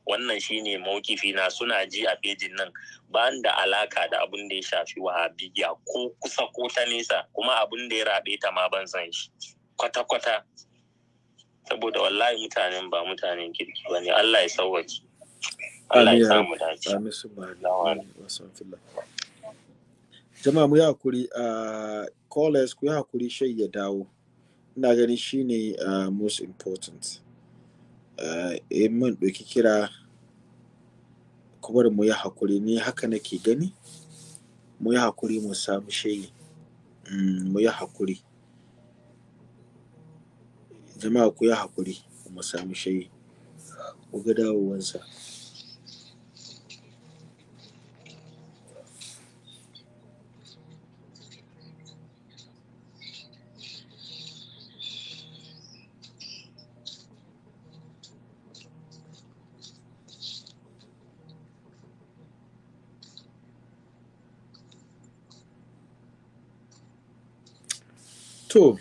wannan shine maukifi na suna ji a bejin nan ba da alaka da abun da ya shafi wahabiyya ko kusa ko ta nesa kuma abun da ya rabe ta ma ban san shi kwata-kwata saboda wallahi mutanen ba mutanen kirki ba ne Allah ya sauwaki Allah ya samu dace jama'a mu yi kuri a callers ku ya kuri shai ya dawo ina ganin shine most important in eh, eh, man ɗauki kira kuma da mu yi hakuri ni haka nake gani mu yi hakuri mu samu shayi mm, mu yi hakuri jama'a ku yi hakuri mu samu shayi ku ga dawowansa So.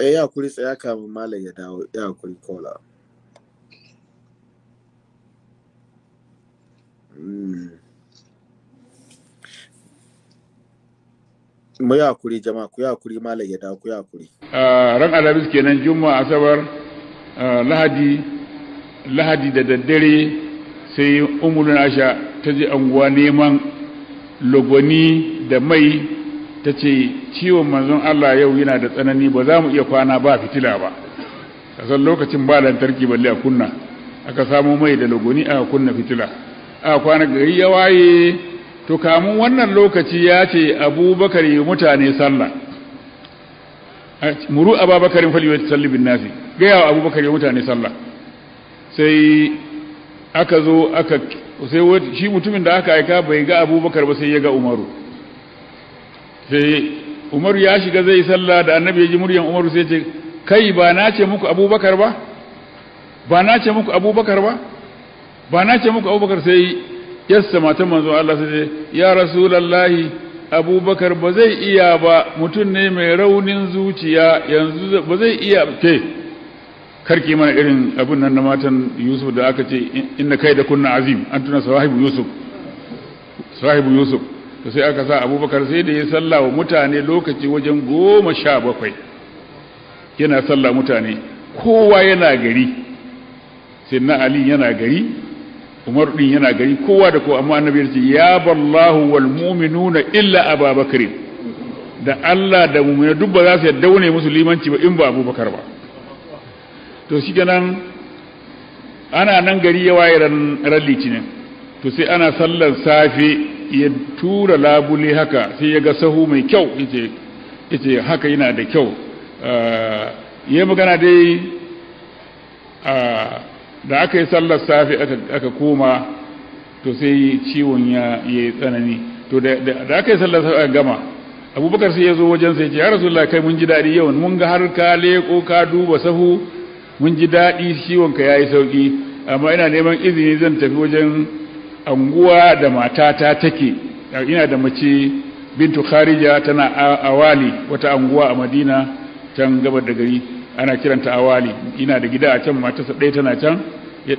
Eh ya kuri tsaya kamun malam ya dawo ya kuri kola. Hmm. Mu ya kuri jama'a ku ya kuri malam ya dawo ku ya kuri. Ah, ran Alhamis kenan Juma'a Asabar ah, Lahadi Lahadi da daddare sai umulun Asha ta je anguwa neman logoni da mai ta ce ciwon manzon Allah yau yana da tsanani ba za mu iya kwana ba fitila ba a san lokacin ba lantarki balle a kunna aka samu mai da logoni aka kunna fitila a kwana gari ya waye to kamun wannan lokaci ya ce abubakar yi mutane sallah muru ababakarin faliwai ta bin nasi gaya wa abubakar yi mutane sallah sai aka zo aka sai shi mutumin da aka aika bai ga abubakar ba sai ya ga umaru sai umaru ya shiga zai sallah da annabi ya ji muryan umaru sai ce kai ba na ce muku abubakar ba ba na ce muku abubakar ba ba na ce muku abubakar sai yassa matan manzo Allah sai ce ya rasulullahi abubakar ba zai iya ba mutum ne mai raunin zuciya yanzu ba zai iya ke karki mana irin abin nan na matan yusuf da aka ce inna kai da kunna azim an tuna sahibu yusuf sahibu yusuf to sai aka sa abubakar sai da ya salla wa mutane lokaci wajen goma sha bakwai yana salla mutane kowa yana gari sai na ali yana gari umar din yana gari kowa da kowa amma annabi ya ce ya ballahu wal mu'minuna illa ababakar da Allah da mu'mina duk ba za su yadda wani musulmanci ba in ba abubakar ba to shi ganan, ana nan gari ya waye ran ne. to sai ana sallar safe ya tura labule haka sai ya ga sahu mai kyau yace haka yana da kyau eh, ya magana dai eh, da aka yi sallar safe aka koma to sai ciwon ya yi tsanani to da aka yi sallar safe aka gama abubakar sai ya zo wajen sai ce ya rasu kai mun ji daɗi yau mun ga har ka leko ka duba sahu mun ji daɗi ciwonka ya yi sauƙi amma ina neman izini zan tafi wajen anguwa da matata take ina da mace bintu kharija tana awali wata anguwa a madina can gabar da gari ana kiranta awali ina da gida a can matarsa ɗaya tana can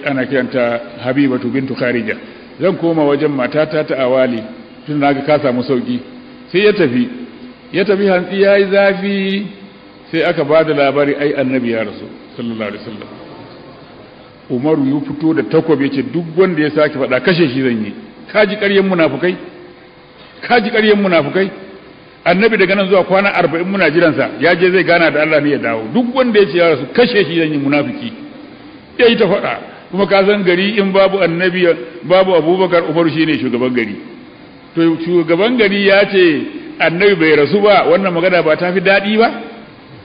ana kiranta habibatu bintu kharija zan koma wajen matata ta awali tun na ga ka samu sauƙi sai ya tafi ya tafi hantsi ya yi zafi sai aka ba da labari ai annabi ya rasu sallallahu alaihi wasallam umaru ya fito da takobi ya ce duk wanda ya sake faɗa kashe shi zan yi kaji ƙaryen munafukai kaji ƙaryen munafukai annabi daga nan zuwa kwana arba'in muna jiransa ya je zai gana da Allah ne ya dawo duk wanda ya ce ya rasu kashe shi zan yi munafiki ya yi ta faɗa kuma ka san gari in babu annabi babu abubakar umaru shine shugaban gari to shugaban gari ya ce annabi bai rasu ba wannan magana ba ta fi daɗi ba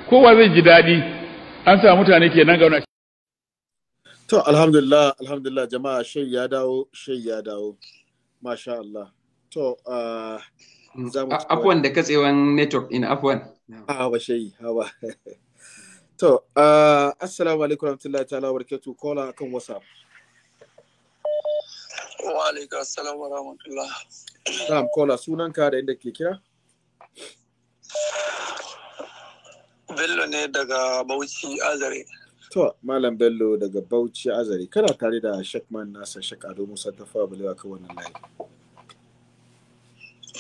kowa zai ji daɗi an sa mutane ke nan gauna to alhamdulillah alhamdulillah jama'a shai ya dawo shai ya dawo masha Allah to ah, afwan da katsewan network in afwan ah, hawa shai hawa to ah, assalamu alaikum warahmatullahi ta'ala barakatuh kola akan whatsapp wa alaikum assalam wa rahmatullah salam kola sunanka da inda ke kira Bello ne daga Bauchi Azare. To, Malam Bello daga Bauchi Azare, kana tare da Shekman Nasa Shek Ado Musa ta fabule a kan wannan layi.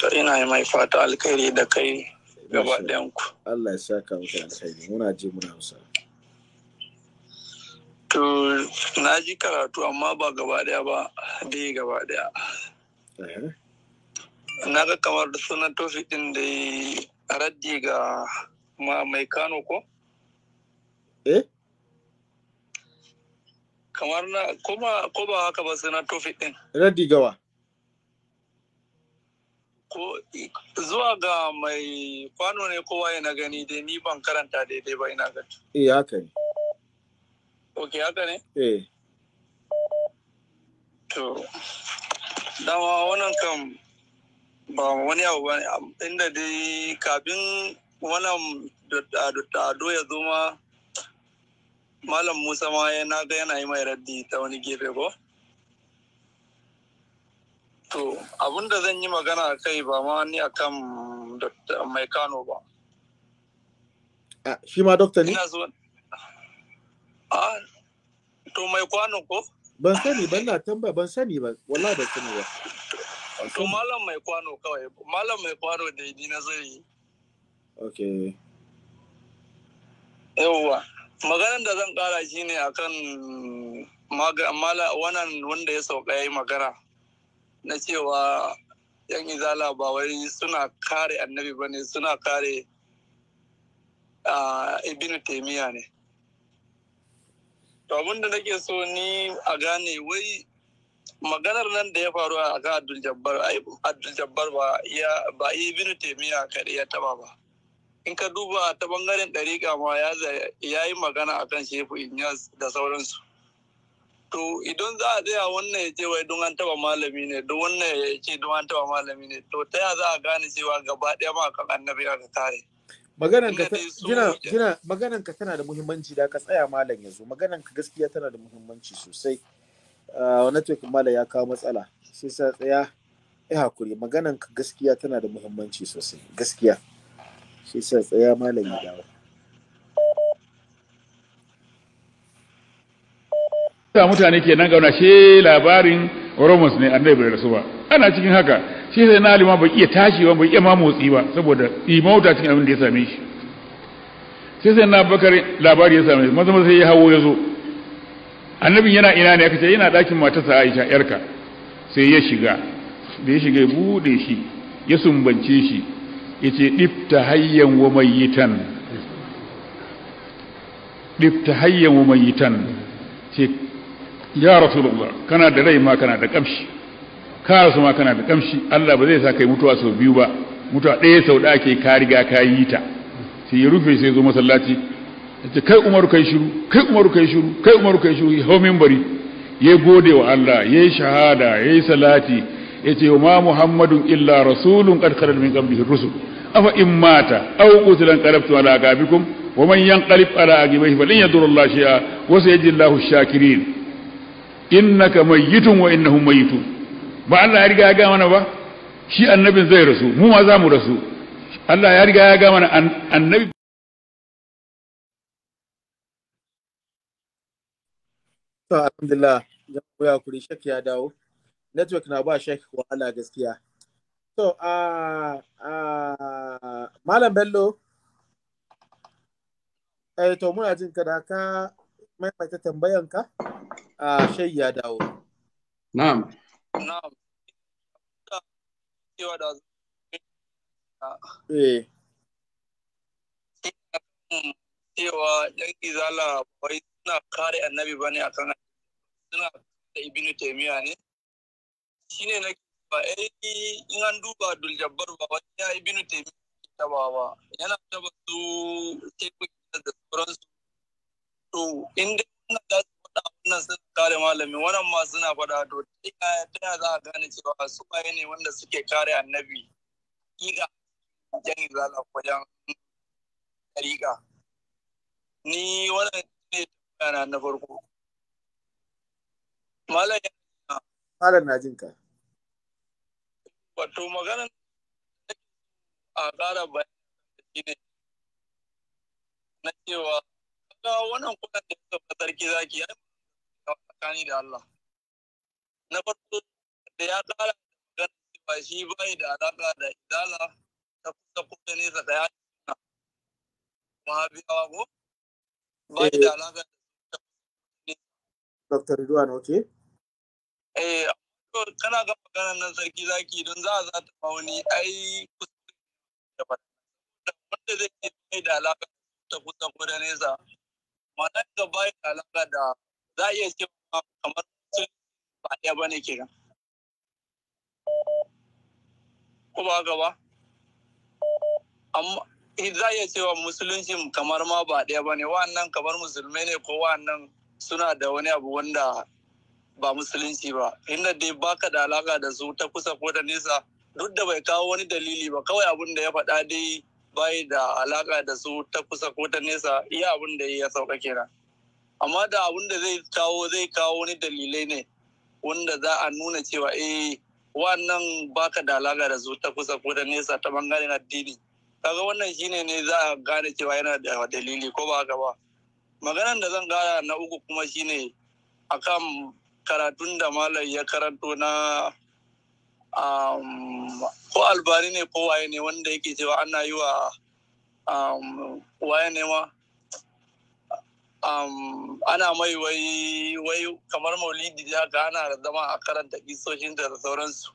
To, ina yi mai fata alkhairi da kai gaba ku. Allah ya ka maka alkhairi, muna je muna musa. To, na ji karatu amma ba gaba daya ba, dai gaba daya. Na ga kamar da sunan tofi ɗin da raddi ga mai kano ko? eh? kamar na kuma ko ba haka ba sai na tofi ɗin. raddi gawa ko zuwa ga mai kwano ne kowa yana gani dai ni ban karanta daidai ba ina gatu. eh haka ne ok haka ne eh to dama wannan kam ba wani abu ba inda dai kafin malam ado ya zo ma malam musa ma ya na ga yana yi mai raddi ta wani gefe ko to abinda zan yi magana a kai ba ma ni akan mai kano ba shi ma dokta ne? to mai kwano ko? ban sani ban na tamba ban sani ba wallahi ban sani ba to malam mai kwano kawai malam mai kwano da ni na zai Okay. Yawwa, maganar da zan kara shi ne akan wannan wanda ya sauka ya yi magana na cewa yan izala ba wai suna kare annabi ba ne suna kare ibn taimiyya ne. To abinda nake so ni a gane wai maganar nan da ya faru a kan Abdul Jabbar, ba iya Ibn Taymiyyah kaɗai ya taba ba. in ka duba ta bangaren ɗariƙa ma ya yi magana a kan shefu inyas da sauransu to idan za a tsaya wannan ya ce wai don an taba malami ne don wannan ya ce don an taba malami ne to ta ya za a gane cewa gaba ɗaya ma kan annabi aka kare maganan ka tana da muhimmanci da ka tsaya malam yanzu maganan ka gaskiya tana da muhimmanci sosai ah, wani tokin malam ya kawo matsala sai sa tsaya ya hakuri maganan ka gaskiya tana da muhimmanci sosai gaskiya shi sa tsaya malam ya dawo da mutane ke nan gauna shi labarin romans ne annai bai rasu ba ana cikin haka shi sai na alima bai iya tashi ba bai iya ma motsi ba saboda imauta cikin abin da ya same shi sai sai na bakar labari ya same shi maza maza sai ya hawo ya zo annabin yana ina ne aka ce yana ɗakin matarsa aisha yarka sai ya shiga da ya shiga ya buɗe shi ya sumbance shi yace dibta hayyan wa mayitan dibta hayyan wa mayitan ce ya rasulullah kana da rai ma kana da kamshi ka rasu ma kana da kamshi Allah ba zai sa kai mutuwa sau biyu ba mutuwa ɗaya sau da ake ka riga ka yi ta sai ya rufe sai zo masallaci yace kai umaru kai shiru kai umaru kai shiru kai umaru kai shiru hau minbari ya gode wa Allah yi shahada yi salati yace wa ma muhammadun illa rasulun qad min qablihi rusul afa in mata aw qutilan qalabtu ala aqabikum wa man yanqalib ala aqibihi lin yadur Allah shay'a wa sayajzi ash-shakirin innaka mayyitun wa innahum mayyitun ba Allah ya riga ya ga mana ba shi annabin zai rasu mu ma za mu rasu Allah ya riga ya ga mana annabi to alhamdulillah ya kuri shek ya dawo network na ba shek wahala gaskiya So, uh, uh, Malam Bello, eh, to muna jin ka da ka maimaita tambayanka a uh, shai dawo. Na'am. Na'am. Eh. Cewa ‘yan izala bai suna kare annabi ba ne a kan suna da ibinu taimiya ne? Shi ne na ba eh, in an duba Abdul Jabbar ba wani ya yi binu taba ba yana taba su tekuna da sauransu to inda suna za su faɗa wannan sun kare malami wannan ma suna faɗa to ta yaya za a gane cewa su waye ne wanda suke kare annabi ƙiƙa jan izala wajen ɗariƙa ni wannan ne tambaya na farko malam ya malam na jin ka. wato magana a ƙara shi ne na cewa ga wannan kuɗin da suka sarki zaki ya tsakani da Allah na farko da ya ƙara ganin cewa shi bai da alaƙa da idala ta kusa kuɗi nesa da ya na mahabiyawa ko bai da alaƙa da Dr. Ridwan, okay? Eh, kana ga maganar nan sarki zaki don za a za ta wani ai da wanda zai ke mai da alaƙa ta kusa ko da nesa ma ga gaba ya alaƙa da za a iya ce kamar sun ba ɗaya ba ne ga ko ba gaba amma za a iya cewa musulunci kamar ma ba ɗaya ba ne wa'annan kamar musulmai ne ko wa'annan suna da wani abu wanda ba musulunci ba inda dai baka da alaka da su ta kusa ko da nesa duk da bai kawo wani dalili ba kawai abin da ya faɗa dai bai da alaka da su ta kusa ko ta nesa iya abin da ya sauka kenan amma da abin da zai kawo zai kawo wani dalilai ne wanda za a nuna cewa eh wannan baka da alaka da su ta kusa ko ta nesa ta bangaren addini kaga wannan shine ne za a gane cewa yana da dalili ko ba haka ba maganan da zan gara na uku kuma shine akan karatun da malam ya karanto na um, ko albari ne ko waye ne wanda yake cewa ana yi wa um, waye ne ma um, ana mai wai wai kamar maulidi haka ana zama a karanta kisoshin da sauransu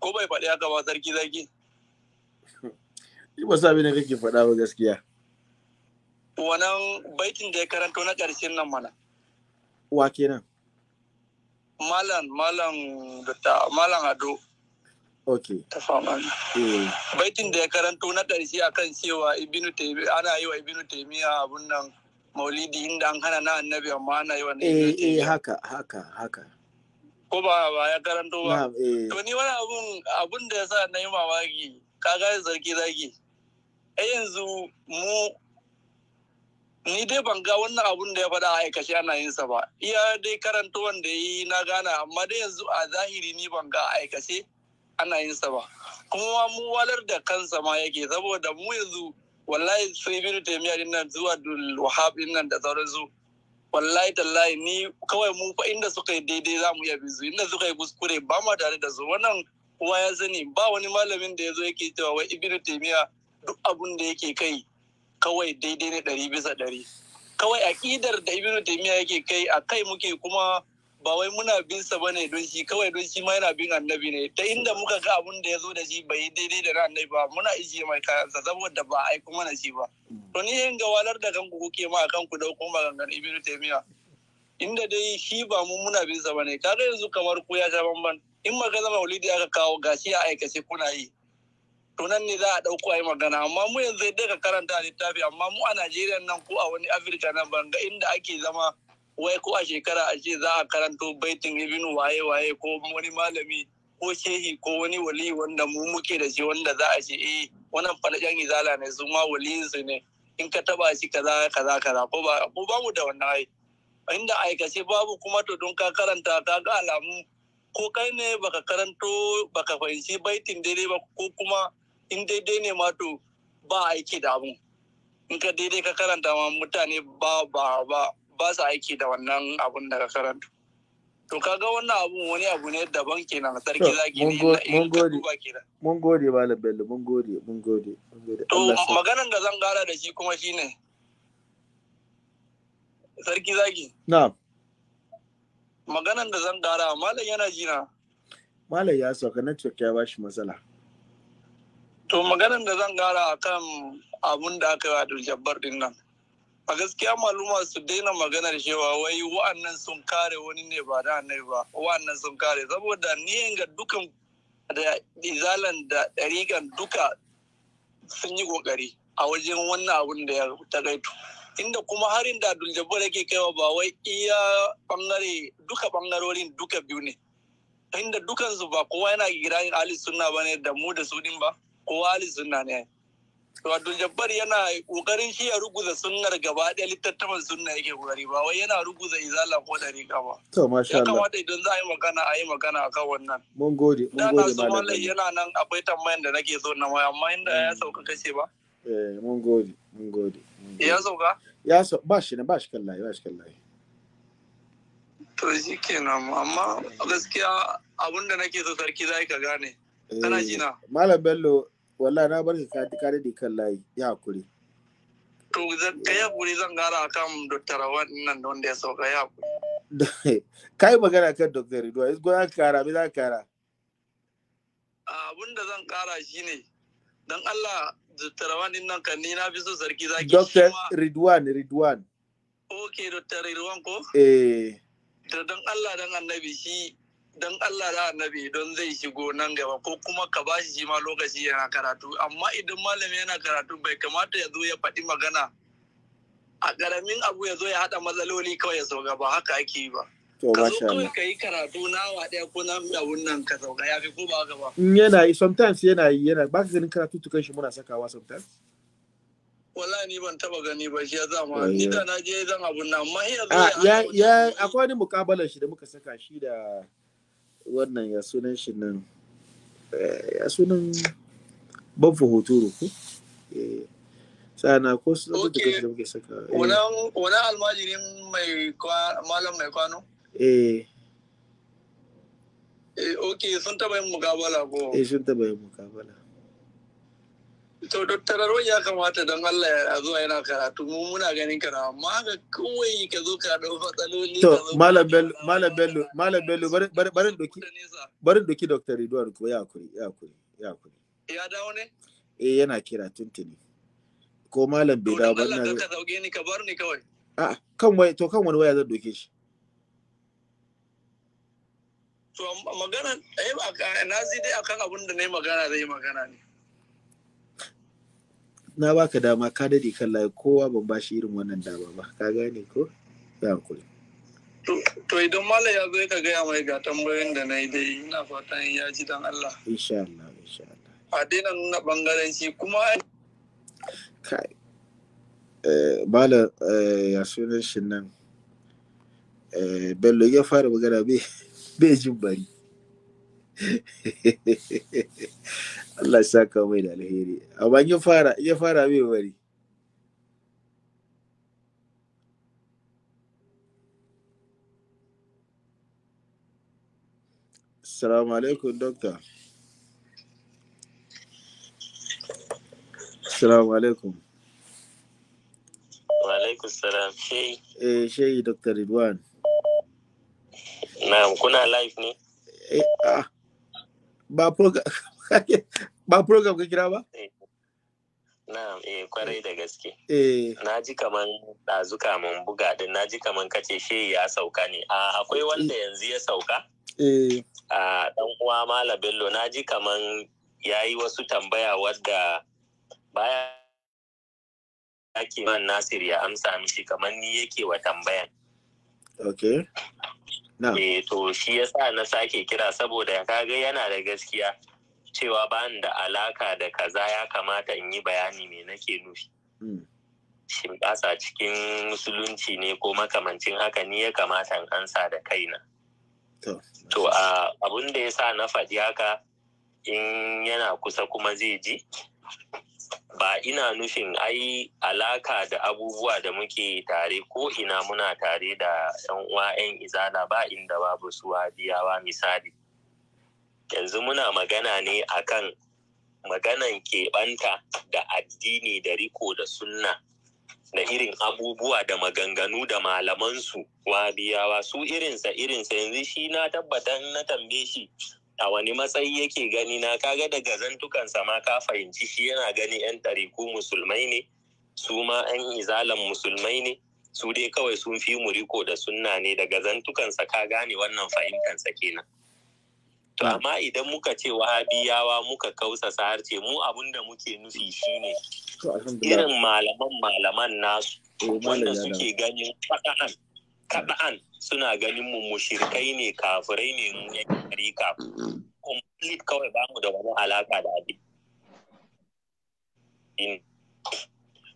ko bai faɗi haka ba sarki zaki ba sabi ne kake faɗa ba gaskiya wannan baitin da ya karanto na ƙarshen nan mana wa kenan malam malam da malam ado Ok. Ta eh. Baitin da ya karanto na ƙarshe akan cewa Ibinu Taymiya ana yi wa Ibinu a abun nan Maulidi inda an hana na Annabi amma ana yi wa Eh eh haka haka haka. Ko ba ba ya karanto ba. Eh. To ni wani abun abun da yasa na yi mamaki kaga zargi zagi. Eh yanzu mu ni dai ban ga wannan abun da ya faɗa a aikace ana yin sa ba iya dai karanta wanda yi na gana amma dai yanzu a zahiri ni ban ga a aikace ana yin sa ba kuma mu walar da kansa ma yake saboda mu yanzu wallahi su ibnu da din nan zuwa dul wahab din da sauran su wallahi tallahi ni kawai mu fa inda suka yi daidai za mu iya bizu inda suka yi kuskure ba ma tare da su wannan kowa ya sani ba wani malamin da ya zo yake cewa wai ibnu taimiya duk abun da yake kai kawai daidai ne ɗari bisa ɗari kawai aƙidar da ibnu taimiya yake kai a kai muke kuma ba wai muna bin sa bane don shi kawai don shi ma yana bin annabi ne ta inda muka ga abun da ya zo da shi bai daidai da na annabi ba muna ije mai kayansa saboda ba a aiko mana shi ba to ni yin gawalar da kanku kuke ma a kanku da kuma gangan ibnu taimiya inda dai shi ba mu muna bin sa bane kaga yanzu kamar ku ya sha bamban in magana maulidi aka kawo gashi a aikace kuna yi to nan ne za a ɗauko a yi magana amma mu yanzu dai ka karanta littafi amma mu a najeriya nan ko a wani afirka nan ga inda ake zama wai ko a shekara a ce za a karanto baitin ibn waye waye ko wani malami ko shehi ko wani wali wanda mu muke da shi wanda za a ce eh wannan falajan izala ne su ma su ne in ka taba shi kaza kaza kaza ko ba ko ba mu da wannan ai inda aikace babu kuma to don ka karanta ka ga alamu ko kai ne baka karanto baka fahimci baitin daidai ba ko kuma in daidai ne ma to ba aiki da abu in ka daidai ka karanta ma mutane ba ba ba ba su aiki da wannan abun da ka karanta to kaga wannan abun wani abu ne daban kenan sarki zaki ne mun gode mun gode malam bello mun gode mun gode mun gode to maganan da zan gara da shi kuma shine sarki zaki na'am maganan da zan gara malam yana jina malam ya sauka network ya bashi matsala To maganar da zan gara a kan abun da aka yi a Jabbar din nan. A gaskiya maluma su daina maganar cewa wai wa'annan sun kare wani ne ba da annai ba, wa'annan sun kare. Saboda niyan ga dukan da izalan da ɗarikan duka sun yi ƙoƙari a wajen wannan abun da ya tagaito. Inda kuma harin da duljabbar Jabbar yake kaiwa ba wai iya bangare duka bangarorin duka biyu ne. Inda dukansu ba kowa yana girayin Ali Sunna ne da mu da su din ba. kowa ahli sunna ne to Jabbar yana kokarin shi ya ruguza sunnar gaba ɗaya littattafan sunna yake kokari ba wai yana ruguza izala ko dariƙa ba to masha Allah ya kamata idan za a yi magana a yi magana akan wannan mun gode mun gode malam yana nan akwai tambayan da nake so na waya amma inda ya mm. sauka kace ba eh mun gode mun gode ya sauka ya so ba shi ne ba shi kallai ba shi kallai to shi kenan amma gaskiya abinda nake so sarki zai ka gane kana eh, jina malam bello wallahi na bar ka ka dade kan layi ya hakuri to ka ya hakuri zan gara akan Dr. wannan da wanda ya sauka ya hakuri kai magana kan Dr. ridwa is gona kara bi za ka kara abin da zan kara shine dan Allah Dr. rawan din nan kan ni na fi so sarki zaki Dr. Ridwan Ridwan Okay, Dr. Ridwan ko? Eh. To dan Allah dan Annabi shi don Allah da annabi don zai shigo nan gaba ko kuma ka ba shi ma lokaci yana karatu amma idan malami yana karatu bai kamata ya zo ya faɗi magana a ƙaramin abu ya zo ya haɗa matsaloli kawai ya sauka ba haka ake yi ba. Ka zo kawai ka yi karatu na wa ɗaya ko na abun nan ka sauka ya fi ko ba haka ba. Yana yi sometimes yana yi yana ba ka ganin karatu tukan shi muna sakawa sometimes. Wala ni ban taba gani ba shi ya zama eh. ni da na je zan abun nan amma ya zo ah, ya. Ya akwai wani mukabalar shi da muka saka shi da wannan ya sunan shi nan eh, ya sunan babu hoto ko eh, sana ko su zama da kashi da muke saka eh. wani almajirin mai malam mai kwano eh ok sun taba yin mukabala ko eh sun taba yin mukabala to doktorarwar ya kamata don Allah ya zuwa yana karatu mu muna ganin kana amma ga kawai ka zo ka dau matsaloli to malam bello malam bello malam bello barin doki barin doki doktor Edward ko ya kuri ya kuri ya kuri ya dawo ne eh yana kira tuntuni ko malam bai dawo ba ina ka zauge ni ka bar ni kawai a kan wai to kan wani waya zan doke shi to magana eh na ji dai akan abin da ne magana zai magana ne na baka dama ka dade kan layi kowa ban bashi irin wannan dama ba ka gane ko ya hankuli to idan mala ya zo ka gaya mai ga tambayoyin da na yi dai ina fatan ya ji dan Allah insha Allah insha Allah a daina nuna bangaranci kuma kai eh, eh ya sunan shi nan eh, bello ya fara magana bai jin bari Allah ya saka mai da alheri amma ya fara ya fara mai bari Assalamu alaikum doctor Assalamu alaikum Wa alaikum salam shehi eh shehi doctor Ridwan Na'am kuna live ne eh ah ba program ka kira ba? Eh, na'am, eh kwarai da gaske. Eh. Na ji kaman ɗazu mun buga din, na ji kaman kace she ya sauka ne. A akwai eh. wanda yanzu ya sauka? Eh. A dan uwa Mala Bello, na ji kaman yayi wasu tambaya wadda baya man Nasir ya amsa mishi kaman ni yake wa tambayan. Okay. eh to shi ya sa na sake kira saboda kaga yana da gaskiya cewa bani da alaka da kaza ya kamata in yi bayani mai nake nufi hmm. shin ƙasa cikin musulunci ne ko makamancin haka ni ya kamata in ansa da kaina to abun da ya sa na faɗi haka in yana kusa kuma zai ji ba ina nufin ai alaka da abubuwa da muke tare ko ina muna tare da yan uwa yan izala ba inda babu su biyawa misali yanzu muna magana ne akan maganan keɓanta da addini da riko da sunna da irin abubuwa da maganganu da malamansu biyawa su irinsa irinsa yanzu shi na tabbatan na tambaye shi a wani matsayi yake gani na kaga daga zantukansa ma ka fahimci shi yana gani 'yan ɗariku musulmai ne su ma 'yan izalan musulmai ne su dai kawai sun fi mu riko da sunna ne daga zantukansa ka gane wannan fahimtansa kenan to amma idan muka ce wahabiyawa muka kausa har mu abun da muke nufi shine irin malaman malaman nasu eh, wanda suke ganin faɗa'an kada'an suna ganin mu mushrikai ne kafirai ne mu yan tarika complete kawai ba mu da wani alaka da abin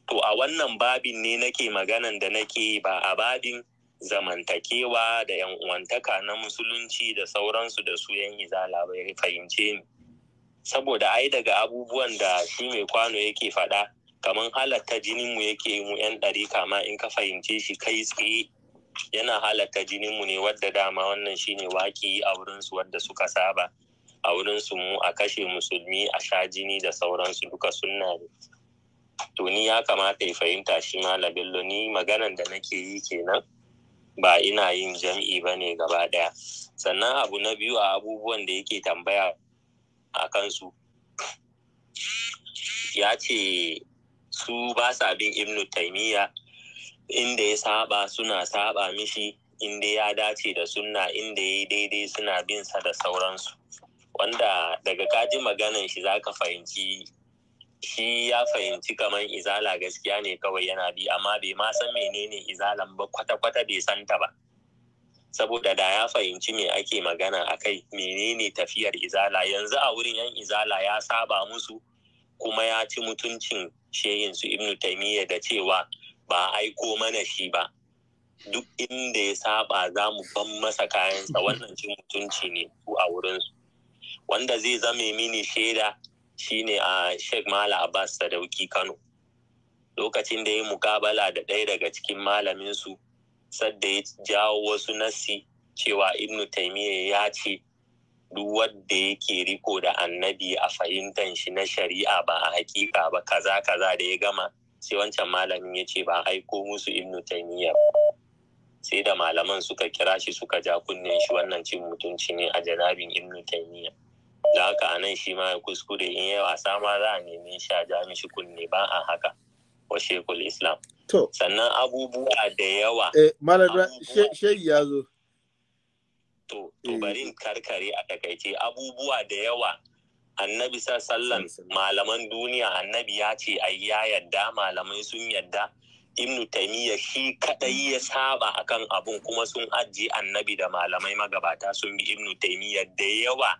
to a wannan babin ne nake maganan da nake ba a babin zamantakewa da yan uwantaka na musulunci da sauransu da su yan izala bai fahimce ni saboda ai daga abubuwan da shi mai kwano yake faɗa kamar halatta jinin mu yake mu yan ɗari kama in ka fahimce shi kai tsaye yana halatta jininmu ne wadda dama wannan shine waki a wurinsu wadda suka saba a wurinsu mu a kashe musulmi a sha jini da sauransu duka sunna ne to ya kamata ya fahimta shi malam ni maganan da nake yi kenan ba ina yin jam'i ba ne gaba ɗaya sannan abu na biyu a abubuwan da yake tambaya a kansu ya ce su ba sa bin ibnu taimiyya inda ya saba suna saba mishi inda ya dace da sunna inda ya daidai suna bin sa da sauransu wanda daga kaji maganan shi za ka fahimci shi ya fahimci kamar izala gaskiya ne kawai yana bi amma bai ma san menene izalan ba kwata-kwata bai santa ba saboda da ya fahimci me ake magana a kai menene tafiyar izala yanzu a wurin yan izala ya saba musu kuma ya ci mutuncin shehin su ibnu taimiyya da cewa ba aiko mana shi ba duk inda ya saba za mu ban masa kayansa wannan cin mutunci ne su a wurinsu wanda zai zame mini shaida shine a sheikh mala abbas sadauki kano lokacin da ya mukabala da ɗaya daga cikin malaminsu sadda ya jawo wasu nassi cewa ibnu taimiyya ya ce duk wadda yake riko da annabi a fahimtar shi na shari'a ba a hakika ba kaza kaza da ya gama sai wancan malamin ya ce ba aiko musu ibnu taimiyya sai da malaman suka kira shi suka ja kunnen shi wannan cin mutunci ne a janabin ibnu taimiyya da haka a nan shi ma ya kuskure in yi wasa ma za a nemi shi a ja mishi kunne ba a haka wa shekul islam sannan abubuwa da yawa eh shehi to to eh. bari karkare a takaice abubuwa da yawa annabi sallam malaman duniya annabi ya ce ai ya yadda malamai sun yadda ibnu taimiyya shi kadai ya saba akan abun kuma sun ajiye annabi da malamai magabata sun bi ibnu taimiyya da yawa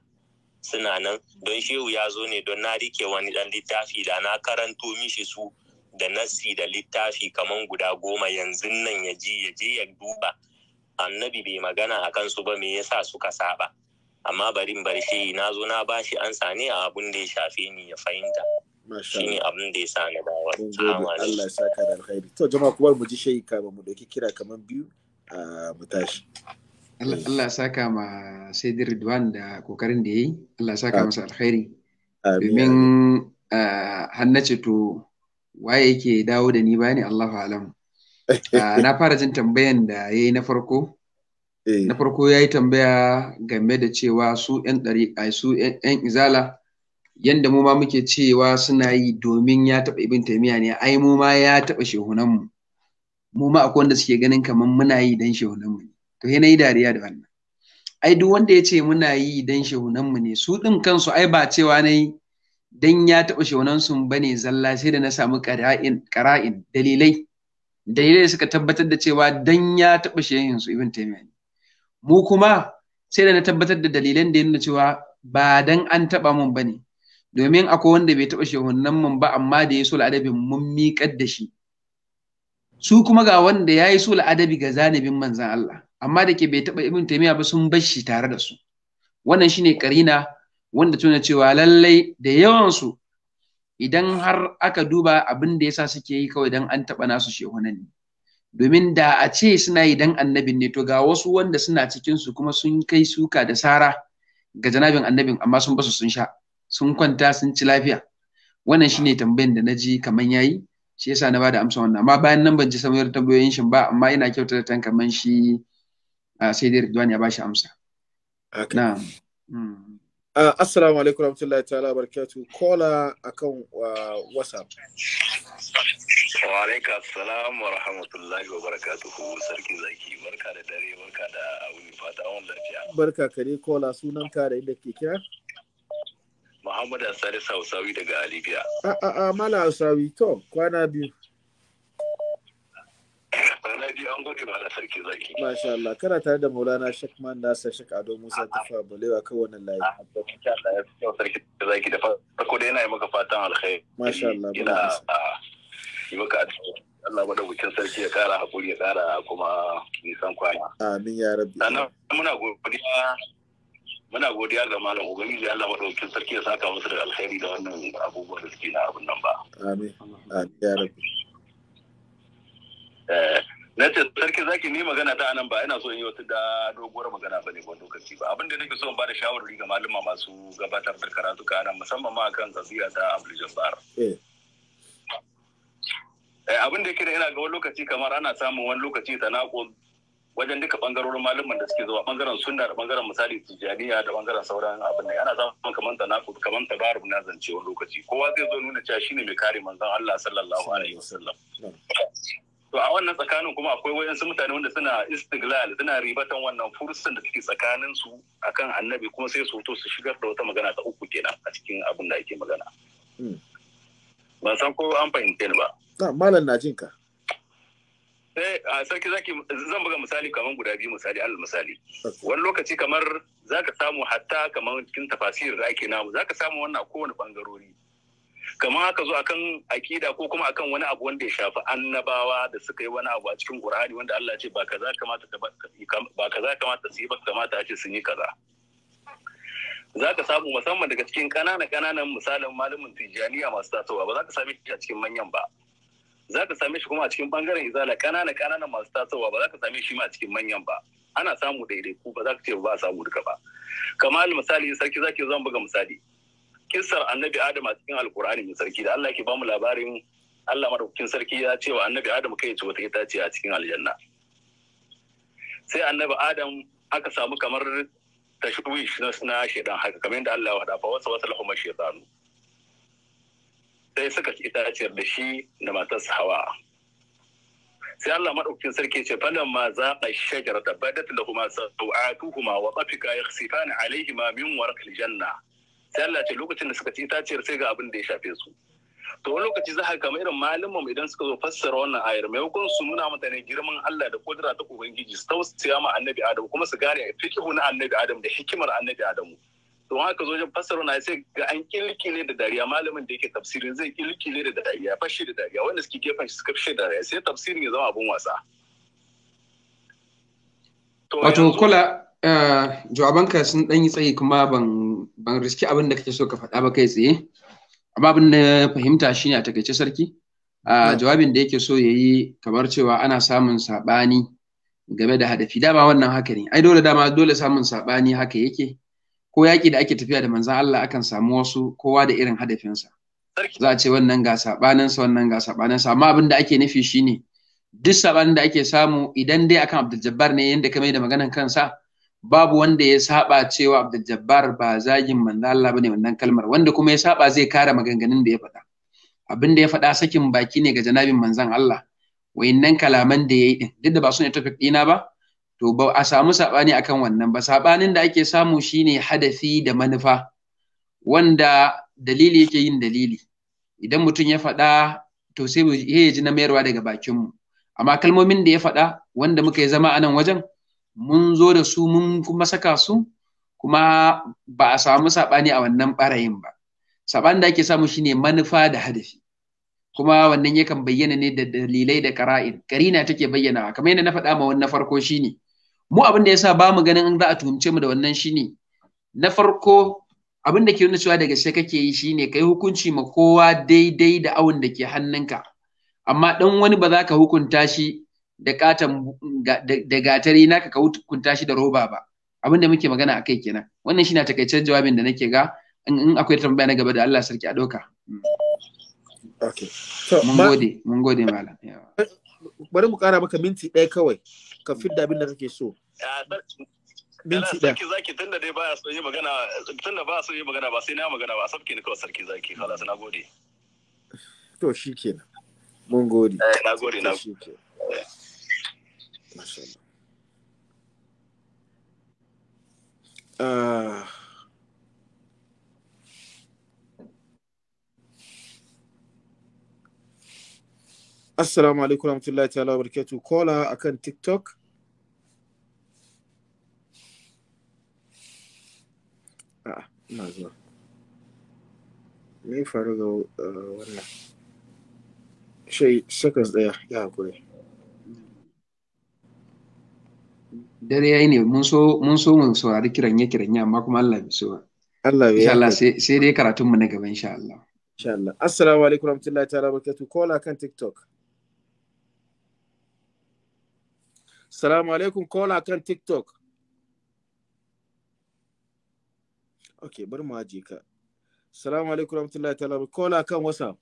suna nan don shehu ya zo ne don na rike wani dan littafi da na karanto mishi su da nassi da littafi kamar guda goma yanzu nan ya je ya je ya duba annabi bai magana akan su ba me yasa suka saba amma barin bar shi na zo na bashi an sani a abun da ya shafe ni ya fahimta shi ne abin da ya sa na dawo Allah ya saka da alkhairi to jama'a kuma mu ji shayi kama mu dauki kira kaman biyu a mu tashi Allah ya saka ma sai Ridwan da kokarin da yayi Allah ya saka masa alkhairi domin hannace to waye yake dawo da ni bani Allahu alam na fara jin tambayan da yayi na farko Eh. na farko ya yi tambaya game da cewa su 'yan ɗariƙa su 'yan izala yadda mu ma muke cewa suna yi domin ya taɓa ibin taimiya ne ai mu ma ya taɓa shehunanmu mu ma akwai wanda suke ganin kamar muna yi don shehunanmu ne to na yi dariya da wannan ai duk wanda ya ce muna yi don shehunanmu ne su ɗin kansu ai ba cewa na yi don ya taɓa shehunansu ba ne zalla sai da na samu ƙara'in dalilai dalilai suka tabbatar da cewa don ya taɓa shehunansu ibin taimiya ne mu kuma sai da na tabbatar da dalilan da ya nuna cewa ba dan an taba mun bane domin akwai wanda bai taba shehunan mun ba amma da ya so mun miƙar da shi su kuma ga wanda ya yi so la'adabi ga zanibin manzan Allah amma da ke bai taba ibn taymiya ba sun bar shi tare da su wannan shine karina wanda tuna cewa lallai da yawan su idan har aka duba abin da yasa suke yi kawai dan an taba nasu shehunan ne domin da a ce suna yi dan annabin ne to ga wasu wanda suna cikin su kuma sun kai suka da sara ga janabin annabin amma sun basu sun sha sun kwanta sun ci lafiya wannan shine tambayan da naji kaman yayi shi yasa na bada amsa wannan amma bayan nan ban ji samuwar tambayoyin shin ba amma ina da tan man shi ah, sai dai Ridwan ya bashi amsa na'am hmm. Uh, assalamu alaikum rahmatullahi ta'ala barakatu kola uh, akan uh, whatsapp wa alaikum assalam wa rahmatullahi wa barakatuhu sarki zaki barka da dare barka da wuni fata awon lafiya barka kare kola sunan ka da inda ke kira muhammad asari sausawi daga alibiya a ah, a ah, a ah, mala sausawi to kwana biyu Rana biyu an gode ba na sarki zaki. Masha Allah, kana tare da Maulana Sheikh Man Nasa Sheikh Ado Musa Tafa Balewa kan wannan layi. Masha ah, Allah, ya fi sarki zaki da farko dai yana yi maka fatan alkhairi. Masha Allah, ina ah, yi maka Allah madaukakin sarki ya kara hakuri ya kara kuma nisan kwana. Amin ya rabbi. Sannan muna godiya muna godiya ga malam ubangiji Allah madaukakin sarki ya saka musu da alkhairi da wannan abubuwan da suke na abun nan ba. Amin. Amin ya rabbi. Eh, na ce sarki zaki ni magana ta anan ba ina so in yi wata da doguwar magana ba ne wani lokaci ba abinda nake so in da shawarwari ga malama masu gabatar da karatu ka anan musamman ma kan gaziya ta Abdul bar eh. eh, abin da yake da ina ga wani lokaci kamar ana samun wani lokaci ta naƙo wajen duka bangarorin malaman da suke zuwa bangaren sunna da bangaren misali tijaniya da bangaren sauran abin da ana samun kamar ta naƙo kamar ta baru na zance wani lokaci kowa zai zo nuna cewa shine mai kare manzon Allah sallallahu alaihi wasallam to a wannan tsakanin kuma akwai wayansu mutane wanda suna istiglal suna ribatan wannan fursun da suke tsakanin su akan annabi kuma sai su to su shigar da wata magana ta uku kenan a cikin abin da ake magana hmm. ban san ko an fahimce ni ba na ah, malam na jinka sai eh, a sarki zaki zan buga misali kamar guda biyu misali alal misali wani lokaci kamar zaka samu hatta kamar cikin tafasir da ake namu zaka samu wannan a kowane bangarori kamar haka zo akan akida ko kuma akan wani abu wanda ya shafi annabawa da suka yi wani abu a cikin Qur'ani wanda Allah ce ba kaza kamata ba kaza kamata su yi ba kamata a ce sun yi kaza za ka samu musamman daga cikin ƙananan ƙananan misalin malamin tijjaniya masu tasowa ba za ka same shi a cikin manyan ba za ka same shi kuma a cikin bangaren izala ƙananan ƙananan masu tasowa ba za ka same shi ma a cikin manyan ba ana samu daidaiku ba za ka ce ba a samu duka ba kamar misali sarki zaki zan buga misali kissar annabi adam a cikin alkur'ani mai sarki da Allah ke bamu labarin Allah madaukakin sarki ya ce wa annabi adam kai ce wata itace a cikin aljanna sai annabi adam aka samu kamar tashwish na shaidan haka kamar yadda Allah ya faɗa fa wasa wasa lahum shaytanu sai suka ci itaciyar da shi da matarsa hawa sai Allah madaukakin sarki ya ce falan ma za a shajar da badat lahuma sa'atuhuma wa tsafika yakhsifani alaihima min warqil janna sai Allah lokacin da suka ci itaciyar sai ga abin da ya shafe su to wani lokaci za ka kama irin malamin idan suka zo fassara wannan ayar maimakon su nuna mutane girman Allah da kudura ta ubangiji su tausaya ma annabi Adam kuma su gane fikihu na annabi Adam da hikimar annabi Adamu to haka zo wajen fassara na sai ga an kilkile da dariya malamin da yake tafsirin zai kilkile da dariya fashi da dariya wanda suke gefen shi suka fashe da dariya sai tafsirin ya zama abin wasa wato kula Eh, jawabanka sun ɗan yi tsayi kuma ban riski abin da kake so ka faɗa ba kai tsaye amma abin da fahimta shine a takaice sarki eh, jawabin da yake so ya yi kamar cewa ana samun saɓani game da hadafi dama wannan haka ne ai dole dama dole samun saɓani haka yake ko yaƙi da ake tafiya da manzan Allah akan samu wasu kowa da irin hadafinsa za a ce wannan ga saɓaninsa wannan ga saɓaninsa amma abin da ake nufi shine duk saɓanin da ake samu idan dai akan Abdul Jabbar ne yanda ka mai da maganan kansa babu wanda ya saba cewa Abdul ba zagin manzo Allah bane wannan kalmar wanda kuma ya saba zai kara maganganun da ya faɗa abin da ya faɗa sakin baki ne ga janabin manzon Allah wayannan kalaman da yayi din duk da ba su ne topic dina ba to ba a samu sabani akan wannan ba sabanin da ake samu shine hadafi da manufa wanda dalili yake yin dalili idan mutum ya faɗa to sai ya ji na mayarwa daga bakinmu amma kalmomin da ya faɗa wanda muka yi zama a nan wajen mun zo da su mun kuma saka su kuma ba a samu saɓani a wannan ɓarayin ba saɓan da ake samu shine manufa da hadafi kuma wannan yakan bayyana ne da dalilai da kara'in karina take bayyana kamar yadda na faɗa ma wannan farko shine mu abin da yasa ba mu ganin an za a tuhumce mu da wannan shine na farko abin da ke nuna cewa daga sai kake yi shine kai hukunci ma kowa daidai da awon da ke hannunka amma dan wani ba za ka hukunta shi da katan da gatari naka ka hukunta shi da roba ba abinda muke magana akai kenan wannan shine takaitaccen jawabin da nake ga in akwai tambaya na gaba da Allah sarki a doka mun gode mun gode malam bari mu kara maka minti ɗaya kawai ka fidda abin da kake so minti ɗaya sarki zaki tunda dai baya so yi magana tunda ba so yi magana ba sai na magana ba sabke ni kawai sarki zaki halas na gode to shikenan mun gode eh, na gode na gode ما شاء الله آه. السلام عليكم ورحمة الله تعالى وبركاته كولا أكن تيك توك آه ما زال ليه فارغوا آه، ولا شيء سكنز ده يا كوي dare yayi ne mun so mun so mu saurari kiranye kiranye amma kuma Allah bai so ba Allah bai insha Allah sai dai karatun mu na gaba insha Allah insha Allah assalamu alaikum warahmatullahi ta'ala barakatuh kola kan tiktok assalamu alaikum kola kan tiktok okay bari mu aje ka assalamu alaikum warahmatullahi ta'ala kola kan whatsapp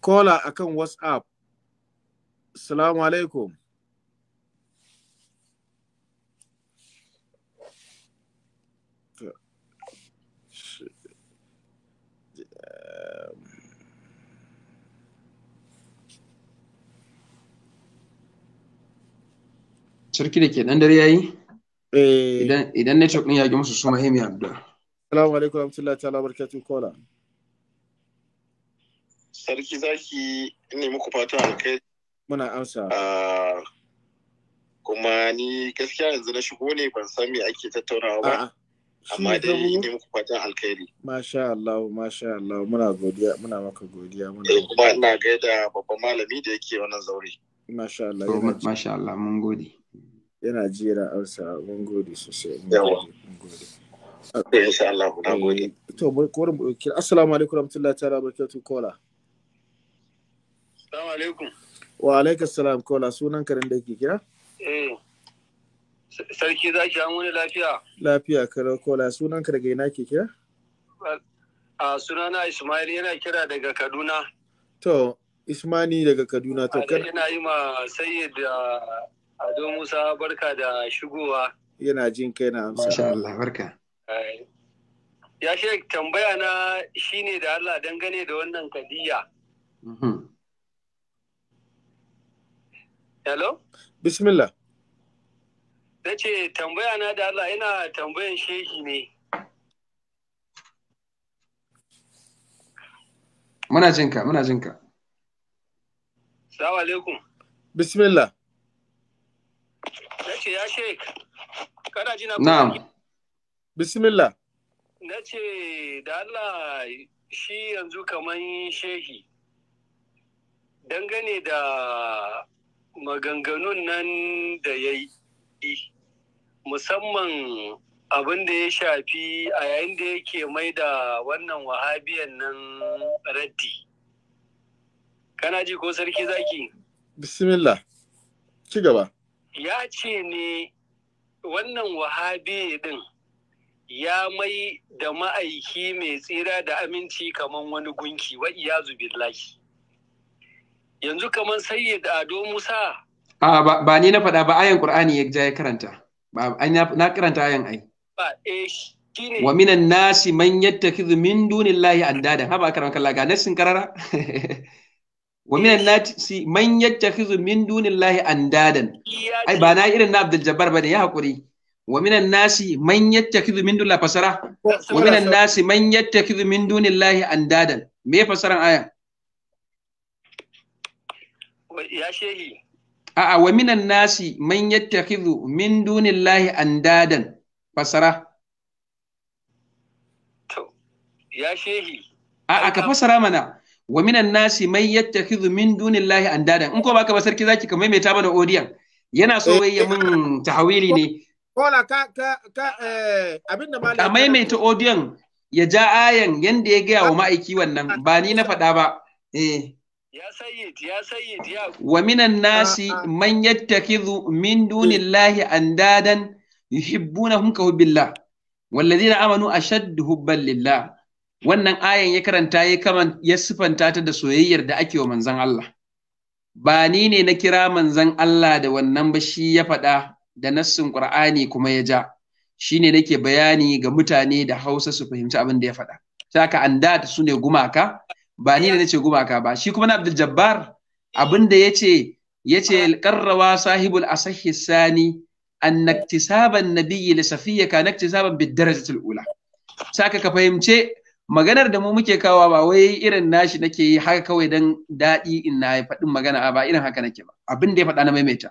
kola akan whatsapp Assalamu alaikum. sarki da ke dan dare yayi eh. idan idan network din ya ga musu su mahimmi addu'a salamu alaikum warahmatullahi ta'ala barakatuh kola sarki zaki ne muku fata alkai muna amsa ah, kuma ni gaskiya yanzu na shigo ne ban san me ake tattaunawa ba amma dai ne muku fatan alkhairi masha Allah masha Allah muna godiya muna maka godiya muna eh kuma ina gaida babban malami da yake wannan zaure masha Allah masha Allah mun gode yana jera amsa mun gode sosai mun gode eh, insha Allah na eh, gode to mu kore mu dauki assalamu alaikum rahmatullahi ta'ala barakatuh kola assalamu alaikum wa alaikum assalam kola sunan ka da ke kira eh sarki zaki ki amune lafiya lafiya karo kola sunan ka daga ina ke kira a sunana Ismail yana kira daga Kaduna to Ismani daga Kaduna to kan ina yi ma sayyid uh, Ado Musa barka da shigowa. Yana jin kai na amsa. Masha Allah barka. Ya shek tambaya na ne da Allah dangane da wannan kadiya. Mhm. Hello? Bismillah. Na ce tambaya na da Allah ina tambayan shehi ne. Muna jinka, muna jinka. Salamu alaikum. Bismillah. Nace ya sheik, kana ji na Na'am. Bismillah. Nace da Allah shi yanzu kaman shehi. Dangane da maganganun nan da ya yi, musamman abin da ya shafi a yayin da yake mai da wannan wahabiyan nan raddi. Kana ji ko sarki zaki? Bismillah, ci gaba. ya ce ne wannan wahabi din ya mai da ma'aiki mai tsira da aminci kamar wani gunki wa iyazu billahi yanzu kamar sayyid ado musa a ba ni na faɗa ba ayan Kur'ani ya ja ya karanta ba na karanta ayan ai ba eh, wa minan nasi man yattakhidhu min lahi andada haba karan kallaga nasin karara wa minan nasi man yattakhidhu min andadan ai ba na irin na Abdul Jabbar bane ya hakuri wa nasi man yattakhidhu min dunillahi fasara nasi man yattakhidhu min andadan me fasaran aya a'a wa nasi man yattakhidhu min andadan a'a ka fasara mana wa minan nasi mai yattakhidhu min dunillahi andadan in ko baka ba sarki zaki ka maimaita mana odiyan yana so wai ya mun tahawili ne kola ka ka ka eh abinda malaka ka maimaita odiyan ya ja ayan yanda ya gaya wa ma'aiki wannan ba ni na faɗa ba eh ya sayyid ya sayyid ya wa minan nasi man yattakhidhu min dunillahi andadan yuhibbunahum ka hubbillah والذين آمنوا أشد حبا لله wannan ayan ya karanta ya kaman ya sifanta ta da soyayyar da ake wa manzan Allah ba ni ne na kira manzon Allah da wannan ba shi ya faɗa da nassin Qur'ani kuma ya ja shine nake bayani ga mutane da Hausa su fahimci abin da ya faɗa saka anda su ne gumaka ba ni ne nace gumaka ba shi kuma na Abdul Jabbar abin da yace yace qarrawa sahibul asahhi sani an iktisaban nabiyyi li safiyya kana iktisaban bid darajatil ula saka ka fahimce maganar da mu muke kawa ba wai irin nashi nake yi haka kawai dan daɗi in na faɗin magana ba irin haka nake ba abin da ya faɗa na maimaita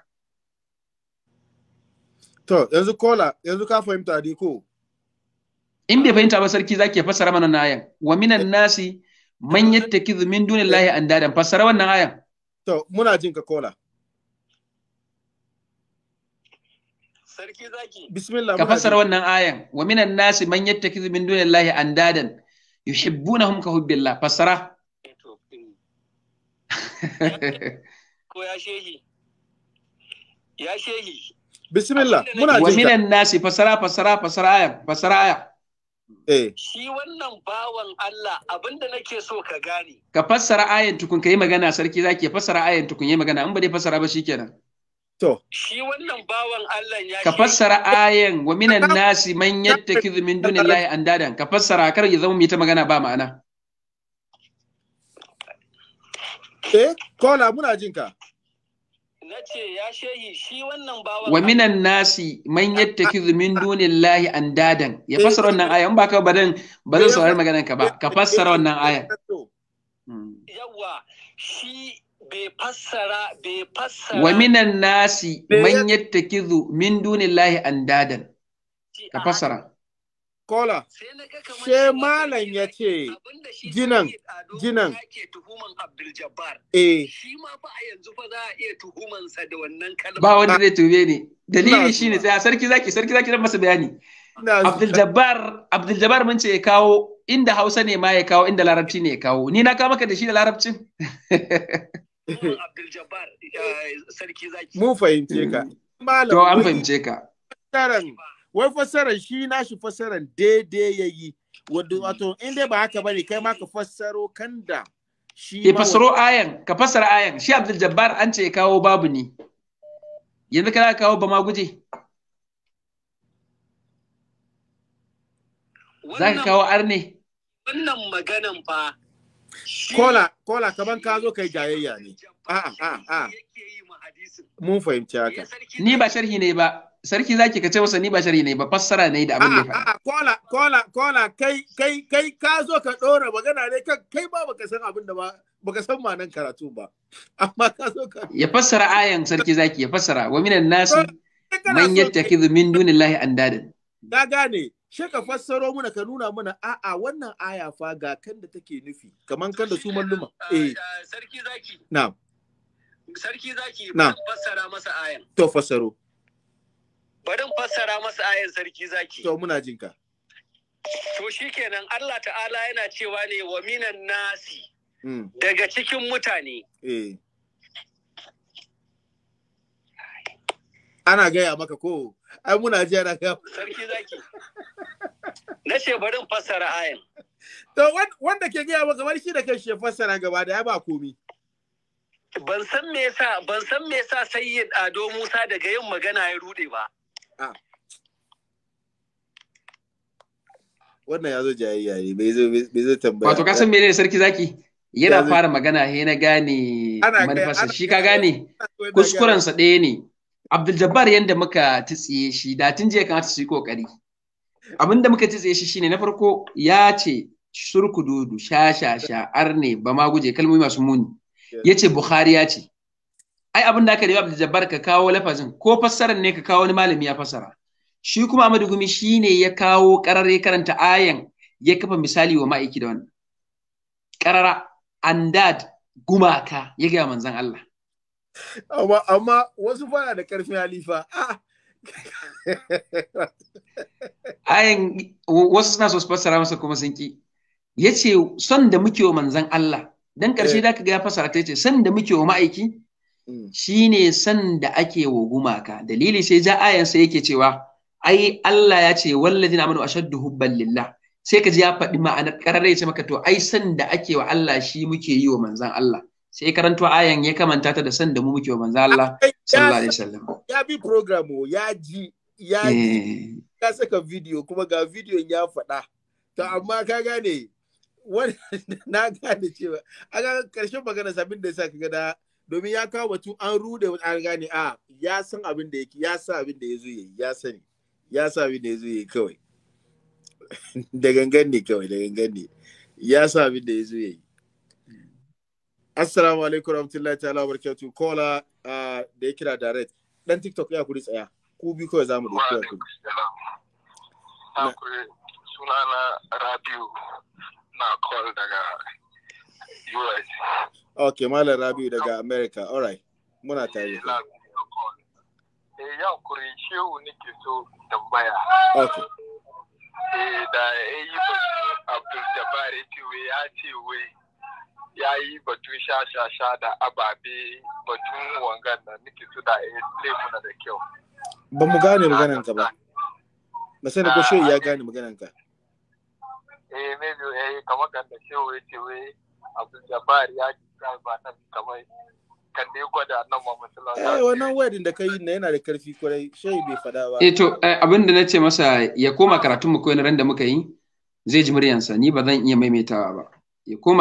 to yanzu kola yanzu ka fahimta di ko in bai fahimta ba sarki zaki fassara mana na ayan wa minan nasi man yattakizu min dunillahi andadan fassara wannan ayan to muna jin ka kola sarki zaki bismillah ka fassara wannan ayan wa minan nasi man yattakizu min dunillahi andadan yuhibbunahum ka hubbillah fassara eh. ko ya shehi ya shehi bismillah muna wa minan nasi fassara fassara fassara aya fassara aya eh. Shi wannan bawan Allah abinda nake so ka gane. Ka fassara ayan tukun ka yi magana sarki zaki ya fassara ayan tukun yi magana in ba dai fassara ba shikenan. To. Shi wannan bawan Allah ya Ka fassara ayan wa minan nasi man yattakizu min dunillahi andadan ka fassara kar ya zama mu ta magana ba ma'ana. Eh, kola muna jin ka. Nace ya shehi shi wannan bawan Wa minan nasi man yattakizu min dunillahi andadan ya fassara wannan eh. ayan ba ka badan ba zan eh. saurari maganar ka ba ka fassara wannan ayan. Eh. Yawwa shi wa minan nasi man yattakizu min dunillahi andadan ka fassara kola she malam ya ce jinan ginan eh ba wanda zai tube ni dalili shine sai sarki zaki sarki zaki zan masa bayani Abdul Jabbar Abdul Jabbar mun ce ya kawo inda Hausa ne ma ya kawo inda Larabci ne ya kawo ni na kawo maka da shi da Larabcin Abdul Jabbar sarki zaki. Mun fahimce ka. Mm. To an fahimce ka. Wai fassarar shi na shi fassarar daidai ya yi. Wato in dai ba haka bane kai ma ka fassaro kanda. Shi ya fassaro ayan, ka fassara ayan. Shi Abdul Jabbar an ce kawo babu ni. Yanzu kana kawo ba ma guje. Za ka kawo arne. Wannan maganan fa kola kola kaman ka zo kai jayayya ne ah, ah, ah, a a mun fahimci haka ni ba sharhi ne ba sarki zaki ka ce masa ni ba sharhi ne ba fassara ne da abin da ya faɗa kola kola kola kai kai kai ka zo ka dora magana ne kan kai ba baka san abin da ba baka san ma'anar karatu ba amma ka zo ka ya fassara ayan sarki zaki ya fassara wa minan nasi man yattakhidhu min dunillahi andadan ka gane Shi ka fassaro muna ka nuna muna a'a wannan aya fa ga kan da take nufi kaman kan da su malluma. Eh. eh. Sarki zaki. Na'am. Sarki zaki na fassara masa ayan. To fassaro. Barin fassara masa ayan sarki zaki. To muna ka. To shikenan Allah ta'ala yana cewa ne wa minan nasi. Hmm. Daga cikin mutane. Eh. ana gaya maka ko ai muna jiya ga sarki zaki na ce bari fassara ayin. to wanda ke gaya maka kamar shi da kai shi fassara gaba da ya ba komi ban san me yasa ban san me yasa sayyid Ado Musa daga yin magana ya rude ba ah. wannan ya zo jayayya ne bai zo bai zo tambaya wato kasan menene sarki zaki yana fara magana he na gane manufarsa shi ka gane kuskurensa ɗaya ne Abdul Jabbar yanda muka tsiye shi da tun jiya kamata su yi kokari. Abin da muka tsiye shi shine na farko ya ce surku dudu sha sha sha arne ba ma guje kalmomi masu muni. Ya ce Bukhari ya ce. Ai abin da aka yi Abdul Jabbar ka kawo lafazin ko fassarar ne ka kawo wani malami ya fassara. Shi kuma Ahmadu Gumi ne ya kawo ya karanta ayan ya kafa misali wa ma'aiki da wannan. Karara andad gumaka ya gaya manzan Allah. amma amma wasu fara da karfin halifa ayin ah! wasu suna so su masa kuma sun ki yace son da muke wa manzon Allah dan karshe da eh. ga ya fasara ta yace son da muke wa ma'aiki hmm. shine son da ake wa gumaka dalili sai ja ayan sai yake cewa ai Allah ya ce na amanu ashaddu hubban lillah sai ka ji ya faɗi ma'anar ƙararra ya ce maka to ai son da ake wa Allah shi muke yi wa manzan Allah sai karanto ayan ya kamanta ta da san da mu muke wa manzo Allah sallallahu alaihi wasallam ya bi program ya ji ya ji eh. ya saka video kuma ga video ya faɗa to amma ka gane na gane cewa a ga karshen magana sabin da yasa ka da domin ya kawo batu an rude an gane a ya san abin da yake ya sa abin da yazo yayi ya sani ya sa abin da yazo yayi kawai da gangan ne kawai da gangan ne ya sa abin da yazo yayi Assalamu alaikum rahmatullahi ta'ala wa barakatuh. Kola uh, da ya kira direct. Dan TikTok ya kuri tsaya. Ku bi kawai mu da kuwa kuri. Suna na Rabiu na call daga US. Ok, Malam Rabiu daga America. All right. Muna tare. Eh ya kuri shehu nake so tambaya. Ok. Eh da yi Abdul Jabbar ya ce wai ya ce wai ya yi batun sha-sha-sha da ababe batun wangan da nake su da ya muna da kyau. Ba mu gane magananka ba. Ba sai da kushe ya gane magananka. Eh, E, eh kamar kan da shehu ya ce wai Abdul Jabbar ya ji ba nan kamar kan da ya gwada nan ma musulman. Eh, wannan wedding da kai na yana da karfi kwarai shehu bai fada ba. Eh to eh, abin da na ce masa ya koma karatun mu ko na ran da muka yi zai ji muryansa ni ba zan iya maimaitawa ba.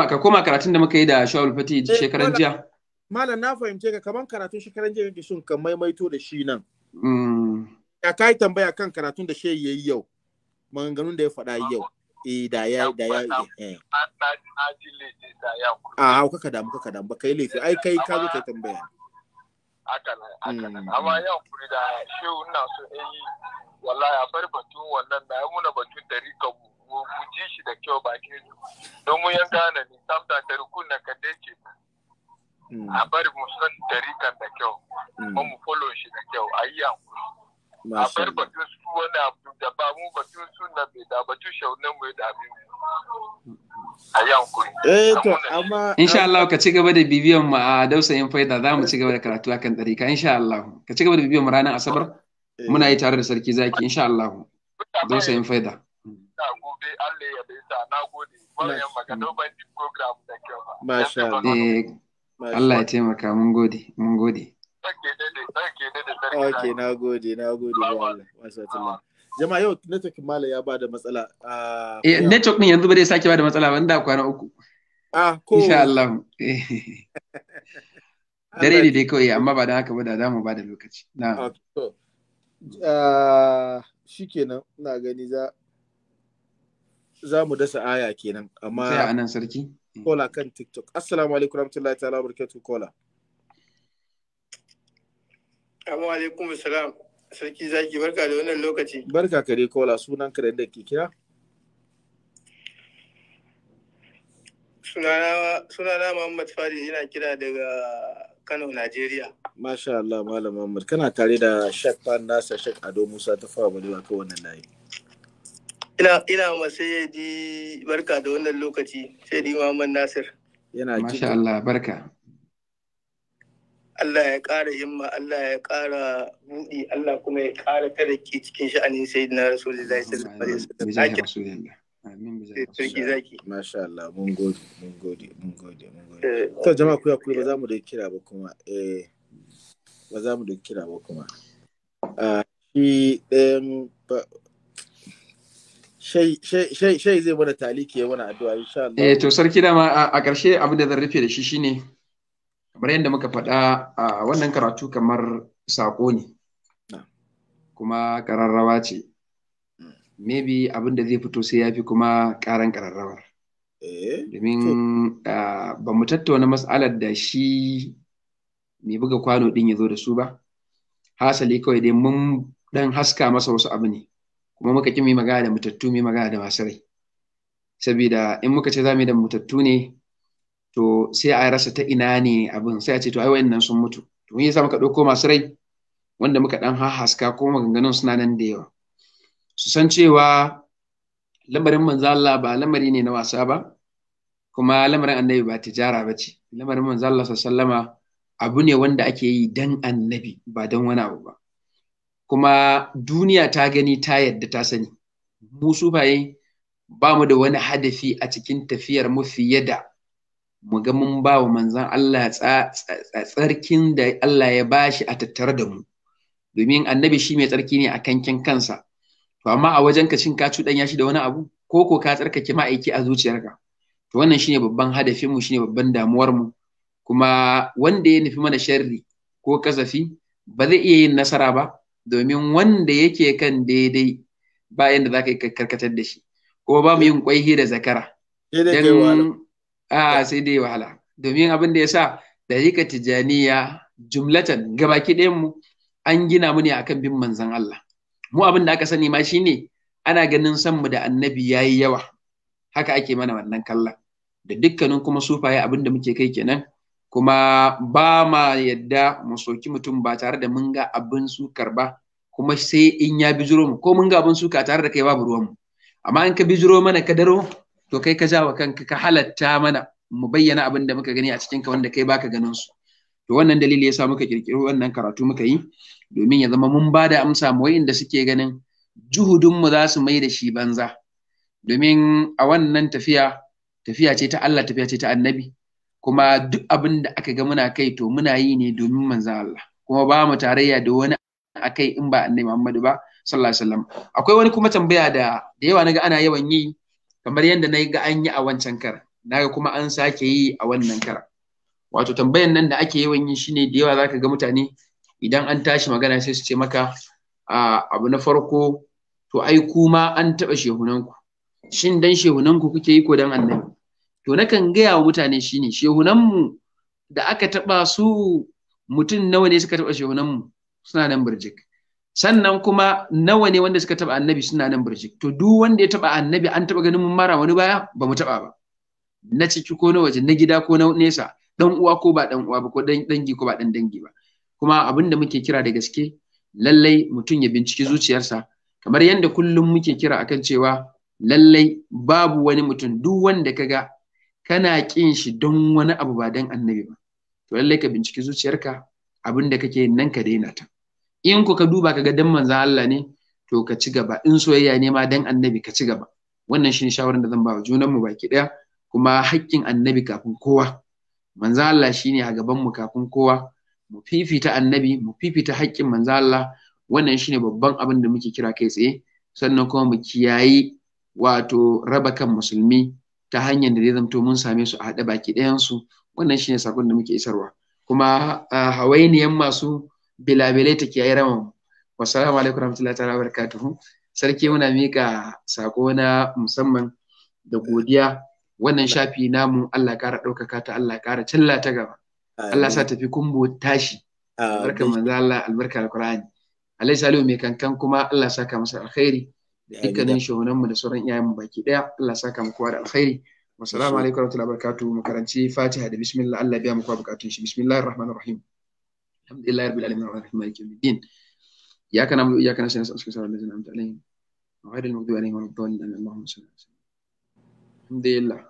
ka koma karatun da muka yi da Shawul Fati eh, shekaran jiya malam na fahimce ka kaman karatun shekaran jiya kake son ka maimaito da shi nan mm. ya kai tambaya kan karatun da shehi yayi yau maganganun da ya faɗa yau eh da ya da ya eh, eh. a ah, kaka damu kaka damu ba kai laifi ai kai ka zo kai tambaya haka nan haka nan mm. amma yau kuri da shehu ina so eh wallahi a bar batun wannan da ya muna batun dari kabu mu ji shi da kyau bakin su don mu yan gane ne samta ta rukun na kande ce mm. a bari mu san tarikan da kyau mm. kuma mu follow shi da kyau a yi hankuri a bar batun su wani abu da ba mu batun su na bai da batun shaunan mu ya dami mu a yi hankuri eh to amma insha eh, Allah ka ci gaba da bibiyan mu a dausayin faida za mu ci gaba da karatu akan tarika insha Allah ka ci gaba da bibiyan mu ranar asabar eh. muna yi tare da sarki zaki insha Allah dausayin faida na gobe Allah ya daita na gode ban program da kyau ba. Masha Allah. Allah ya taimaka mun gode mun gode. Ok, na gode, na gode wa Allah. Masha Jama'a yau network mala ya bada matsala. Ah, eh, network din yanzu ba zai sake bada matsala ba da kwana uku. Ah, ko. Insha Allah. Dare ne dai kawai amma ba da haka ba da za mu bada lokaci. Na. Ah, shikenan, na gani za za mu dasa aya kenan amma sai anan sarki kola kan tiktok assalamu alaikum warahmatullahi ta'ala barkatu kola amma alaikum salam sarki zaki barka da wannan lokaci barka ka dai kola sunan ka da ke kira sunana Muhammad Fari ina kira daga Kano Najeriya Masha Allah Malam Muhammad kana tare da Sheikh Pan Nasa Sheikh Ado Musa ta fawa balewa kan wannan layi Ina ina ya ji barka da wannan lokaci di Muhammad Nasir. Yana Masha Allah barka. Allah ya ƙara himma, Allah ya ƙara buɗi, Allah kuma ya ƙara kada ke cikin sha'anin sayyidina Rasulullahi sallallahu alaihi wasallam. Eh, Masha Allah, mun gode, mun gode, mun gode, mun gode. Eh. To jama'a ku yakuri ba za mu da kira ba kuma. Eh. Ba za mu da kira ba kuma. Ah, shi ɗayan shai zai mana taliki ya mana addu'a insha Allah. Eh to sarki dama a ƙarshe abin da zan rufe da shi shine kamar yadda muka faɗa a wannan karatu kamar sako ne kuma ƙararrawa ce hmm. maybe abin da zai fito sai ya fi kuma ƙaran ƙararrawar. Eh, Domin ba mu tattauna mas'alar da shi mai buga kwano ɗin ya zo da su ba, hasali kawai dai mun ɗan haska masa wasu abu ne. kuma muka ƙi mu yi magana da mutattu mu yi magana da masu rai saboda in muka ce za mu yi da mutattu ne to sai a rasa ta ina ne abin sai a ce to ai wayannan sun mutu to yi sa muka ɗauko masu rai wanda muka ɗan haska ko maganganun suna nan da yawa su san cewa lamarin manzo Allah ba lamari ne na wasa ba kuma lamarin annabi ba tijara ba ce lamarin manzo Allah sallama abu ne wanda ake yi dan annabi ba dan wani abu ba kuma duniya ta gani ta yadda ta sani mu sufaye ba mu da wani hadafi a cikin tafiyar mu fiye da mu ga mun ba wa manzan Allah tsarkin da Allah ya bashi a tattare da mu domin annabi shi mai tsarki ne a kankin kansa to amma a wajen ka cin ka cuɗanya shi da wani abu ko ko ka tsarkake ma'aiki a zuciyarka to wannan shine babban hadafin mu shine babban damuwar mu kuma wanda ya nufi mana sharri ko kasafi ba zai iya yin nasara ba domin wanda yake kan daidai bayan da za ka yi karkatar da shi ko ba mu yin kwaihi da zakara don a sai dai wahala domin abin da ya sa da rika tijaniya jumlatan gabaki ɗayan mu an gina mu ne akan bin manzon Allah mu abin da aka sani ma shine ana ganin san mu da annabi yayi yawa haka ake mana wannan kallon da dukkanin kuma sufaye abin da muke kai kenan kuma ba ma yadda mu soki mutum ba tare da mun ga abin sukar ba kuma sai in ya bijiro mu ko mun ga abin suka tare da kai babu ruwan mu. amma in ka bijiro mana ka daro to kai ka jawa kanka ka halatta mana mu bayyana abin da muka gani a cikin ka wanda kai baka ganin su to wannan dalili yasa muka kirkiro wannan karatu muka yi domin ya zama mun bada amsa mu wainda suke ganin juhudun mu za su mai da shi banza domin a wannan tafiya tafiya ce ta Allah tafiya ce ta annabi kuma duk abin da aka ga muna kai to muna yi ne domin manzan Allah kuma ba mu tarayya da wani akai in ba annabi Muhammadu ba sallallahu alaihi wasallam akwai wani kuma tambaya da da yawa naga ana yawan yi kamar yadda na ga an yi a wancan kar naga kuma an sake yi a wannan kar wato tambayan nan da ake yawan yi shine da yawa zaka ga mutane idan an tashi magana sai su ce maka abu na farko to ai kuma an taɓa shehunanku shin dan shehunanku kuke yi ko dan annabi to nakan gaya wa mutane shine shehunanmu da aka taba su mutum nawa ne suka taɓa shehunanmu suna nan birjik sannan kuma nawa ne wanda suka taɓa annabi suna nan birjik to duk wanda ya taba annabi an taba ganin mun mara wani baya ba mu taɓa ba na ciki ko na waje na gida ko na nesa dan uwa ko ba dan uwa ba ko dan dangi ko ba dan dangi ba kuma abin da muke kira da gaske lallai mutum ya binciki zuciyarsa kamar yadda kullum muke kira akan cewa lallai babu wani mutum duk wanda ka ga. kana kin shi don wani abu ba dan annabi ba to lallai ka binciki zuciyarka abin da kake nan ka daina ta in ku ka duba ka ga dan manzan Allah ne to ka ci gaba in soyayya ne ma dan annabi ka ci gaba wannan shine shawaran da zan ba wa junan mu baki daya kuma haƙƙin annabi kafin kowa manzan Allah shine a gaban mu kafin kowa mu fifita annabi mu fifita haƙƙin manzan Allah wannan shine babban abin da muke kira kai tsaye sannan kuma mu kiyayi wato raba kan musulmi ta hanyar da zai zamto mun same su a haɗe baki ɗayansu wannan shine sakon da muke isarwa kuma hawainiyan masu bilabilai ta kiyaye raman wasalamu alaikum rahmatullahi ta'ala barakatuhu sarki muna mika sako na musamman da godiya wannan shafi namu Allah kara ɗaukaka ta Allah kara cilla ta gaba Allah sa tafi kumbo tashi barkan manzo Allah albarka alqur'ani alai salihu mai kankan kuma Allah saka masa alkhairi da dukkanin shehunanmu da sauran iyayenmu baki daya Allah saka mu kowa da alkhairi wa salamu alaikum wa rahmatullahi wa barakatuh mu karanci Fatiha da bismillah Allah biya mu kowa bukatun shi bismillahir rahmanir rahim alhamdulillahi rabbil alamin arrahmanir rahim maliki yawmiddin ya kana, wa iyyaka nasta'in ihdinas siratal ladzina an'amta alaihim ghayril maghdubi alaihim waladdallin Allahumma salli ala sayyidina alhamdulillah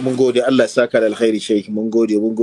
mun gode Allah saka da alkhairi sheikh mun gode mun gode